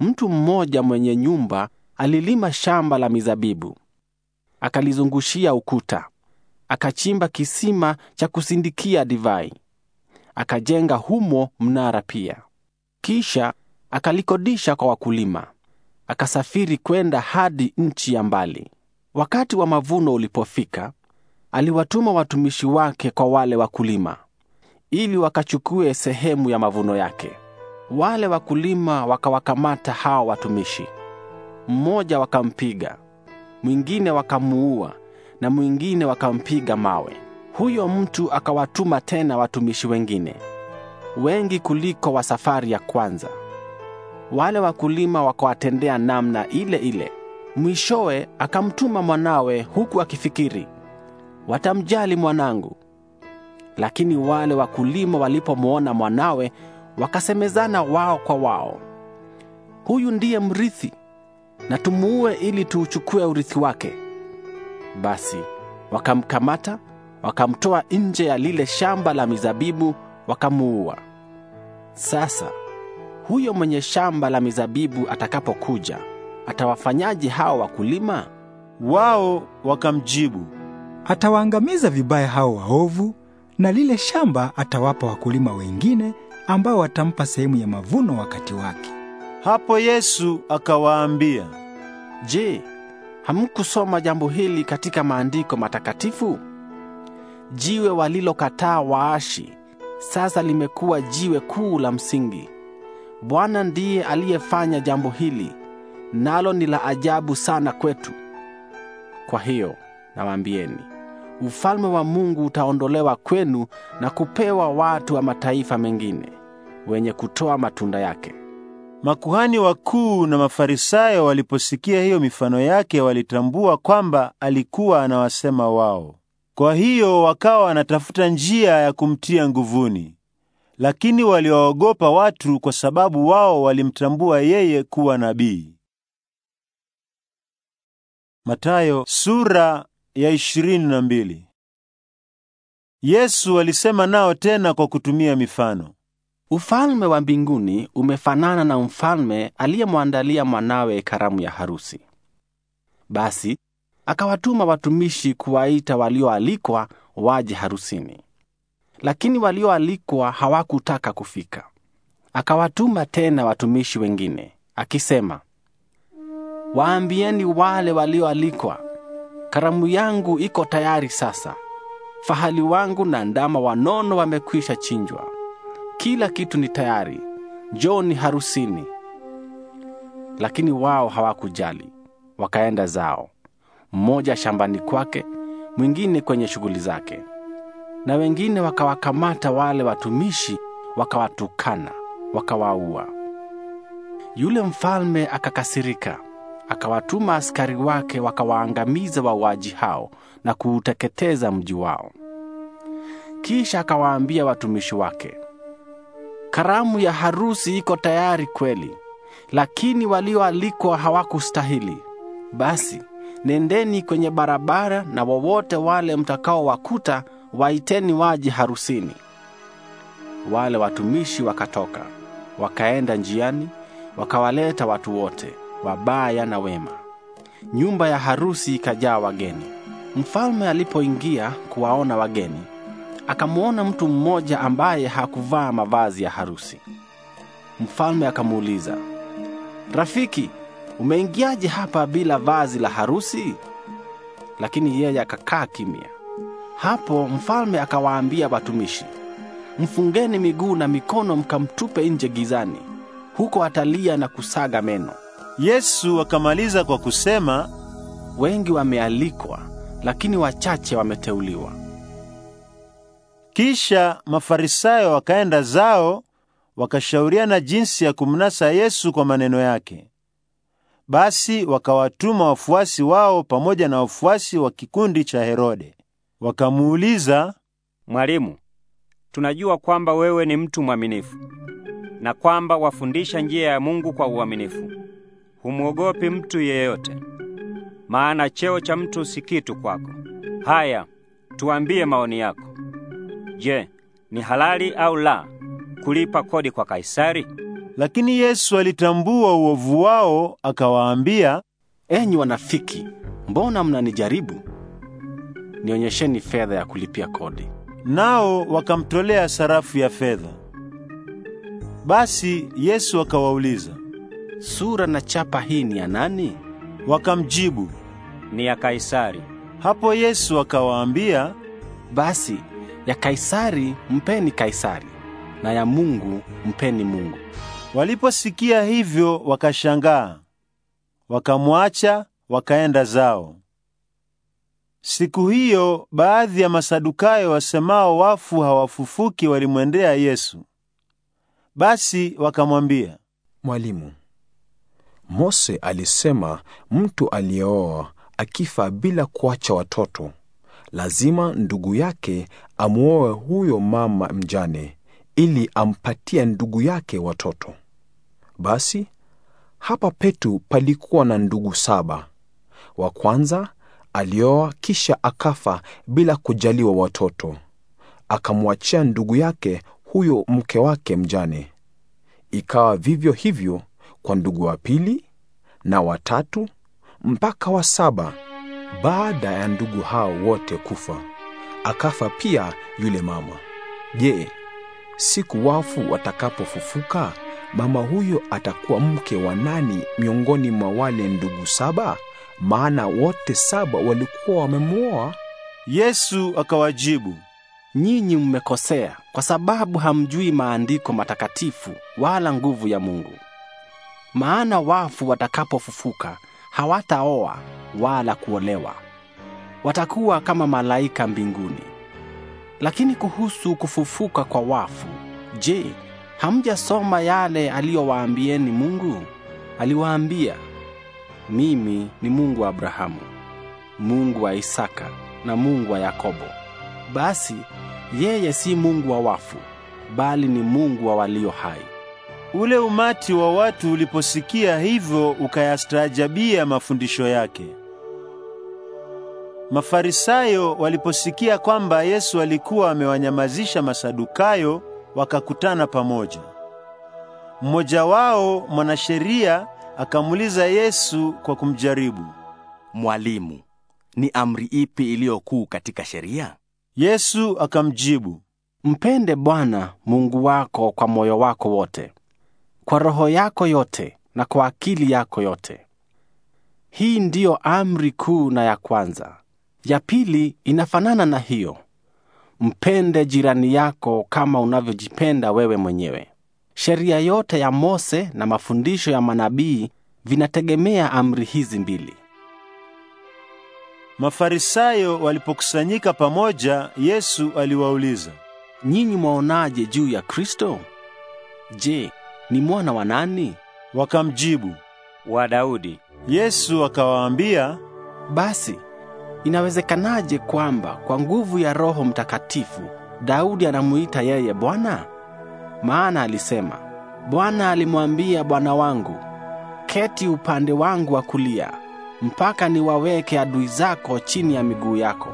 Mtu mmoja mwenye nyumba alilima shamba la mizabibu, akalizungushia ukuta, akachimba kisima cha kusindikia divai, akajenga humo mnara pia. Kisha akalikodisha kwa wakulima, akasafiri kwenda hadi nchi ya mbali. Wakati wa mavuno ulipofika, aliwatuma watumishi wake kwa wale wakulima ili wakachukue sehemu ya mavuno yake. Wale wakulima wakawakamata hao watumishi, mmoja wakampiga, mwingine wakamuua, na mwingine wakampiga mawe. Huyo mtu akawatuma tena watumishi wengine wengi kuliko wa safari ya kwanza. Wale wakulima wakawatendea namna ile ile. Mwishowe akamtuma mwanawe huku akifikiri, watamjali mwanangu. Lakini wale wakulima walipomwona mwanawe, wakasemezana wao kwa wao, huyu ndiye mrithi, na tumuue ili tuuchukue urithi wake. Basi wakamkamata, wakamtoa nje ya lile shamba la mizabibu, wakamuua. Sasa huyo mwenye shamba la mizabibu atakapokuja atawafanyaje hao wakulima? Wao wakamjibu, atawaangamiza vibaya hao waovu, na lile shamba atawapa wakulima wengine ambao watampa sehemu ya mavuno wakati wake. Hapo Yesu akawaambia, Je, hamkusoma jambo hili katika maandiko matakatifu? Jiwe walilokataa waashi sasa limekuwa jiwe kuu la msingi. Bwana ndiye aliyefanya jambo hili, nalo ni la ajabu sana kwetu. Kwa hiyo nawaambieni, ufalme wa Mungu utaondolewa kwenu na kupewa watu wa mataifa mengine wenye kutoa matunda yake. Makuhani wakuu na Mafarisayo waliposikia hiyo mifano yake, walitambua kwamba alikuwa anawasema wao. Kwa hiyo wakawa wanatafuta njia ya kumtia nguvuni, lakini waliwaogopa watu, kwa sababu wao walimtambua yeye kuwa nabii. Mathayo sura ya mbili. Yesu alisema nao tena kwa kutumia mifano. Ufalme wa mbinguni umefanana na mfalme aliyemwandalia mwanawe karamu ya harusi. Basi akawatuma watumishi kuwaita walioalikwa waje harusini, lakini walioalikwa hawakutaka kufika. Akawatuma tena watumishi wengine akisema, waambieni wale walioalikwa, karamu yangu iko tayari sasa. Fahali wangu na ndama wanono wamekwisha chinjwa. Kila kitu ni tayari, njoni harusini. Lakini wao hawakujali, wakaenda zao, mmoja shambani kwake, mwingine kwenye shughuli zake. Na wengine wakawakamata wale watumishi, wakawatukana, wakawaua. Yule mfalme akakasirika akawatuma askari wake wakawaangamiza wauaji hao na kuuteketeza mji wao. Kisha akawaambia watumishi wake, karamu ya harusi iko tayari kweli, lakini walioalikwa hawakustahili. Basi nendeni kwenye barabara, na wowote wale mtakaowakuta waiteni waji harusini. Wale watumishi wakatoka wakaenda njiani, wakawaleta watu wote wabaya na wema. Nyumba ya harusi ikajaa wageni. Mfalme alipoingia kuwaona wageni, akamwona mtu mmoja ambaye hakuvaa mavazi ya harusi. Mfalme akamuuliza, rafiki, umeingiaje hapa bila vazi la harusi? Lakini yeye akakaa kimya. Hapo mfalme akawaambia watumishi, mfungeni miguu na mikono, mkamtupe nje gizani, huko atalia na kusaga meno. Yesu akamaliza kwa kusema, wengi wamealikwa, lakini wachache wameteuliwa. Kisha Mafarisayo wakaenda zao, wakashauriana jinsi ya kumnasa Yesu kwa maneno yake. Basi wakawatuma wafuasi wao pamoja na wafuasi wa kikundi cha Herode. Wakamuuliza, Mwalimu, tunajua kwamba wewe ni mtu mwaminifu na kwamba wafundisha njia ya Mungu kwa uaminifu humwogopi mtu yeyote, maana cheo cha mtu si kitu kwako. Haya, tuambie maoni yako. Je, ni halali au la kulipa kodi kwa Kaisari? Lakini Yesu alitambua uovu wao, akawaambia, enyi wanafiki, mbona mnanijaribu? Nionyesheni fedha ya kulipia kodi. Nao wakamtolea sarafu ya fedha. Basi Yesu akawauliza, sura na chapa hii ni ya nani? Wakamjibu, ni ya Kaisari. Hapo Yesu akawaambia, basi ya Kaisari mpeni Kaisari, na ya Mungu mpeni Mungu. Waliposikia hivyo wakashangaa, wakamwacha wakaenda zao. Siku hiyo baadhi ya Masadukayo wasemao wafu hawafufuki walimwendea Yesu. Basi wakamwambia, Mwalimu, Mose alisema mtu aliyeoa akifa bila kuacha watoto, lazima ndugu yake amwoe huyo mama mjane ili ampatie ndugu yake watoto. Basi hapa petu palikuwa na ndugu saba. Wa kwanza alioa kisha akafa bila kujaliwa watoto, akamwachia ndugu yake huyo mke wake mjane. Ikawa vivyo hivyo kwa ndugu wa pili na watatu mpaka wa saba. Baada ya ndugu hao wote kufa, akafa pia yule mama. Je, siku wafu watakapofufuka, mama huyo atakuwa mke wa nani miongoni mwa wale ndugu saba? Maana wote saba walikuwa wamemwoa. Yesu akawajibu, nyinyi mmekosea kwa sababu hamjui maandiko matakatifu wala nguvu ya Mungu maana wafu watakapofufuka hawataoa wala kuolewa, watakuwa kama malaika mbinguni. Lakini kuhusu kufufuka kwa wafu, je, hamjasoma yale aliyowaambieni Mungu? Aliwaambia, mimi ni Mungu wa Abrahamu, Mungu wa Isaka na Mungu wa Yakobo. Basi yeye si Mungu wa wafu, bali ni Mungu wa walio hai. Ule umati wa watu uliposikia hivyo ukayastaajabia mafundisho yake. Mafarisayo waliposikia kwamba Yesu alikuwa amewanyamazisha Masadukayo, wakakutana pamoja. Mmoja wao mwanasheria akamuuliza Yesu kwa kumjaribu, Mwalimu, ni amri ipi iliyokuu katika sheria? Yesu akamjibu, Mpende Bwana Mungu wako kwa moyo wako wote kwa roho yako yote na kwa akili yako yote. Hii ndiyo amri kuu na ya kwanza. Ya pili inafanana na hiyo: mpende jirani yako kama unavyojipenda wewe mwenyewe. Sheria yote ya Mose na mafundisho ya manabii vinategemea amri hizi mbili. Mafarisayo walipokusanyika pamoja, Yesu aliwauliza, Nyinyi mwaonaje juu ya Kristo? Je, ni mwana wa nani? Wakamjibu, wa Daudi. Yesu akawaambia, basi inawezekanaje kwamba kwa nguvu ya Roho Mtakatifu Daudi anamuita yeye Bwana? Maana alisema, Bwana alimwambia Bwana wangu, keti upande wangu wa kulia mpaka niwaweke adui zako chini ya miguu yako.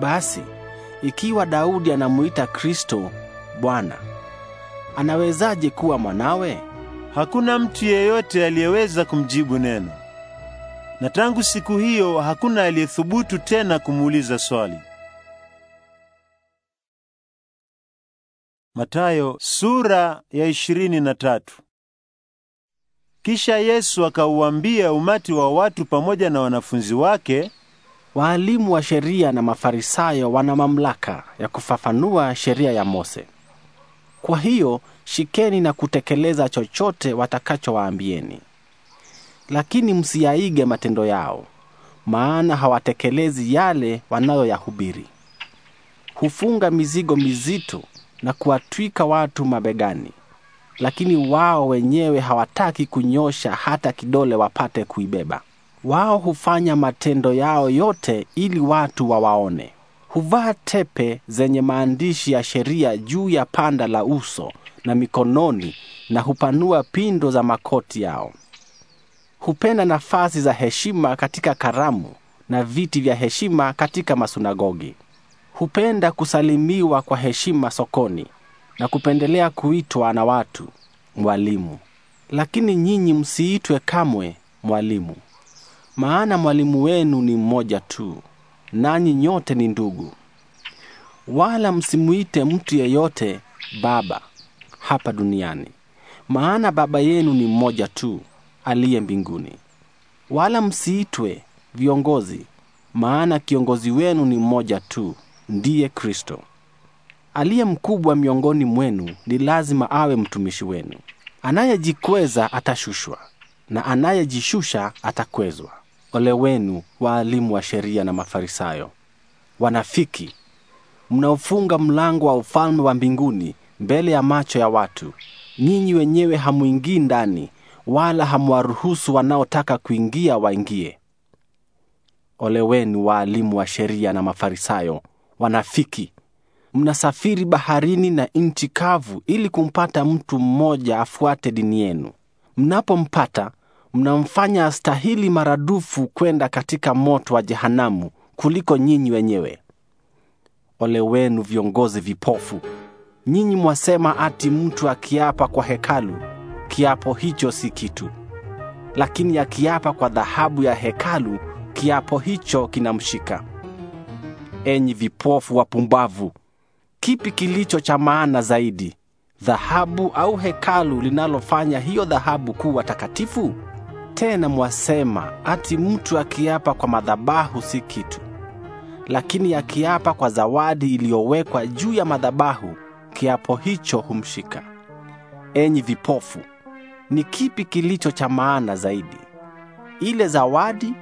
Basi ikiwa Daudi anamuita Kristo Bwana, anawezaje kuwa mwanawe? Hakuna mtu yeyote aliyeweza kumjibu neno, na tangu siku hiyo hakuna aliyethubutu tena kumuuliza swali. Matayo sura ya ishirini na tatu. Kisha Yesu akauambia umati wa watu pamoja na wanafunzi wake, waalimu wa sheria na Mafarisayo wana mamlaka ya kufafanua sheria ya Mose. Kwa hiyo shikeni na kutekeleza chochote watakachowaambieni, lakini msiyaige matendo yao, maana hawatekelezi yale wanayoyahubiri. Hufunga mizigo mizito na kuwatwika watu mabegani, lakini wao wenyewe hawataki kunyosha hata kidole wapate kuibeba. Wao hufanya matendo yao yote ili watu wawaone huvaa tepe zenye maandishi ya sheria juu ya panda la uso na mikononi, na hupanua pindo za makoti yao. Hupenda nafasi za heshima katika karamu na viti vya heshima katika masunagogi. Hupenda kusalimiwa kwa heshima sokoni na kupendelea kuitwa na watu mwalimu. Lakini nyinyi msiitwe kamwe mwalimu, maana mwalimu wenu ni mmoja tu, nanyi nyote ni ndugu. Wala msimuite mtu yeyote baba hapa duniani, maana baba yenu ni mmoja tu aliye mbinguni. Wala msiitwe viongozi, maana kiongozi wenu ni mmoja tu, ndiye Kristo. Aliye mkubwa miongoni mwenu ni lazima awe mtumishi wenu. Anayejikweza atashushwa, na anayejishusha atakwezwa. Ole wenu waalimu wa sheria na Mafarisayo, wanafiki, mnaofunga mlango wa ufalme wa mbinguni mbele ya macho ya watu. Nyinyi wenyewe hamwingii ndani, wala hamwaruhusu wanaotaka kuingia waingie. Ole wenu waalimu wa sheria na Mafarisayo, wanafiki, mnasafiri baharini na nchi kavu ili kumpata mtu mmoja afuate dini yenu. Mnapompata mnamfanya astahili maradufu kwenda katika moto wa jehanamu kuliko nyinyi wenyewe. Ole wenu viongozi vipofu! Nyinyi mwasema ati mtu akiapa kwa hekalu, kiapo hicho si kitu, lakini akiapa kwa dhahabu ya hekalu, kiapo hicho kinamshika. Enyi vipofu wapumbavu! Kipi kilicho cha maana zaidi, dhahabu au hekalu linalofanya hiyo dhahabu kuwa takatifu? Tena mwasema ati mtu akiapa kwa madhabahu si kitu, lakini akiapa kwa zawadi iliyowekwa juu ya madhabahu, kiapo hicho humshika. Enyi vipofu, ni kipi kilicho cha maana zaidi, ile zawadi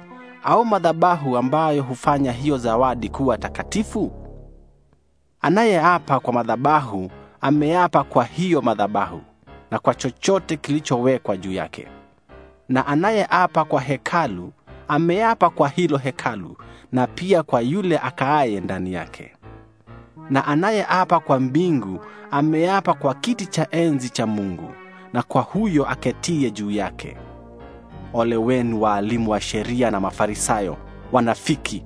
au madhabahu ambayo hufanya hiyo zawadi kuwa takatifu? Anayeapa kwa madhabahu ameapa kwa hiyo madhabahu na kwa chochote kilichowekwa juu yake na anayeapa kwa hekalu ameapa kwa hilo hekalu na pia kwa yule akaaye ndani yake. Na anayeapa kwa mbingu ameapa kwa kiti cha enzi cha Mungu na kwa huyo aketiye juu yake. Ole wenu waalimu wa sheria na Mafarisayo, wanafiki!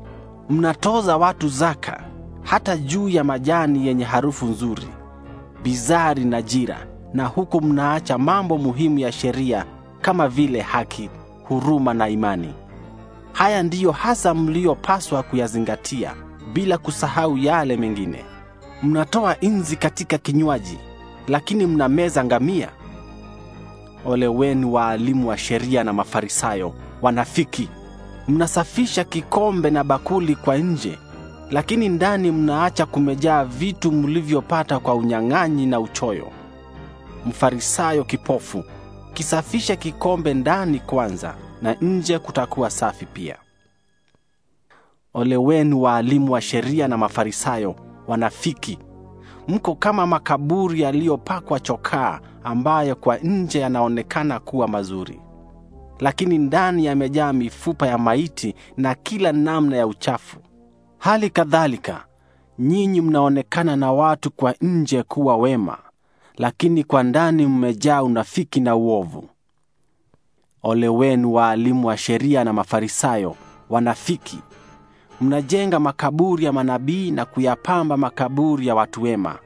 Mnatoza watu zaka hata juu ya majani yenye harufu nzuri, bizari na jira, na huku mnaacha mambo muhimu ya sheria kama vile haki, huruma na imani. Haya ndiyo hasa mliyopaswa kuyazingatia, bila kusahau yale mengine. Mnatoa inzi katika kinywaji, lakini mnameza ngamia. Ole wenu waalimu wa sheria na Mafarisayo, wanafiki! Mnasafisha kikombe na bakuli kwa nje, lakini ndani mnaacha kumejaa vitu mlivyopata kwa unyang'anyi na uchoyo. Mfarisayo kipofu! ukisafisha kikombe ndani kwanza, na nje kutakuwa safi pia. Ole wenu waalimu wa sheria na Mafarisayo, wanafiki! Mko kama makaburi yaliyopakwa chokaa, ambayo kwa nje yanaonekana kuwa mazuri, lakini ndani yamejaa mifupa ya maiti na kila namna ya uchafu. Hali kadhalika nyinyi mnaonekana na watu kwa nje kuwa wema lakini kwa ndani mmejaa unafiki na uovu. Ole wenu waalimu wa sheria na Mafarisayo, wanafiki! Mnajenga makaburi ya manabii na kuyapamba makaburi ya watu wema.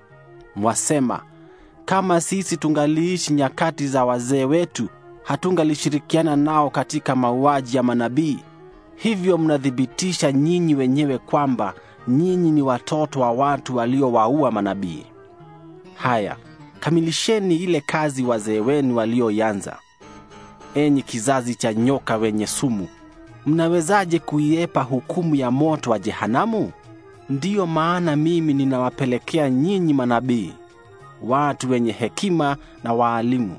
Mwasema, kama sisi tungaliishi nyakati za wazee wetu, hatungalishirikiana nao katika mauaji ya manabii. Hivyo mnathibitisha nyinyi wenyewe kwamba nyinyi ni watoto wa watu waliowaua manabii. Haya, kamilisheni ile kazi wazee wenu walioianza. Enyi kizazi cha nyoka wenye sumu, mnawezaje kuiepa hukumu ya moto wa jehanamu? Ndiyo maana mimi ninawapelekea nyinyi manabii, watu wenye hekima na waalimu.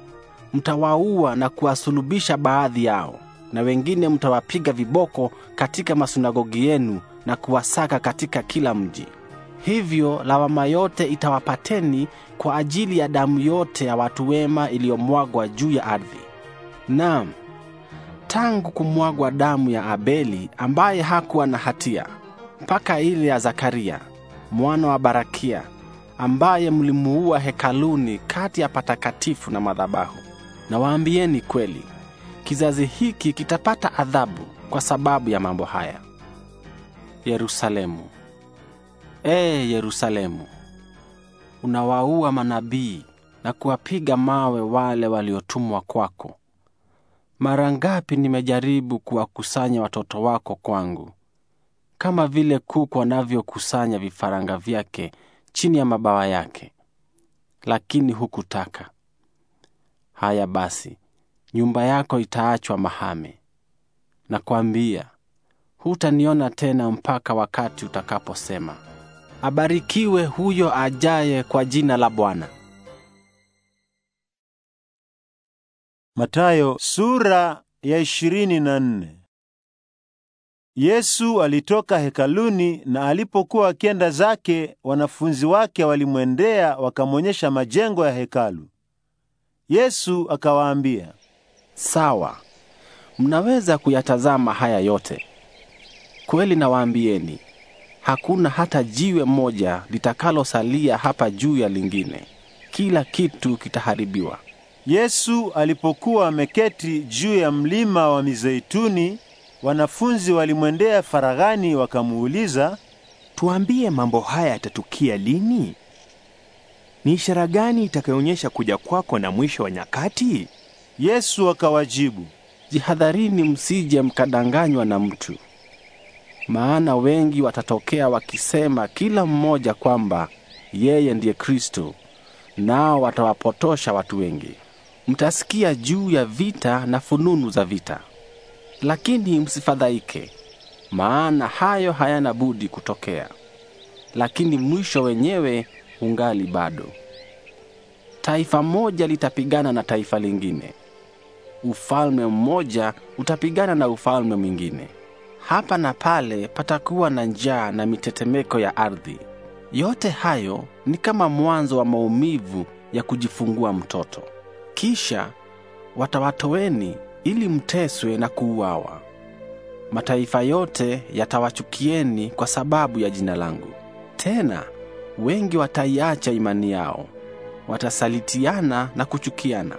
Mtawaua na kuwasulubisha baadhi yao, na wengine mtawapiga viboko katika masunagogi yenu na kuwasaka katika kila mji. Hivyo lawama yote itawapateni kwa ajili ya damu yote ya watu wema iliyomwagwa juu ya ardhi. Naam, tangu kumwagwa damu ya Abeli ambaye hakuwa na hatia mpaka ile ya Zakaria mwana wa Barakia ambaye mlimuua hekaluni kati ya patakatifu na madhabahu. Na waambieni kweli, kizazi hiki kitapata adhabu kwa sababu ya mambo haya. Yerusalemu. Ee Yerusalemu, unawaua manabii na kuwapiga mawe wale waliotumwa kwako. Mara ngapi nimejaribu kuwakusanya watoto wako kwangu, kama vile kuku anavyokusanya vifaranga vyake chini ya mabawa yake, lakini hukutaka. Haya basi, nyumba yako itaachwa mahame. Nakwambia, hutaniona tena mpaka wakati utakaposema. Abarikiwe huyo ajaye kwa jina la Bwana. Matayo sura ya 24. Yesu alitoka hekaluni na alipokuwa akienda zake, wanafunzi wake walimwendea wakamwonyesha majengo ya hekalu. Yesu akawaambia, sawa, mnaweza kuyatazama haya yote. Kweli nawaambieni hakuna hata jiwe moja litakalosalia hapa juu ya lingine. Kila kitu kitaharibiwa. Yesu alipokuwa ameketi juu ya mlima wa Mizeituni, wanafunzi walimwendea faraghani wakamuuliza, tuambie, mambo haya yatatukia lini? Ni ishara gani itakayoonyesha kuja kwako na mwisho wa nyakati? Yesu akawajibu, jihadharini msije mkadanganywa na mtu maana wengi watatokea wakisema kila mmoja kwamba yeye ndiye Kristo, nao watawapotosha watu wengi. Mtasikia juu ya vita na fununu za vita, lakini msifadhaike, maana hayo hayana budi kutokea, lakini mwisho wenyewe ungali bado. Taifa moja litapigana na taifa lingine, ufalme mmoja utapigana na ufalme mwingine hapa na pale patakuwa na njaa na mitetemeko ya ardhi. Yote hayo ni kama mwanzo wa maumivu ya kujifungua mtoto. Kisha watawatoweni ili mteswe na kuuawa. Mataifa yote yatawachukieni kwa sababu ya jina langu. Tena wengi wataiacha imani yao, watasalitiana na kuchukiana.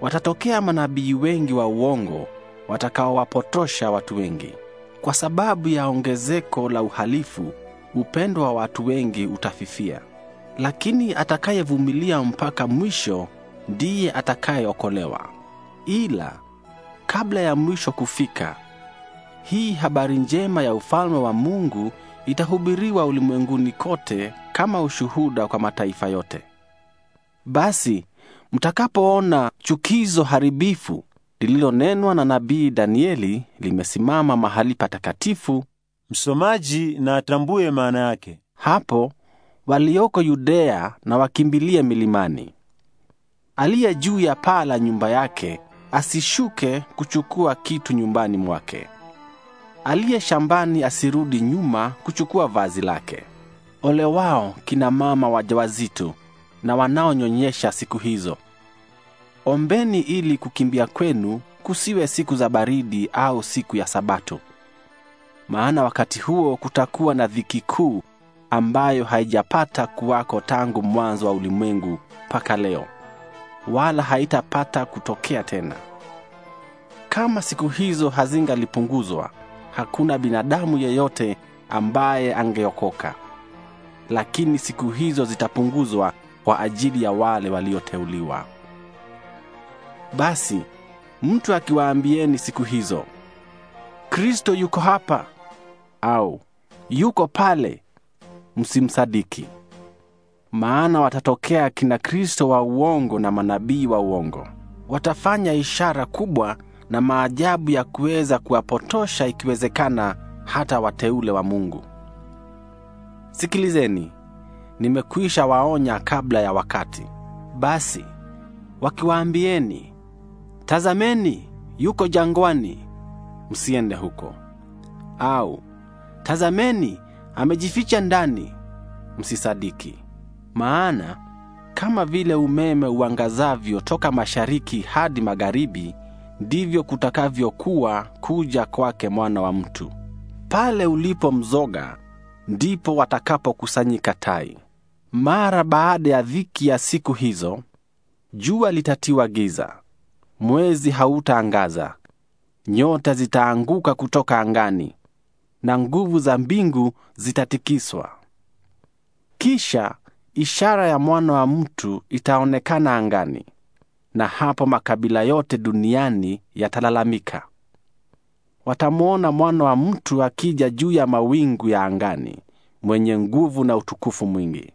Watatokea manabii wengi wa uongo watakaowapotosha watu wengi. Kwa sababu ya ongezeko la uhalifu, upendo wa watu wengi utafifia, lakini atakayevumilia mpaka mwisho ndiye atakayeokolewa. Ila kabla ya mwisho kufika, hii habari njema ya ufalme wa Mungu itahubiriwa ulimwenguni kote kama ushuhuda kwa mataifa yote. Basi mtakapoona chukizo haribifu lililonenwa na nabii Danieli limesimama mahali patakatifu. Msomaji na atambue maana yake. Hapo walioko Yudea na wakimbilie milimani. Aliye juu ya paa la nyumba yake asishuke kuchukua kitu nyumbani mwake. Aliye shambani asirudi nyuma kuchukua vazi lake. Ole wao kina mama wajawazito na wanaonyonyesha siku hizo. Ombeni ili kukimbia kwenu kusiwe siku za baridi au siku ya Sabato, maana wakati huo kutakuwa na dhiki kuu ambayo haijapata kuwako tangu mwanzo wa ulimwengu mpaka leo, wala haitapata kutokea tena. Kama siku hizo hazingalipunguzwa, hakuna binadamu yeyote ambaye angeokoka. Lakini siku hizo zitapunguzwa kwa ajili ya wale walioteuliwa. Basi mtu akiwaambieni siku hizo, Kristo yuko hapa au yuko pale, msimsadiki. Maana watatokea kina Kristo wa uongo na manabii wa uongo. Watafanya ishara kubwa na maajabu ya kuweza kuwapotosha ikiwezekana hata wateule wa Mungu. Sikilizeni, nimekwisha waonya kabla ya wakati. Basi wakiwaambieni tazameni, yuko jangwani, msiende huko; au tazameni, amejificha ndani, msisadiki. Maana kama vile umeme uangazavyo toka mashariki hadi magharibi, ndivyo kutakavyokuwa kuja kwake Mwana wa Mtu. Pale ulipo mzoga, ndipo watakapokusanyika tai. Mara baada ya dhiki ya siku hizo, jua litatiwa giza, mwezi hautaangaza, nyota zitaanguka kutoka angani na nguvu za mbingu zitatikiswa. Kisha ishara ya mwana wa mtu itaonekana angani, na hapo makabila yote duniani yatalalamika. Watamwona mwana wa mtu akija juu ya mawingu ya angani, mwenye nguvu na utukufu mwingi.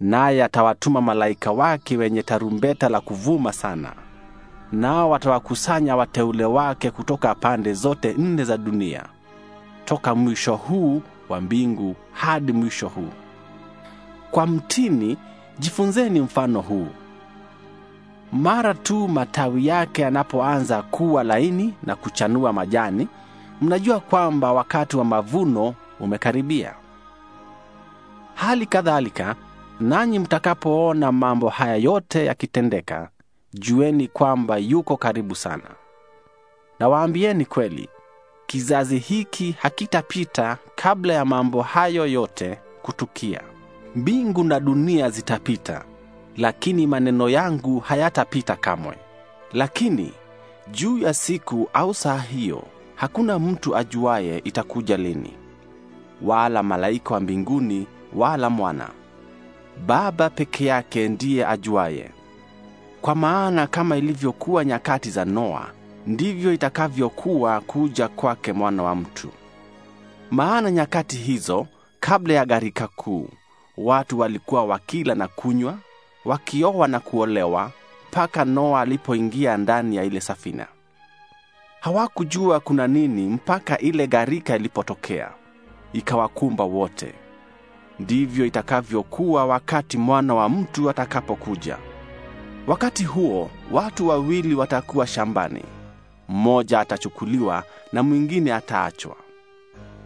Naye atawatuma malaika wake wenye tarumbeta la kuvuma sana nao watawakusanya wateule wake kutoka pande zote nne za dunia, toka mwisho huu wa mbingu hadi mwisho huu. Kwa mtini jifunzeni mfano huu. Mara tu matawi yake yanapoanza kuwa laini na kuchanua majani, mnajua kwamba wakati wa mavuno umekaribia. Hali kadhalika nanyi mtakapoona mambo haya yote yakitendeka, jueni kwamba yuko karibu sana. Nawaambieni kweli, kizazi hiki hakitapita kabla ya mambo hayo yote kutukia. Mbingu na dunia zitapita, lakini maneno yangu hayatapita kamwe. Lakini juu ya siku au saa hiyo hakuna mtu ajuaye itakuja lini, wala malaika wa mbinguni, wala mwana. Baba peke yake ndiye ajuaye. Kwa maana kama ilivyokuwa nyakati za Noa, ndivyo itakavyokuwa kuja kwake mwana wa mtu. Maana nyakati hizo kabla ya gharika kuu, watu walikuwa wakila na kunywa, wakioa na kuolewa, mpaka Noa alipoingia ndani ya ile safina. Hawakujua kuna nini mpaka ile gharika ilipotokea, ikawakumba wote. Ndivyo itakavyokuwa wakati mwana wa mtu atakapokuja. Wakati huo watu wawili watakuwa shambani, mmoja atachukuliwa na mwingine ataachwa.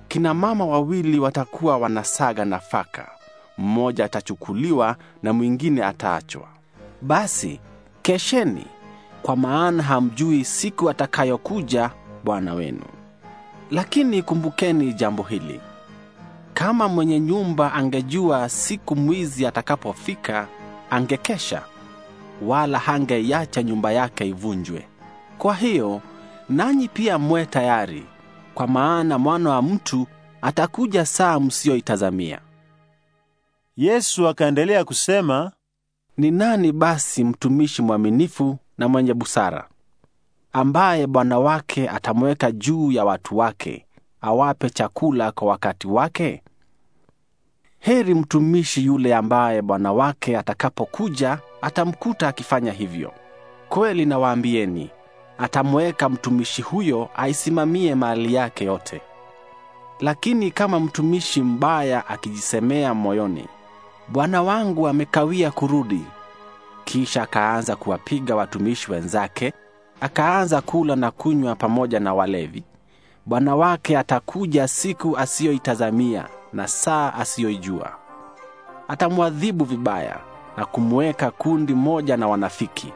Kina mama wawili watakuwa wanasaga nafaka, mmoja atachukuliwa na mwingine ataachwa. Basi kesheni, kwa maana hamjui siku atakayokuja Bwana wenu. Lakini kumbukeni jambo hili: kama mwenye nyumba angejua siku mwizi atakapofika, angekesha wala hangeiacha nyumba yake ivunjwe. Kwa hiyo nanyi pia mwe tayari, kwa maana mwana wa mtu atakuja saa msiyoitazamia. Yesu akaendelea kusema, ni nani basi mtumishi mwaminifu na mwenye busara ambaye bwana wake atamweka juu ya watu wake awape chakula kwa wakati wake? Heri mtumishi yule ambaye bwana wake atakapokuja atamkuta akifanya hivyo. Kweli nawaambieni, atamweka mtumishi huyo aisimamie mali yake yote. Lakini kama mtumishi mbaya akijisemea moyoni, bwana wangu amekawia kurudi, kisha akaanza kuwapiga watumishi wenzake, akaanza kula na kunywa pamoja na walevi, bwana wake atakuja siku asiyoitazamia na saa asiyoijua, atamwadhibu vibaya na kumweka kundi moja na wanafiki.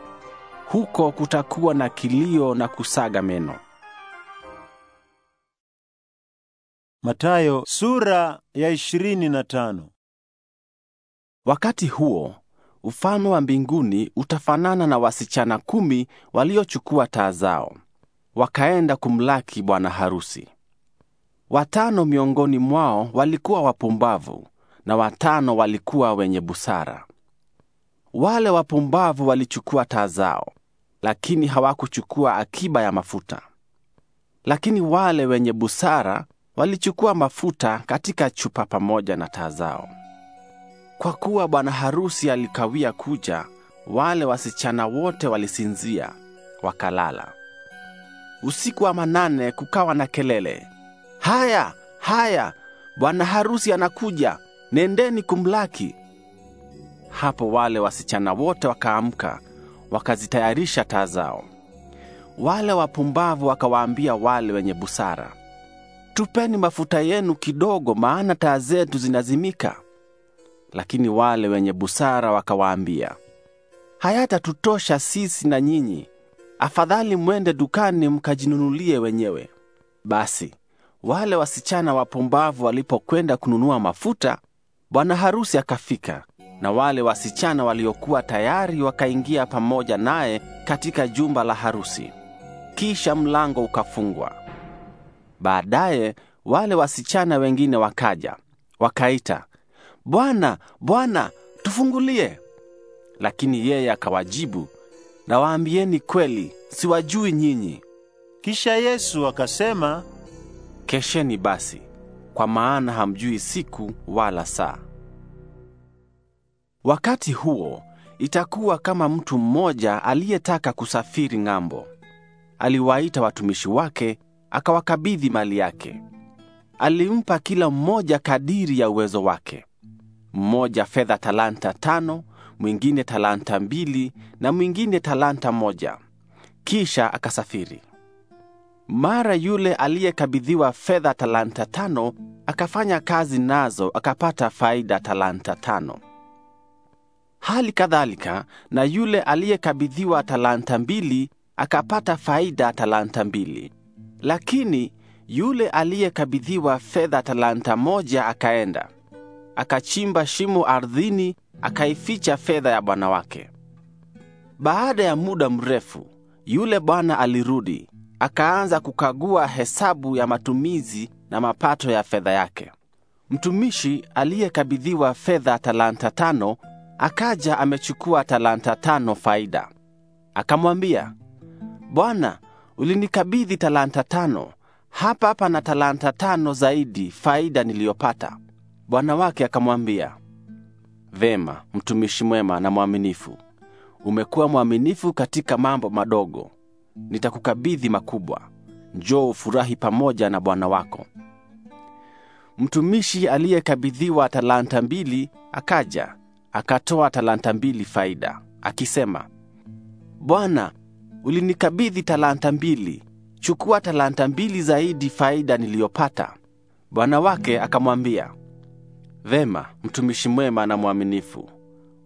Huko kutakuwa na kilio na kusaga meno. Matayo sura ya 25. Wakati huo ufalme wa mbinguni utafanana na wasichana kumi waliochukua taa zao wakaenda kumlaki bwana harusi. Watano miongoni mwao walikuwa wapumbavu na watano walikuwa wenye busara. Wale wapumbavu walichukua taa zao, lakini hawakuchukua akiba ya mafuta. Lakini wale wenye busara walichukua mafuta katika chupa pamoja na taa zao. Kwa kuwa bwana harusi alikawia kuja, wale wasichana wote walisinzia wakalala. Usiku wa manane kukawa na kelele, haya haya, bwana harusi anakuja, nendeni kumlaki. Hapo wale wasichana wote wakaamka, wakazitayarisha taa zao. Wale wapumbavu wakawaambia wale wenye busara, tupeni mafuta yenu kidogo, maana taa zetu zinazimika. Lakini wale wenye busara wakawaambia, hayatatutosha sisi na nyinyi, afadhali mwende dukani mkajinunulie wenyewe. Basi wale wasichana wapumbavu walipokwenda kununua mafuta, bwana harusi akafika na wale wasichana waliokuwa tayari wakaingia pamoja naye katika jumba la harusi. Kisha mlango ukafungwa. Baadaye wale wasichana wengine wakaja, wakaita, Bwana, Bwana, tufungulie. Lakini yeye akawajibu, nawaambieni kweli, siwajui nyinyi. Kisha Yesu akasema, kesheni basi, kwa maana hamjui siku wala saa. Wakati huo itakuwa kama mtu mmoja aliyetaka kusafiri ng'ambo. Aliwaita watumishi wake, akawakabidhi mali yake. Alimpa kila mmoja kadiri ya uwezo wake, mmoja fedha talanta tano, mwingine talanta mbili na mwingine talanta moja. Kisha akasafiri. Mara yule aliyekabidhiwa fedha talanta tano akafanya kazi nazo, akapata faida talanta tano. Hali kadhalika na yule aliyekabidhiwa talanta mbili akapata faida talanta mbili. Lakini yule aliyekabidhiwa fedha talanta moja akaenda akachimba shimo ardhini, akaificha fedha ya bwana wake. Baada ya muda mrefu, yule bwana alirudi, akaanza kukagua hesabu ya matumizi na mapato ya fedha yake. Mtumishi aliyekabidhiwa fedha talanta tano Akaja amechukua talanta tano faida. Akamwambia, Bwana, ulinikabidhi talanta tano, hapa pana talanta tano zaidi faida niliyopata. Bwana wake akamwambia, Vema, mtumishi mwema na mwaminifu, umekuwa mwaminifu katika mambo madogo, nitakukabidhi makubwa. Njoo ufurahi pamoja na bwana wako. Mtumishi aliyekabidhiwa talanta mbili akaja akatoa talanta mbili faida, akisema, Bwana, ulinikabidhi talanta mbili, chukua talanta mbili zaidi faida niliyopata. Bwana wake akamwambia, Vema, mtumishi mwema na mwaminifu,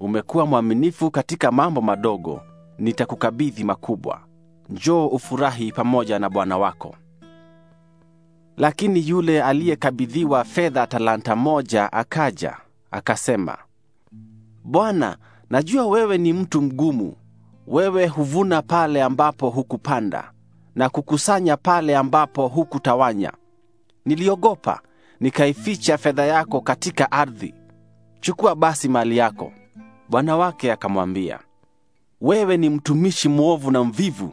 umekuwa mwaminifu katika mambo madogo, nitakukabidhi makubwa. Njoo ufurahi pamoja na bwana wako. Lakini yule aliyekabidhiwa fedha talanta moja akaja akasema Bwana, najua wewe ni mtu mgumu, wewe huvuna pale ambapo hukupanda na kukusanya pale ambapo hukutawanya. Niliogopa, nikaificha fedha yako katika ardhi. Chukua basi mali yako. Bwana wake akamwambia, wewe ni mtumishi mwovu na mvivu.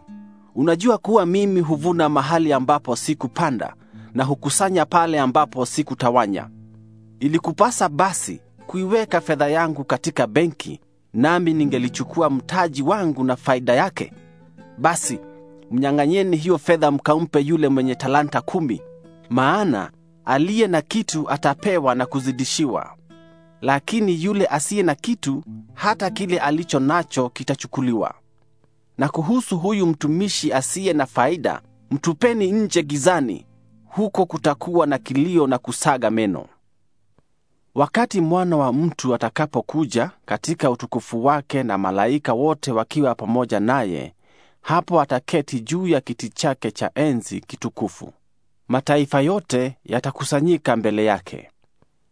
Unajua kuwa mimi huvuna mahali ambapo sikupanda na hukusanya pale ambapo sikutawanya. Ilikupasa basi kuiweka fedha yangu katika benki, nami ningelichukua mtaji wangu na faida yake. Basi mnyang'anyeni hiyo fedha, mkampe yule mwenye talanta kumi, maana aliye na kitu atapewa na kuzidishiwa, lakini yule asiye na kitu, hata kile alicho nacho kitachukuliwa. Na kuhusu huyu mtumishi asiye na faida, mtupeni nje gizani, huko kutakuwa na kilio na kusaga meno wakati mwana wa mtu atakapokuja katika utukufu wake na malaika wote wakiwa pamoja naye, hapo ataketi juu ya kiti chake cha enzi kitukufu. Mataifa yote yatakusanyika mbele yake,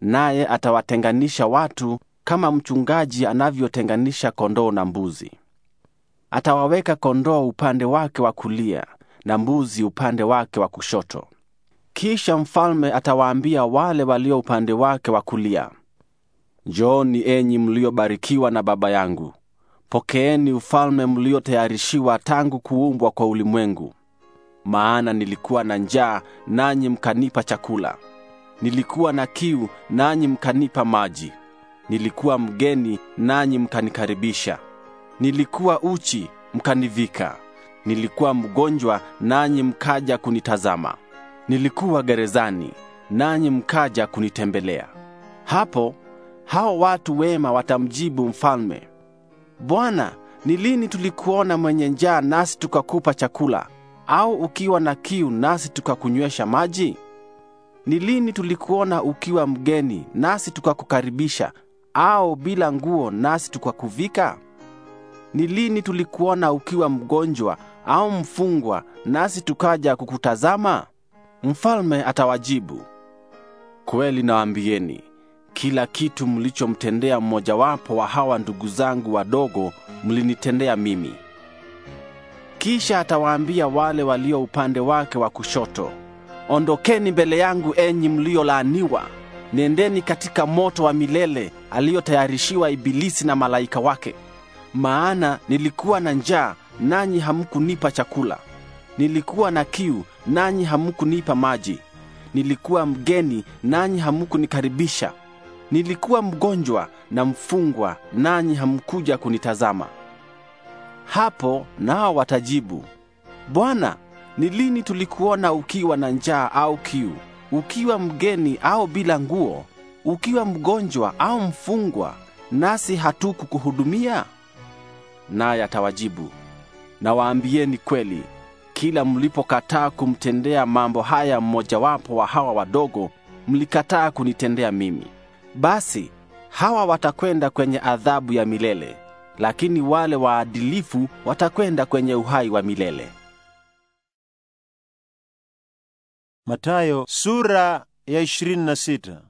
naye atawatenganisha watu kama mchungaji anavyotenganisha kondoo na mbuzi. Atawaweka kondoo upande wake wa kulia na mbuzi upande wake wa kushoto. Kisha mfalme atawaambia wale walio upande wake wa kulia, Njooni enyi mliobarikiwa na Baba yangu, pokeeni ufalme mliotayarishiwa tangu kuumbwa kwa ulimwengu. Maana nilikuwa na njaa, nanyi mkanipa chakula; nilikuwa na kiu, nanyi mkanipa maji; nilikuwa mgeni, nanyi mkanikaribisha; nilikuwa uchi, mkanivika; nilikuwa mgonjwa, nanyi mkaja kunitazama nilikuwa gerezani, nanyi mkaja kunitembelea. Hapo hao watu wema watamjibu mfalme, Bwana, ni lini tulikuona mwenye njaa nasi tukakupa chakula, au ukiwa na kiu nasi tukakunywesha maji? Ni lini tulikuona ukiwa mgeni nasi tukakukaribisha, au bila nguo nasi tukakuvika? Ni lini tulikuona ukiwa mgonjwa au mfungwa nasi tukaja kukutazama? Mfalme atawajibu, kweli nawaambieni, kila kitu mlichomtendea mmojawapo wa hawa ndugu zangu wadogo mlinitendea mimi. Kisha atawaambia wale walio upande wake wa kushoto, ondokeni mbele yangu, enyi mliolaaniwa, nendeni katika moto wa milele aliyotayarishiwa Ibilisi na malaika wake. Maana nilikuwa na njaa, nanyi hamkunipa chakula Nilikuwa na kiu, nanyi hamukunipa maji. Nilikuwa mgeni, nanyi hamukunikaribisha. Nilikuwa mgonjwa na mfungwa, nanyi hamkuja kunitazama. Hapo nao watajibu, Bwana, ni lini tulikuona ukiwa na njaa au kiu, ukiwa mgeni au bila nguo, ukiwa mgonjwa au mfungwa, nasi hatukukuhudumia? Naye atawajibu, nawaambieni kweli kila mlipokataa kumtendea mambo haya mmojawapo wa hawa wadogo, mlikataa kunitendea mimi. Basi hawa watakwenda kwenye adhabu ya milele, lakini wale waadilifu watakwenda kwenye uhai wa milele. Mathayo sura ya 26.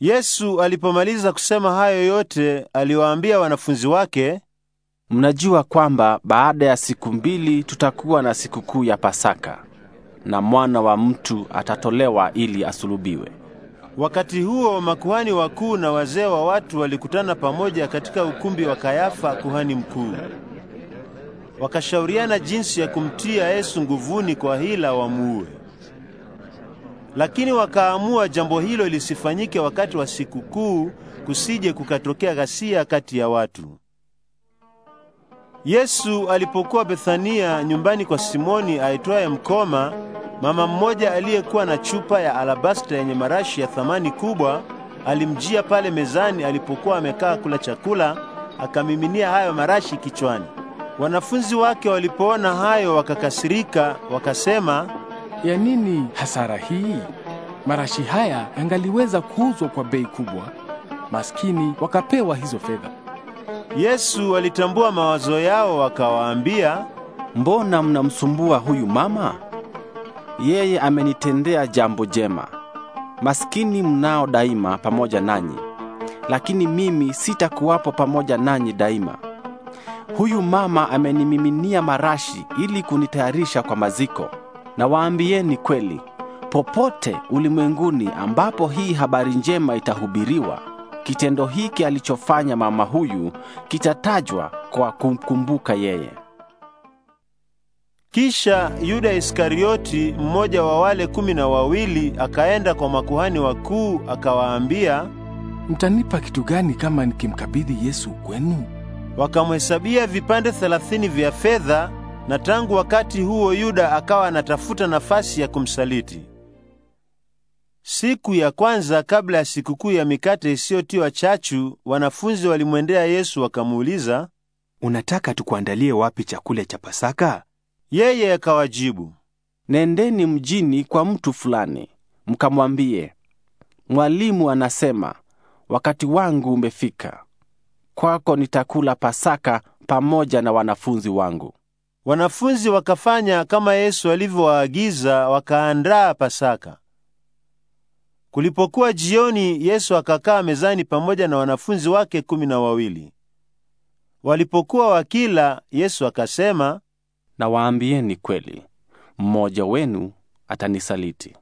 Yesu alipomaliza kusema hayo yote, aliwaambia wanafunzi wake, Mnajua kwamba baada ya siku mbili tutakuwa na sikukuu ya Pasaka na mwana wa mtu atatolewa ili asulubiwe. Wakati huo makuhani wakuu na wazee wa watu walikutana pamoja katika ukumbi wa Kayafa kuhani mkuu. Wakashauriana jinsi ya kumtia Yesu nguvuni kwa hila wamuue. Lakini wakaamua jambo hilo lisifanyike wakati wa sikukuu kusije kukatokea ghasia kati ya watu. Yesu alipokuwa Bethania nyumbani kwa Simoni aitwaye mkoma, mama mmoja aliyekuwa na chupa ya alabasta yenye marashi ya thamani kubwa alimjia pale mezani alipokuwa amekaa kula chakula, akamiminia hayo marashi kichwani. Wanafunzi wake walipoona hayo wakakasirika, wakasema, ya nini hasara hii? Marashi haya yangaliweza kuuzwa kwa bei kubwa, maskini wakapewa hizo fedha. Yesu alitambua mawazo yao akawaambia, mbona mnamsumbua huyu mama? Yeye amenitendea jambo jema. Maskini mnao daima pamoja nanyi, lakini mimi sitakuwapo pamoja nanyi daima. Huyu mama amenimiminia marashi ili kunitayarisha kwa maziko. Na waambieni kweli, popote ulimwenguni ambapo hii habari njema itahubiriwa Kitendo hiki alichofanya mama huyu kitatajwa kwa kumkumbuka yeye. Kisha Yuda Iskarioti, mmoja wa wale kumi na wawili, akaenda kwa makuhani wakuu akawaambia, mtanipa kitu gani kama nikimkabidhi Yesu kwenu? Wakamhesabia vipande thelathini vya fedha, na tangu wakati huo Yuda akawa anatafuta nafasi ya kumsaliti. Siku ya kwanza kabla ya sikukuu ya mikate isiyotiwa chachu, wanafunzi walimwendea Yesu wakamuuliza, unataka tukuandalie wapi chakula cha Pasaka? Yeye akawajibu, nendeni mjini kwa mtu fulani, mkamwambie, mwalimu anasema wakati wangu umefika, kwako nitakula Pasaka pamoja na wanafunzi wangu. Wanafunzi wakafanya kama Yesu alivyowaagiza, wakaandaa Pasaka. Kulipokuwa jioni, Yesu akakaa mezani pamoja na wanafunzi wake kumi na wawili. Walipokuwa wakila, Yesu akasema, nawaambieni kweli, mmoja wenu atanisaliti.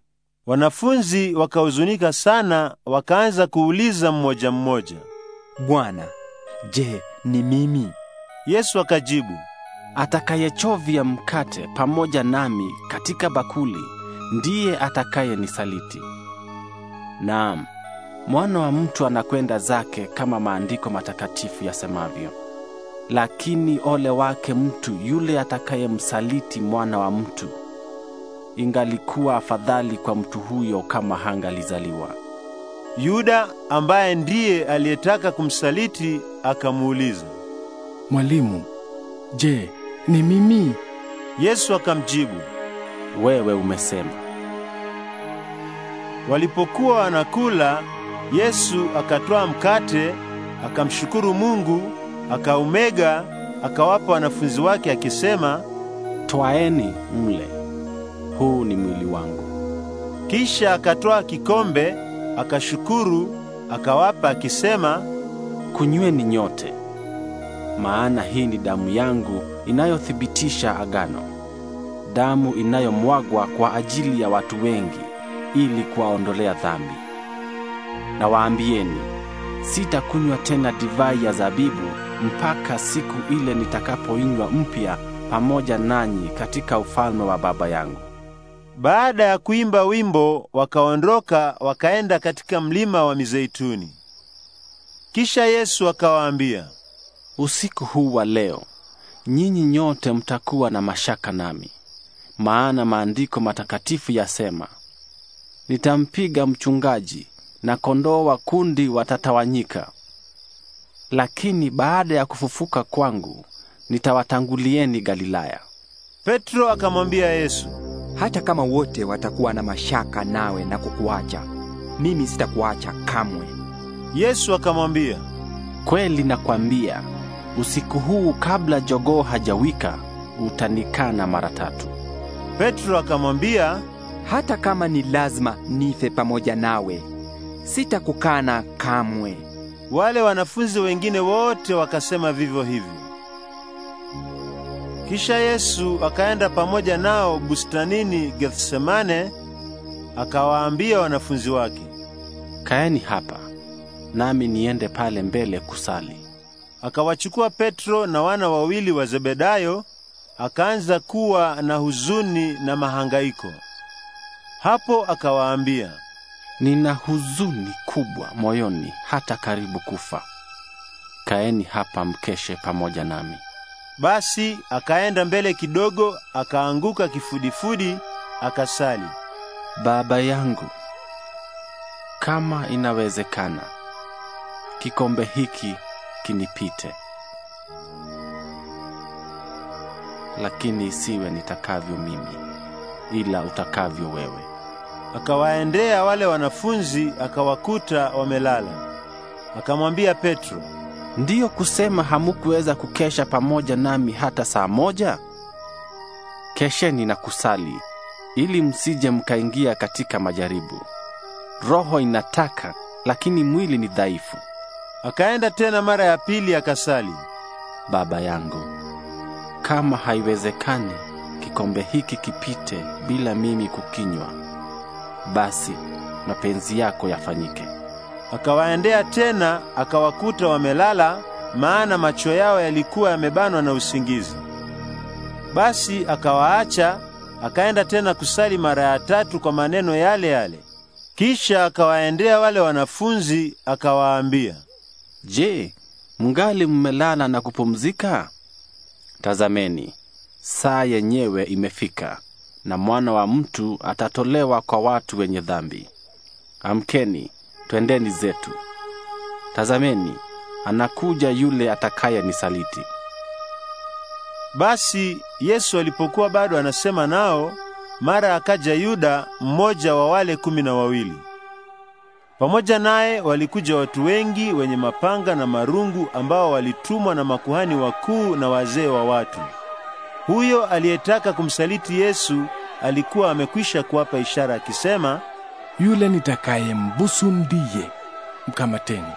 Wanafunzi wakahuzunika sana, wakaanza kuuliza mmoja mmoja, Bwana, je, ni mimi? Yesu akajibu, atakayechovya mkate pamoja nami katika bakuli ndiye atakayenisaliti. Naam, mwana wa mtu anakwenda zake kama maandiko matakatifu yasemavyo. Lakini ole wake mtu yule atakayemsaliti mwana wa mtu. Ingalikuwa afadhali kwa mtu huyo kama hangalizaliwa. Yuda ambaye ndiye aliyetaka kumsaliti akamuuliza, Mwalimu, je, ni mimi? Yesu akamjibu, wewe umesema. Walipokuwa wanakula, Yesu akatoa mkate, akamshukuru Mungu, akaumega, akawapa wanafunzi wake akisema, twaeni mle, huu ni mwili wangu. Kisha akatoa kikombe, akashukuru, akawapa akisema, kunyweni nyote, maana hii ni damu yangu inayothibitisha agano, damu inayomwagwa kwa ajili ya watu wengi ili kuwaondolea dhambi. Na waambieni, sitakunywa tena divai ya zabibu mpaka siku ile nitakapoinywa mpya pamoja nanyi katika ufalme wa Baba yangu. Baada ya kuimba wimbo, wakaondoka wakaenda katika mlima wa Mizeituni. Kisha Yesu akawaambia, usiku huu wa leo nyinyi nyote mtakuwa na mashaka nami, maana maandiko matakatifu yasema nitampiga mchungaji na kondoo wa kundi watatawanyika. Lakini baada ya kufufuka kwangu nitawatangulieni Galilaya. Petro akamwambia Yesu, hata kama wote watakuwa na mashaka nawe na kukuacha, mimi sitakuacha kamwe. Yesu akamwambia, kweli nakwambia, usiku huu kabla jogoo hajawika utanikana mara tatu. Petro akamwambia hata kama ni lazima nife pamoja nawe, sitakukana kamwe. Wale wanafunzi wengine wote wakasema vivyo hivyo. Kisha Yesu akaenda pamoja nao bustanini Gethsemane, akawaambia wanafunzi wake, kaeni hapa nami niende pale mbele kusali. Akawachukua Petro na wana wawili wa Zebedayo, akaanza kuwa na huzuni na mahangaiko. Hapo akawaambia, nina huzuni kubwa moyoni hata karibu kufa. Kaeni hapa mkeshe pamoja nami. Basi akaenda mbele kidogo, akaanguka kifudifudi, akasali, Baba yangu, kama inawezekana, kikombe hiki kinipite, lakini isiwe nitakavyo mimi, ila utakavyo wewe. Akawaendea wale wanafunzi akawakuta wamelala. Akamwambia Petro, ndiyo kusema hamukuweza kukesha pamoja nami hata saa moja? Kesheni na kusali ili msije mkaingia katika majaribu. Roho inataka lakini mwili ni dhaifu. Akaenda tena mara ya pili akasali, Baba yangu, kama haiwezekani kikombe hiki kipite bila mimi kukinywa basi mapenzi yako yafanyike. Akawaendea tena akawakuta wamelala, maana macho yao yalikuwa yamebanwa na usingizi. Basi akawaacha akaenda tena kusali mara ya tatu kwa maneno yale yale. Kisha akawaendea wale wanafunzi akawaambia, Je, mngali mmelala na kupumzika? Tazameni, saa yenyewe imefika na mwana wa mtu atatolewa kwa watu wenye dhambi. Amkeni, twendeni zetu. Tazameni, anakuja yule atakaye nisaliti Basi Yesu alipokuwa bado anasema nao, mara akaja Yuda, mmoja wa wale kumi na wawili. Pamoja naye walikuja watu wengi wenye mapanga na marungu ambao walitumwa na makuhani wakuu na wazee wa watu. Huyo aliyetaka kumsaliti Yesu alikuwa amekwisha kuwapa ishara akisema, yule nitakayembusu ndiye, mkamateni.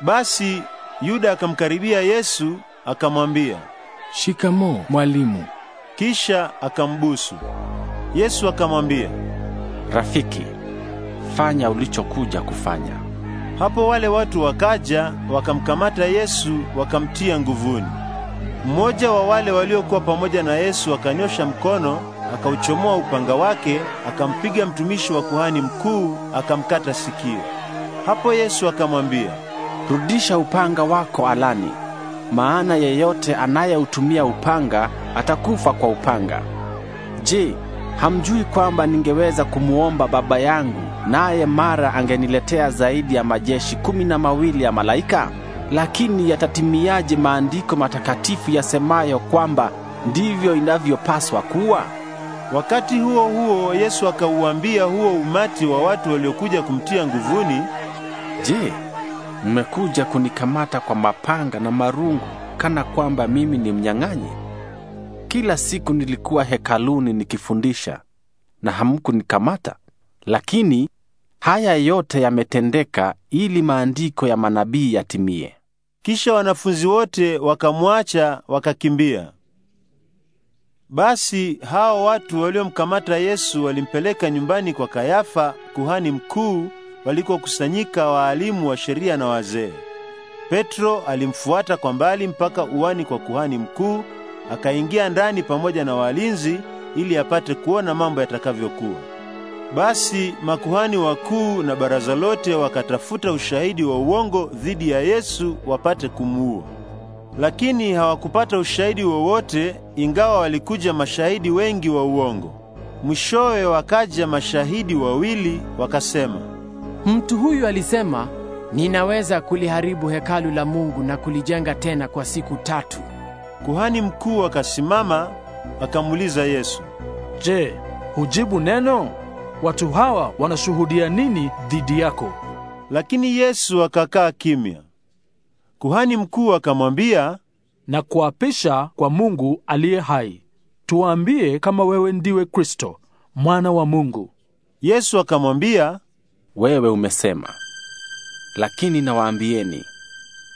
Basi Yuda akamkaribia Yesu akamwambia, Shikamoo mwalimu. Kisha akambusu. Yesu akamwambia, Rafiki, fanya ulichokuja kufanya. Hapo wale watu wakaja wakamkamata Yesu wakamtia nguvuni. Mmoja wa wale waliokuwa pamoja na Yesu akanyosha mkono, akauchomoa upanga wake, akampiga mtumishi wa kuhani mkuu, akamkata sikio. Hapo Yesu akamwambia, "Rudisha upanga wako alani, maana yeyote anayeutumia upanga atakufa kwa upanga. Je, hamjui kwamba ningeweza kumuomba Baba yangu, naye mara angeniletea zaidi ya majeshi kumi na mawili ya malaika?" Lakini yatatimiaje maandiko matakatifu yasemayo kwamba ndivyo inavyopaswa kuwa? Wakati huo huo Yesu akauambia huo umati wa watu waliokuja kumtia nguvuni, "Je, mmekuja kunikamata kwa mapanga na marungu kana kwamba mimi ni mnyang'anyi? Kila siku nilikuwa hekaluni nikifundisha na hamkunikamata. Lakini haya yote yametendeka ili maandiko ya manabii yatimie." Kisha wanafunzi wote wakamwacha wakakimbia. Basi hao watu waliomkamata Yesu walimpeleka nyumbani kwa Kayafa, kuhani mkuu, walikokusanyika waalimu wa sheria na wazee. Petro alimfuata kwa mbali mpaka uwani kwa kuhani mkuu, akaingia ndani pamoja na walinzi ili apate kuona mambo yatakavyokuwa. Basi makuhani wakuu na baraza lote wakatafuta ushahidi wa uongo dhidi ya Yesu wapate kumuua. Lakini hawakupata ushahidi wowote ingawa walikuja mashahidi wengi wa uongo. Mwishowe wakaja mashahidi wawili wakasema, Mtu huyu alisema, ninaweza kuliharibu hekalu la Mungu na kulijenga tena kwa siku tatu. Kuhani mkuu akasimama akamuuliza Yesu, Je, hujibu neno? watu hawa wanashuhudia nini dhidi yako? Lakini Yesu akakaa kimya. Kuhani mkuu akamwambia, na kuapisha kwa Mungu aliye hai, tuambie kama wewe ndiwe Kristo mwana wa Mungu. Yesu akamwambia, wewe umesema. Lakini nawaambieni,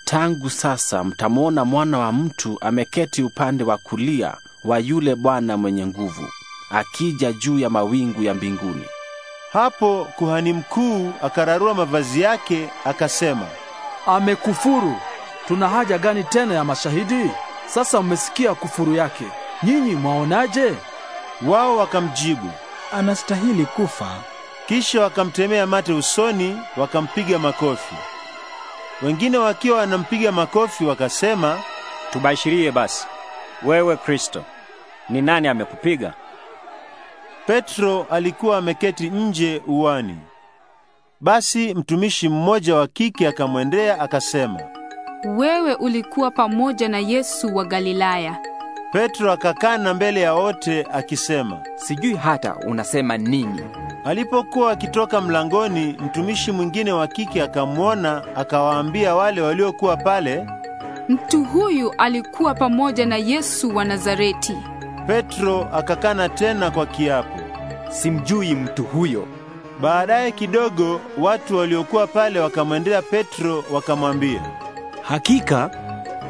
tangu sasa mtamwona mwana wa mtu ameketi upande wa kulia wa yule Bwana mwenye nguvu akija juu ya mawingu ya mbinguni. Hapo kuhani mkuu akararua mavazi yake akasema, amekufuru! Tuna haja gani tena ya mashahidi? Sasa mmesikia kufuru yake. Nyinyi mwaonaje? Wao wakamjibu, anastahili kufa. Kisha wakamtemea mate usoni, wakampiga makofi. Wengine wakiwa wanampiga makofi wakasema, tubashirie basi, wewe Kristo, ni nani amekupiga? Petro alikuwa ameketi nje uwani. Basi mtumishi mmoja wa kike akamwendea akasema, wewe ulikuwa pamoja na Yesu wa Galilaya. Petro akakana mbele ya wote akisema, sijui hata unasema nini. Alipokuwa akitoka mlangoni, mtumishi mwingine wa kike akamwona, akawaambia wale waliokuwa pale, mtu huyu alikuwa pamoja na Yesu wa Nazareti. Petro akakana tena kwa kiapo, simjui mtu huyo. Baadaye kidogo watu waliokuwa pale wakamwendea Petro wakamwambia, hakika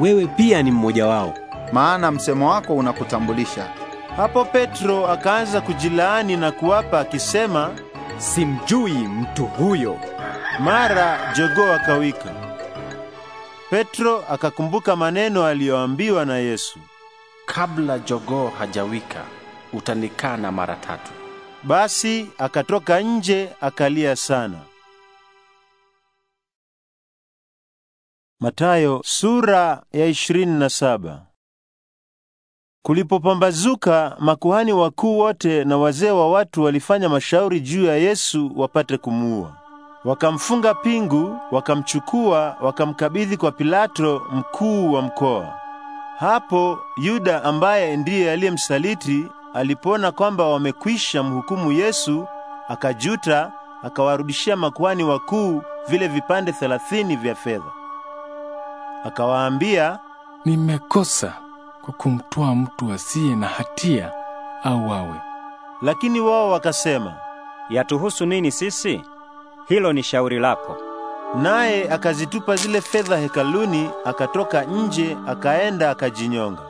wewe pia ni mmoja wao, maana msemo wako unakutambulisha. Hapo Petro akaanza kujilaani na kuwapa akisema, simjui mtu huyo. Mara jogoo akawika. Petro akakumbuka maneno aliyoambiwa na Yesu, kabla jogoo hajawika utanikana mara tatu. Basi akatoka nje akalia sana. Matayo sura ya 27. Kulipopambazuka, makuhani wakuu wote na wazee wa watu walifanya mashauri juu ya Yesu wapate kumuua. Wakamfunga pingu, wakamchukua, wakamkabidhi kwa Pilato mkuu wa mkoa. Hapo Yuda ambaye ndiye aliyemsaliti alipoona kwamba wamekwisha mhukumu Yesu, akajuta, akawarudishia makuhani wakuu vile vipande thelathini vya fedha. Akawaambia, nimekosa kwa kumtoa mtu asiye na hatia au wawe. Lakini wao wakasema, yatuhusu nini sisi? Hilo ni shauri lako. Naye akazitupa zile fedha hekaluni, akatoka nje, akaenda akajinyonga.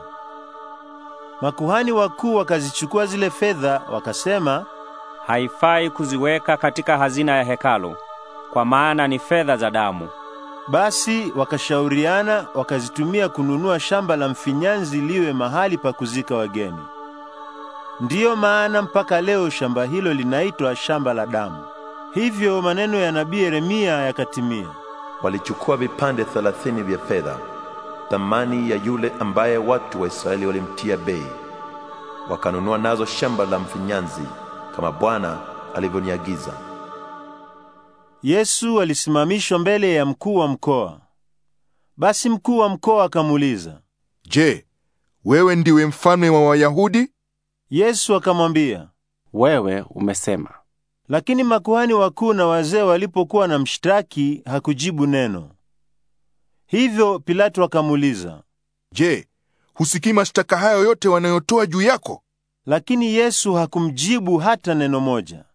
Makuhani wakuu wakazichukua zile fedha, wakasema, haifai kuziweka katika hazina ya hekalu, kwa maana ni fedha za damu. Basi wakashauriana, wakazitumia kununua shamba la mfinyanzi liwe mahali pa kuzika wageni. Ndiyo maana mpaka leo shamba hilo linaitwa shamba la damu. Hivyo maneno ya nabii Yeremia yakatimia. Walichukua vipande thelathini vya fedha, thamani ya yule ambaye watu wa Israeli walimtia bei, wakanunua nazo shamba la mfinyanzi kama Bwana alivyoniagiza. Yesu alisimamishwa mbele ya mkuu wa mkoa. Basi mkuu wa mkoa akamuuliza, Je, wewe ndiwe mfalme wa Wayahudi? Yesu akamwambia, wewe umesema. Lakini makuhani wakuu na wazee walipokuwa na mshtaki, hakujibu neno. Hivyo Pilato akamuuliza, Je, husikii mashtaka hayo yote wanayotoa juu yako? Lakini Yesu hakumjibu hata neno moja.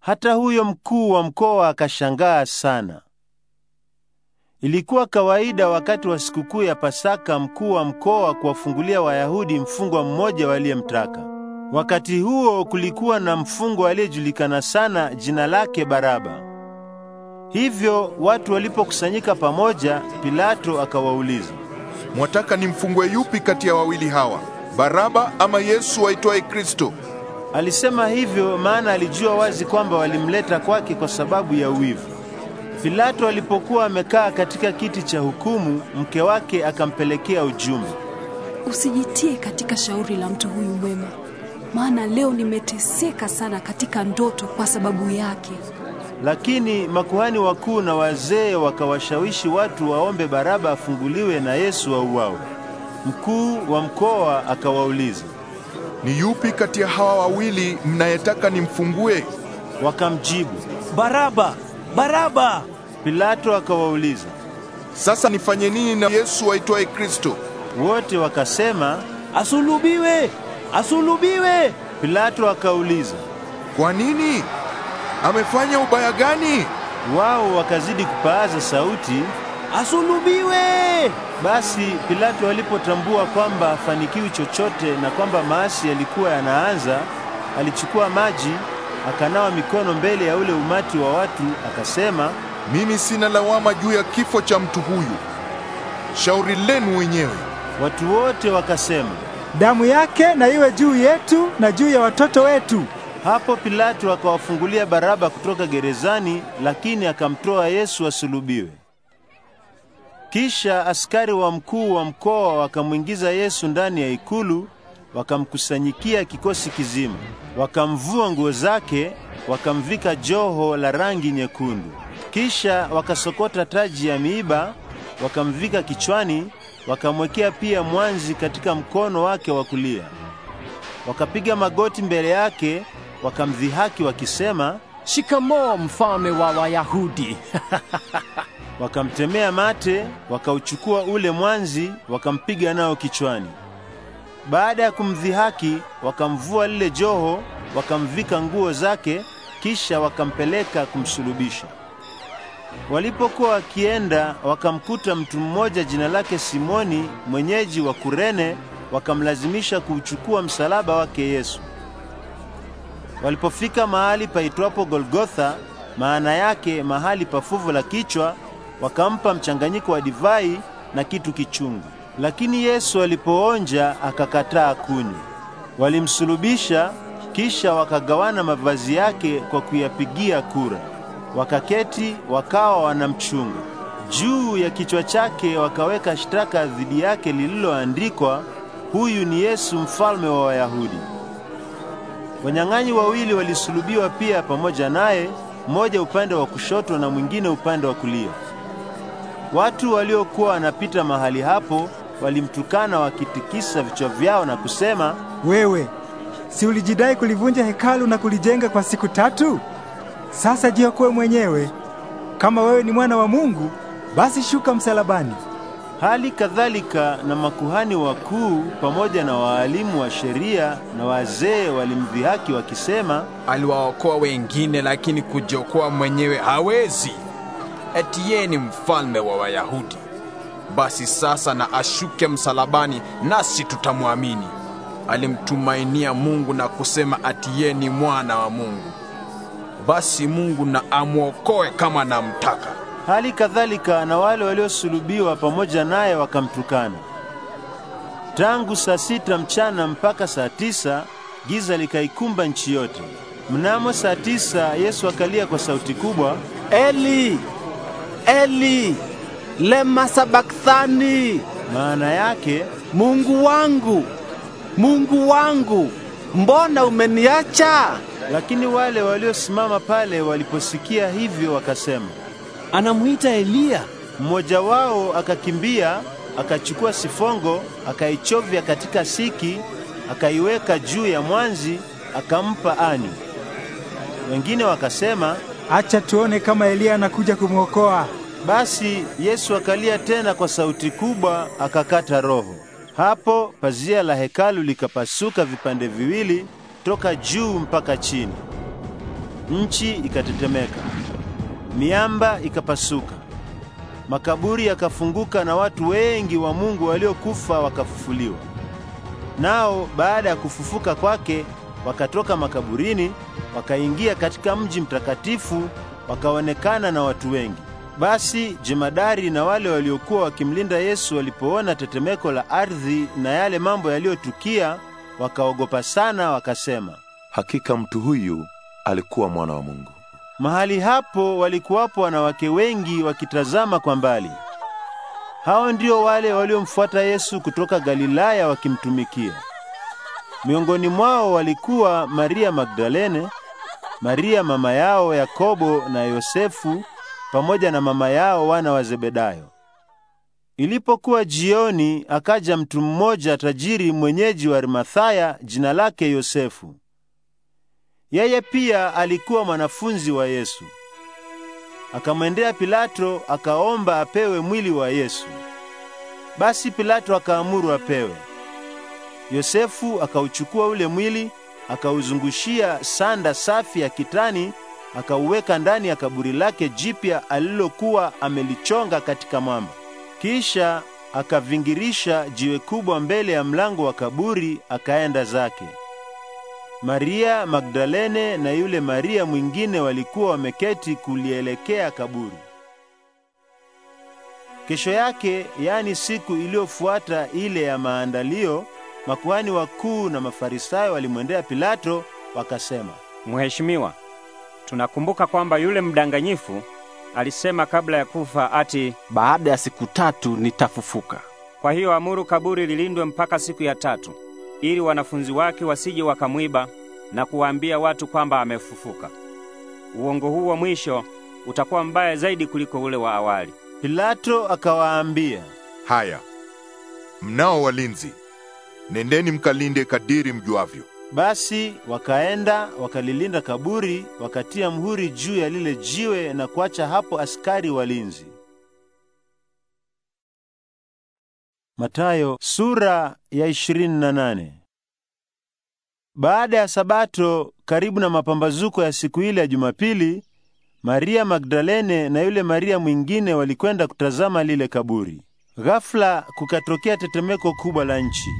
Hata huyo mkuu wa mkoa akashangaa sana. Ilikuwa kawaida wakati wa sikukuu ya Pasaka mkuu wa mkoa kuwafungulia Wayahudi mfungwa mmoja waliyemtaka. Wakati huo kulikuwa na mfungwa aliyejulikana sana, jina lake Baraba. Hivyo watu walipokusanyika pamoja, Pilato akawauliza, mwataka nimfungwe yupi kati ya wawili hawa, Baraba ama Yesu aitwaye Kristo? Alisema hivyo maana alijua wazi kwamba walimleta kwake kwa sababu ya uivu. Pilato alipokuwa amekaa katika kiti cha hukumu, mke wake akampelekea ujumbe, usijitie katika shauri la mtu huyu mwema maana leo nimeteseka sana katika ndoto kwa sababu yake. Lakini makuhani wakuu na wazee wakawashawishi watu waombe Baraba afunguliwe na Yesu auawe. Mkuu wa mkoa akawauliza, ni yupi kati ya hawa wawili mnayetaka nimfungue? Wakamjibu, Baraba! Baraba! Pilato akawauliza, sasa nifanye nini na Yesu aitwaye Kristo? Wote wakasema, asulubiwe asulubiwe. Pilato akauliza, kwa nini? Amefanya ubaya gani? Wao wakazidi kupaaza sauti, asulubiwe. Basi Pilato alipotambua kwamba hafanikiwi chochote na kwamba maasi yalikuwa yanaanza, alichukua maji akanawa mikono mbele ya ule umati wa watu, akasema, mimi sina lawama juu ya kifo cha mtu huyu, shauri lenu wenyewe. Watu wote wakasema damu yake na iwe juu yetu na juu ya watoto wetu. Hapo Pilato akawafungulia Baraba kutoka gerezani, lakini akamtoa Yesu asulubiwe. Kisha askari wa mkuu wa mkoa wakamwingiza Yesu ndani ya ikulu, wakamkusanyikia kikosi kizima, wakamvua nguo zake, wakamvika joho la rangi nyekundu. Kisha wakasokota taji ya miiba, wakamvika kichwani wakamwekea pia mwanzi katika mkono wake wa kulia. Wakapiga magoti mbele yake, wakamdhihaki wakisema, Shikamoo mfalme wa Wayahudi. (laughs) Wakamtemea mate, wakauchukua ule mwanzi, wakampiga nao kichwani. Baada ya kumdhihaki, wakamvua lile joho, wakamvika nguo zake, kisha wakampeleka kumsulubisha. Walipokuwa wakienda wakamkuta mtu mmoja jina lake Simoni, mwenyeji wa Kurene, wakamlazimisha kuuchukua msalaba wake Yesu. Walipofika mahali paitwapo Golgotha, maana yake mahali pa fuvu la kichwa, wakampa mchanganyiko wa divai na kitu kichungu. Lakini Yesu alipoonja akakataa kunywa. Walimsulubisha kisha wakagawana mavazi yake kwa kuyapigia kura. Wakaketi wakawa wanamchunga. Juu ya kichwa chake wakaweka shtaka dhidi yake lililoandikwa, huyu ni Yesu mfalme wa Wayahudi. Wanyang'anyi wawili walisulubiwa pia pamoja naye, mmoja upande wa kushoto na mwingine upande wa kulia. Watu waliokuwa wanapita mahali hapo walimtukana wakitikisa vichwa vyao na kusema, wewe si ulijidai kulivunja hekalu na kulijenga kwa siku tatu? Sasa jiokoe mwenyewe, kama wewe ni mwana wa Mungu, basi shuka msalabani. Hali kadhalika na makuhani wakuu pamoja na waalimu wa sheria na wazee walimdhihaki wakisema, aliwaokoa wengine, lakini kujiokoa mwenyewe hawezi. Eti yeye ni mfalme wa Wayahudi. Basi sasa na ashuke msalabani, nasi tutamwamini. Alimtumainia Mungu na kusema ati yeye ni mwana wa Mungu basi Mungu na amwokoe kama namtaka. Hali kadhalika na wale waliosulubiwa pamoja naye wakamtukana. Tangu saa sita mchana mpaka saa tisa giza likaikumba nchi yote. Mnamo saa tisa Yesu akalia kwa sauti kubwa, Eli, Eli, lema sabakthani, maana yake Mungu wangu, Mungu wangu, mbona umeniacha? Lakini wale waliosimama pale waliposikia hivyo wakasema, anamwita Eliya. Mmoja wao akakimbia akachukua sifongo akaichovya katika siki akaiweka juu ya mwanzi akampa ani. Wengine wakasema, acha tuone kama Eliya anakuja kumwokoa. Basi Yesu akalia tena kwa sauti kubwa, akakata roho. Hapo pazia la hekalu likapasuka vipande viwili kutoka juu mpaka chini. Nchi ikatetemeka, miamba ikapasuka, makaburi yakafunguka, na watu wengi wa Mungu waliokufa wakafufuliwa. Nao baada ya kufufuka kwake wakatoka makaburini, wakaingia katika mji mtakatifu, wakaonekana na watu wengi. Basi jemadari na wale waliokuwa wakimlinda Yesu walipoona tetemeko la ardhi na yale mambo yaliyotukia Wakaogopa sana wakasema, hakika mtu huyu alikuwa mwana wa Mungu. Mahali hapo walikuwapo wanawake wengi wakitazama kwa mbali. Hao ndio wale waliomfuata Yesu kutoka Galilaya wakimtumikia. Miongoni mwao walikuwa Maria Magdalene, Maria mama yao Yakobo na Yosefu pamoja na mama yao wana wa Zebedayo. Ilipokuwa jioni, akaja mtu mmoja tajiri mwenyeji wa Arimathaya, jina lake Yosefu. Yeye pia alikuwa mwanafunzi wa Yesu. Akamwendea Pilato akaomba apewe mwili wa Yesu. Basi Pilato akaamuru apewe. Yosefu akauchukua ule mwili, akauzungushia sanda safi ya kitani, akauweka ndani ya kaburi lake jipya alilokuwa amelichonga katika mwamba. Kisha akavingirisha jiwe kubwa mbele ya mlango wa kaburi, akaenda zake. Maria Magdalene na yule Maria mwingine walikuwa wameketi kulielekea kaburi. Kesho yake, yaani siku iliyofuata ile ya maandalio, makuhani wakuu na Mafarisayo walimwendea Pilato wakasema, Mheshimiwa, tunakumbuka kwamba yule mdanganyifu alisema kabla ya kufa ati, baada ya siku tatu nitafufuka. Kwa hiyo amuru kaburi lilindwe mpaka siku ya tatu, ili wanafunzi wake wasije wakamwiba na kuwaambia watu kwamba amefufuka. Uongo huu wa mwisho utakuwa mbaya zaidi kuliko ule wa awali. Pilato akawaambia, haya, mnao walinzi, nendeni mkalinde kadiri mjuavyo. Basi wakaenda wakalilinda kaburi, wakatia mhuri juu ya lile jiwe na kuacha hapo askari walinzi. Mathayo sura ya 28. Baada ya Sabato, karibu na mapambazuko ya siku ile ya Jumapili, Maria Magdalene na yule Maria mwingine walikwenda kutazama lile kaburi. Ghafla kukatokea tetemeko kubwa la nchi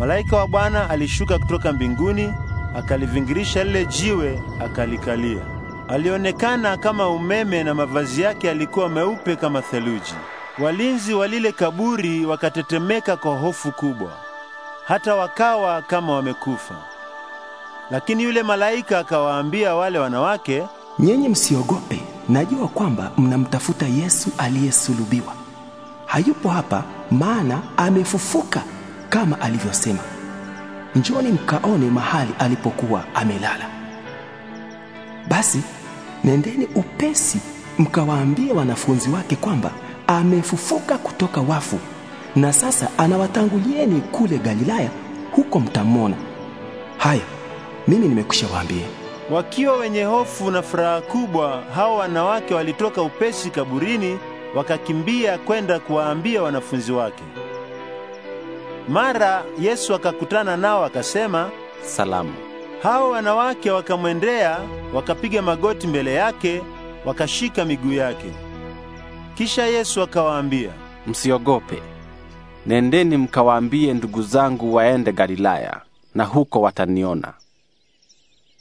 malaika wa Bwana alishuka kutoka mbinguni, akalivingirisha lile jiwe, akalikalia. Alionekana kama umeme na mavazi yake yalikuwa meupe kama theluji. Walinzi wa lile kaburi wakatetemeka kwa hofu kubwa, hata wakawa kama wamekufa. Lakini yule malaika akawaambia wale wanawake, nyinyi msiogope, najua kwamba mnamtafuta Yesu aliyesulubiwa. Hayupo hapa, maana amefufuka kama alivyosema, njoni mkaone mahali alipokuwa amelala. Basi nendeni upesi mkawaambie wanafunzi wake kwamba amefufuka kutoka wafu, na sasa anawatangulieni kule Galilaya, huko mtamwona. Haya, mimi nimekwisha waambie. Wakiwa wenye hofu na furaha kubwa, hao wanawake walitoka upesi kaburini, wakakimbia kwenda kuwaambia wanafunzi wake. Mara Yesu akakutana nao akasema, salamu. Hao wanawake wakamwendea, wakapiga magoti mbele yake, wakashika miguu yake. Kisha Yesu akawaambia, msiogope. Nendeni mkawaambie ndugu zangu waende Galilaya, na huko wataniona.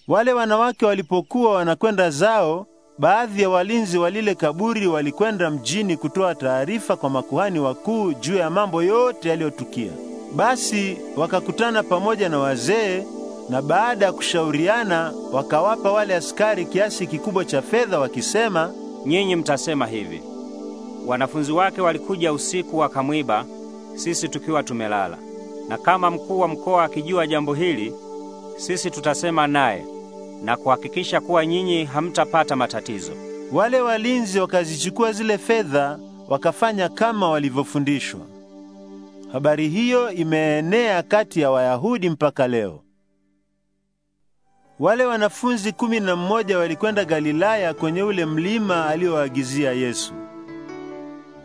Wale wanawake walipokuwa wanakwenda zao, baadhi ya walinzi wa lile kaburi walikwenda mjini kutoa taarifa kwa makuhani wakuu juu ya mambo yote yaliyotukia. Basi wakakutana pamoja na wazee, na baada ya kushauriana wakawapa wale askari kiasi kikubwa cha fedha, wakisema, nyinyi mtasema hivi, wanafunzi wake walikuja usiku wakamwiba, sisi tukiwa tumelala, na kama mkuu wa mkoa akijua jambo hili, sisi tutasema naye na kuhakikisha kuwa nyinyi hamtapata matatizo. Wale walinzi wakazichukua zile fedha wakafanya kama walivyofundishwa. Habari hiyo imeenea kati ya Wayahudi mpaka leo. Wale wanafunzi kumi na mmoja walikwenda Galilaya kwenye ule mlima aliowaagizia Yesu.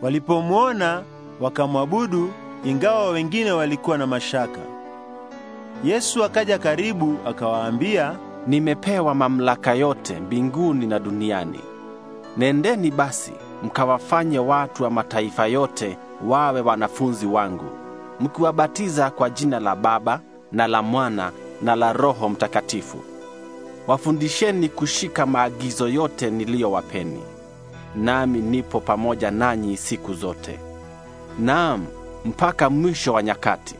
Walipomwona wakamwabudu, ingawa wengine walikuwa na mashaka. Yesu akaja karibu, akawaambia, nimepewa mamlaka yote mbinguni na duniani. Nendeni basi mkawafanye watu wa mataifa yote wawe wanafunzi wangu, mkiwabatiza kwa jina la Baba na la Mwana na la Roho Mtakatifu. Wafundisheni kushika maagizo yote niliyowapeni, nami nipo pamoja nanyi siku zote, naam, mpaka mwisho wa nyakati.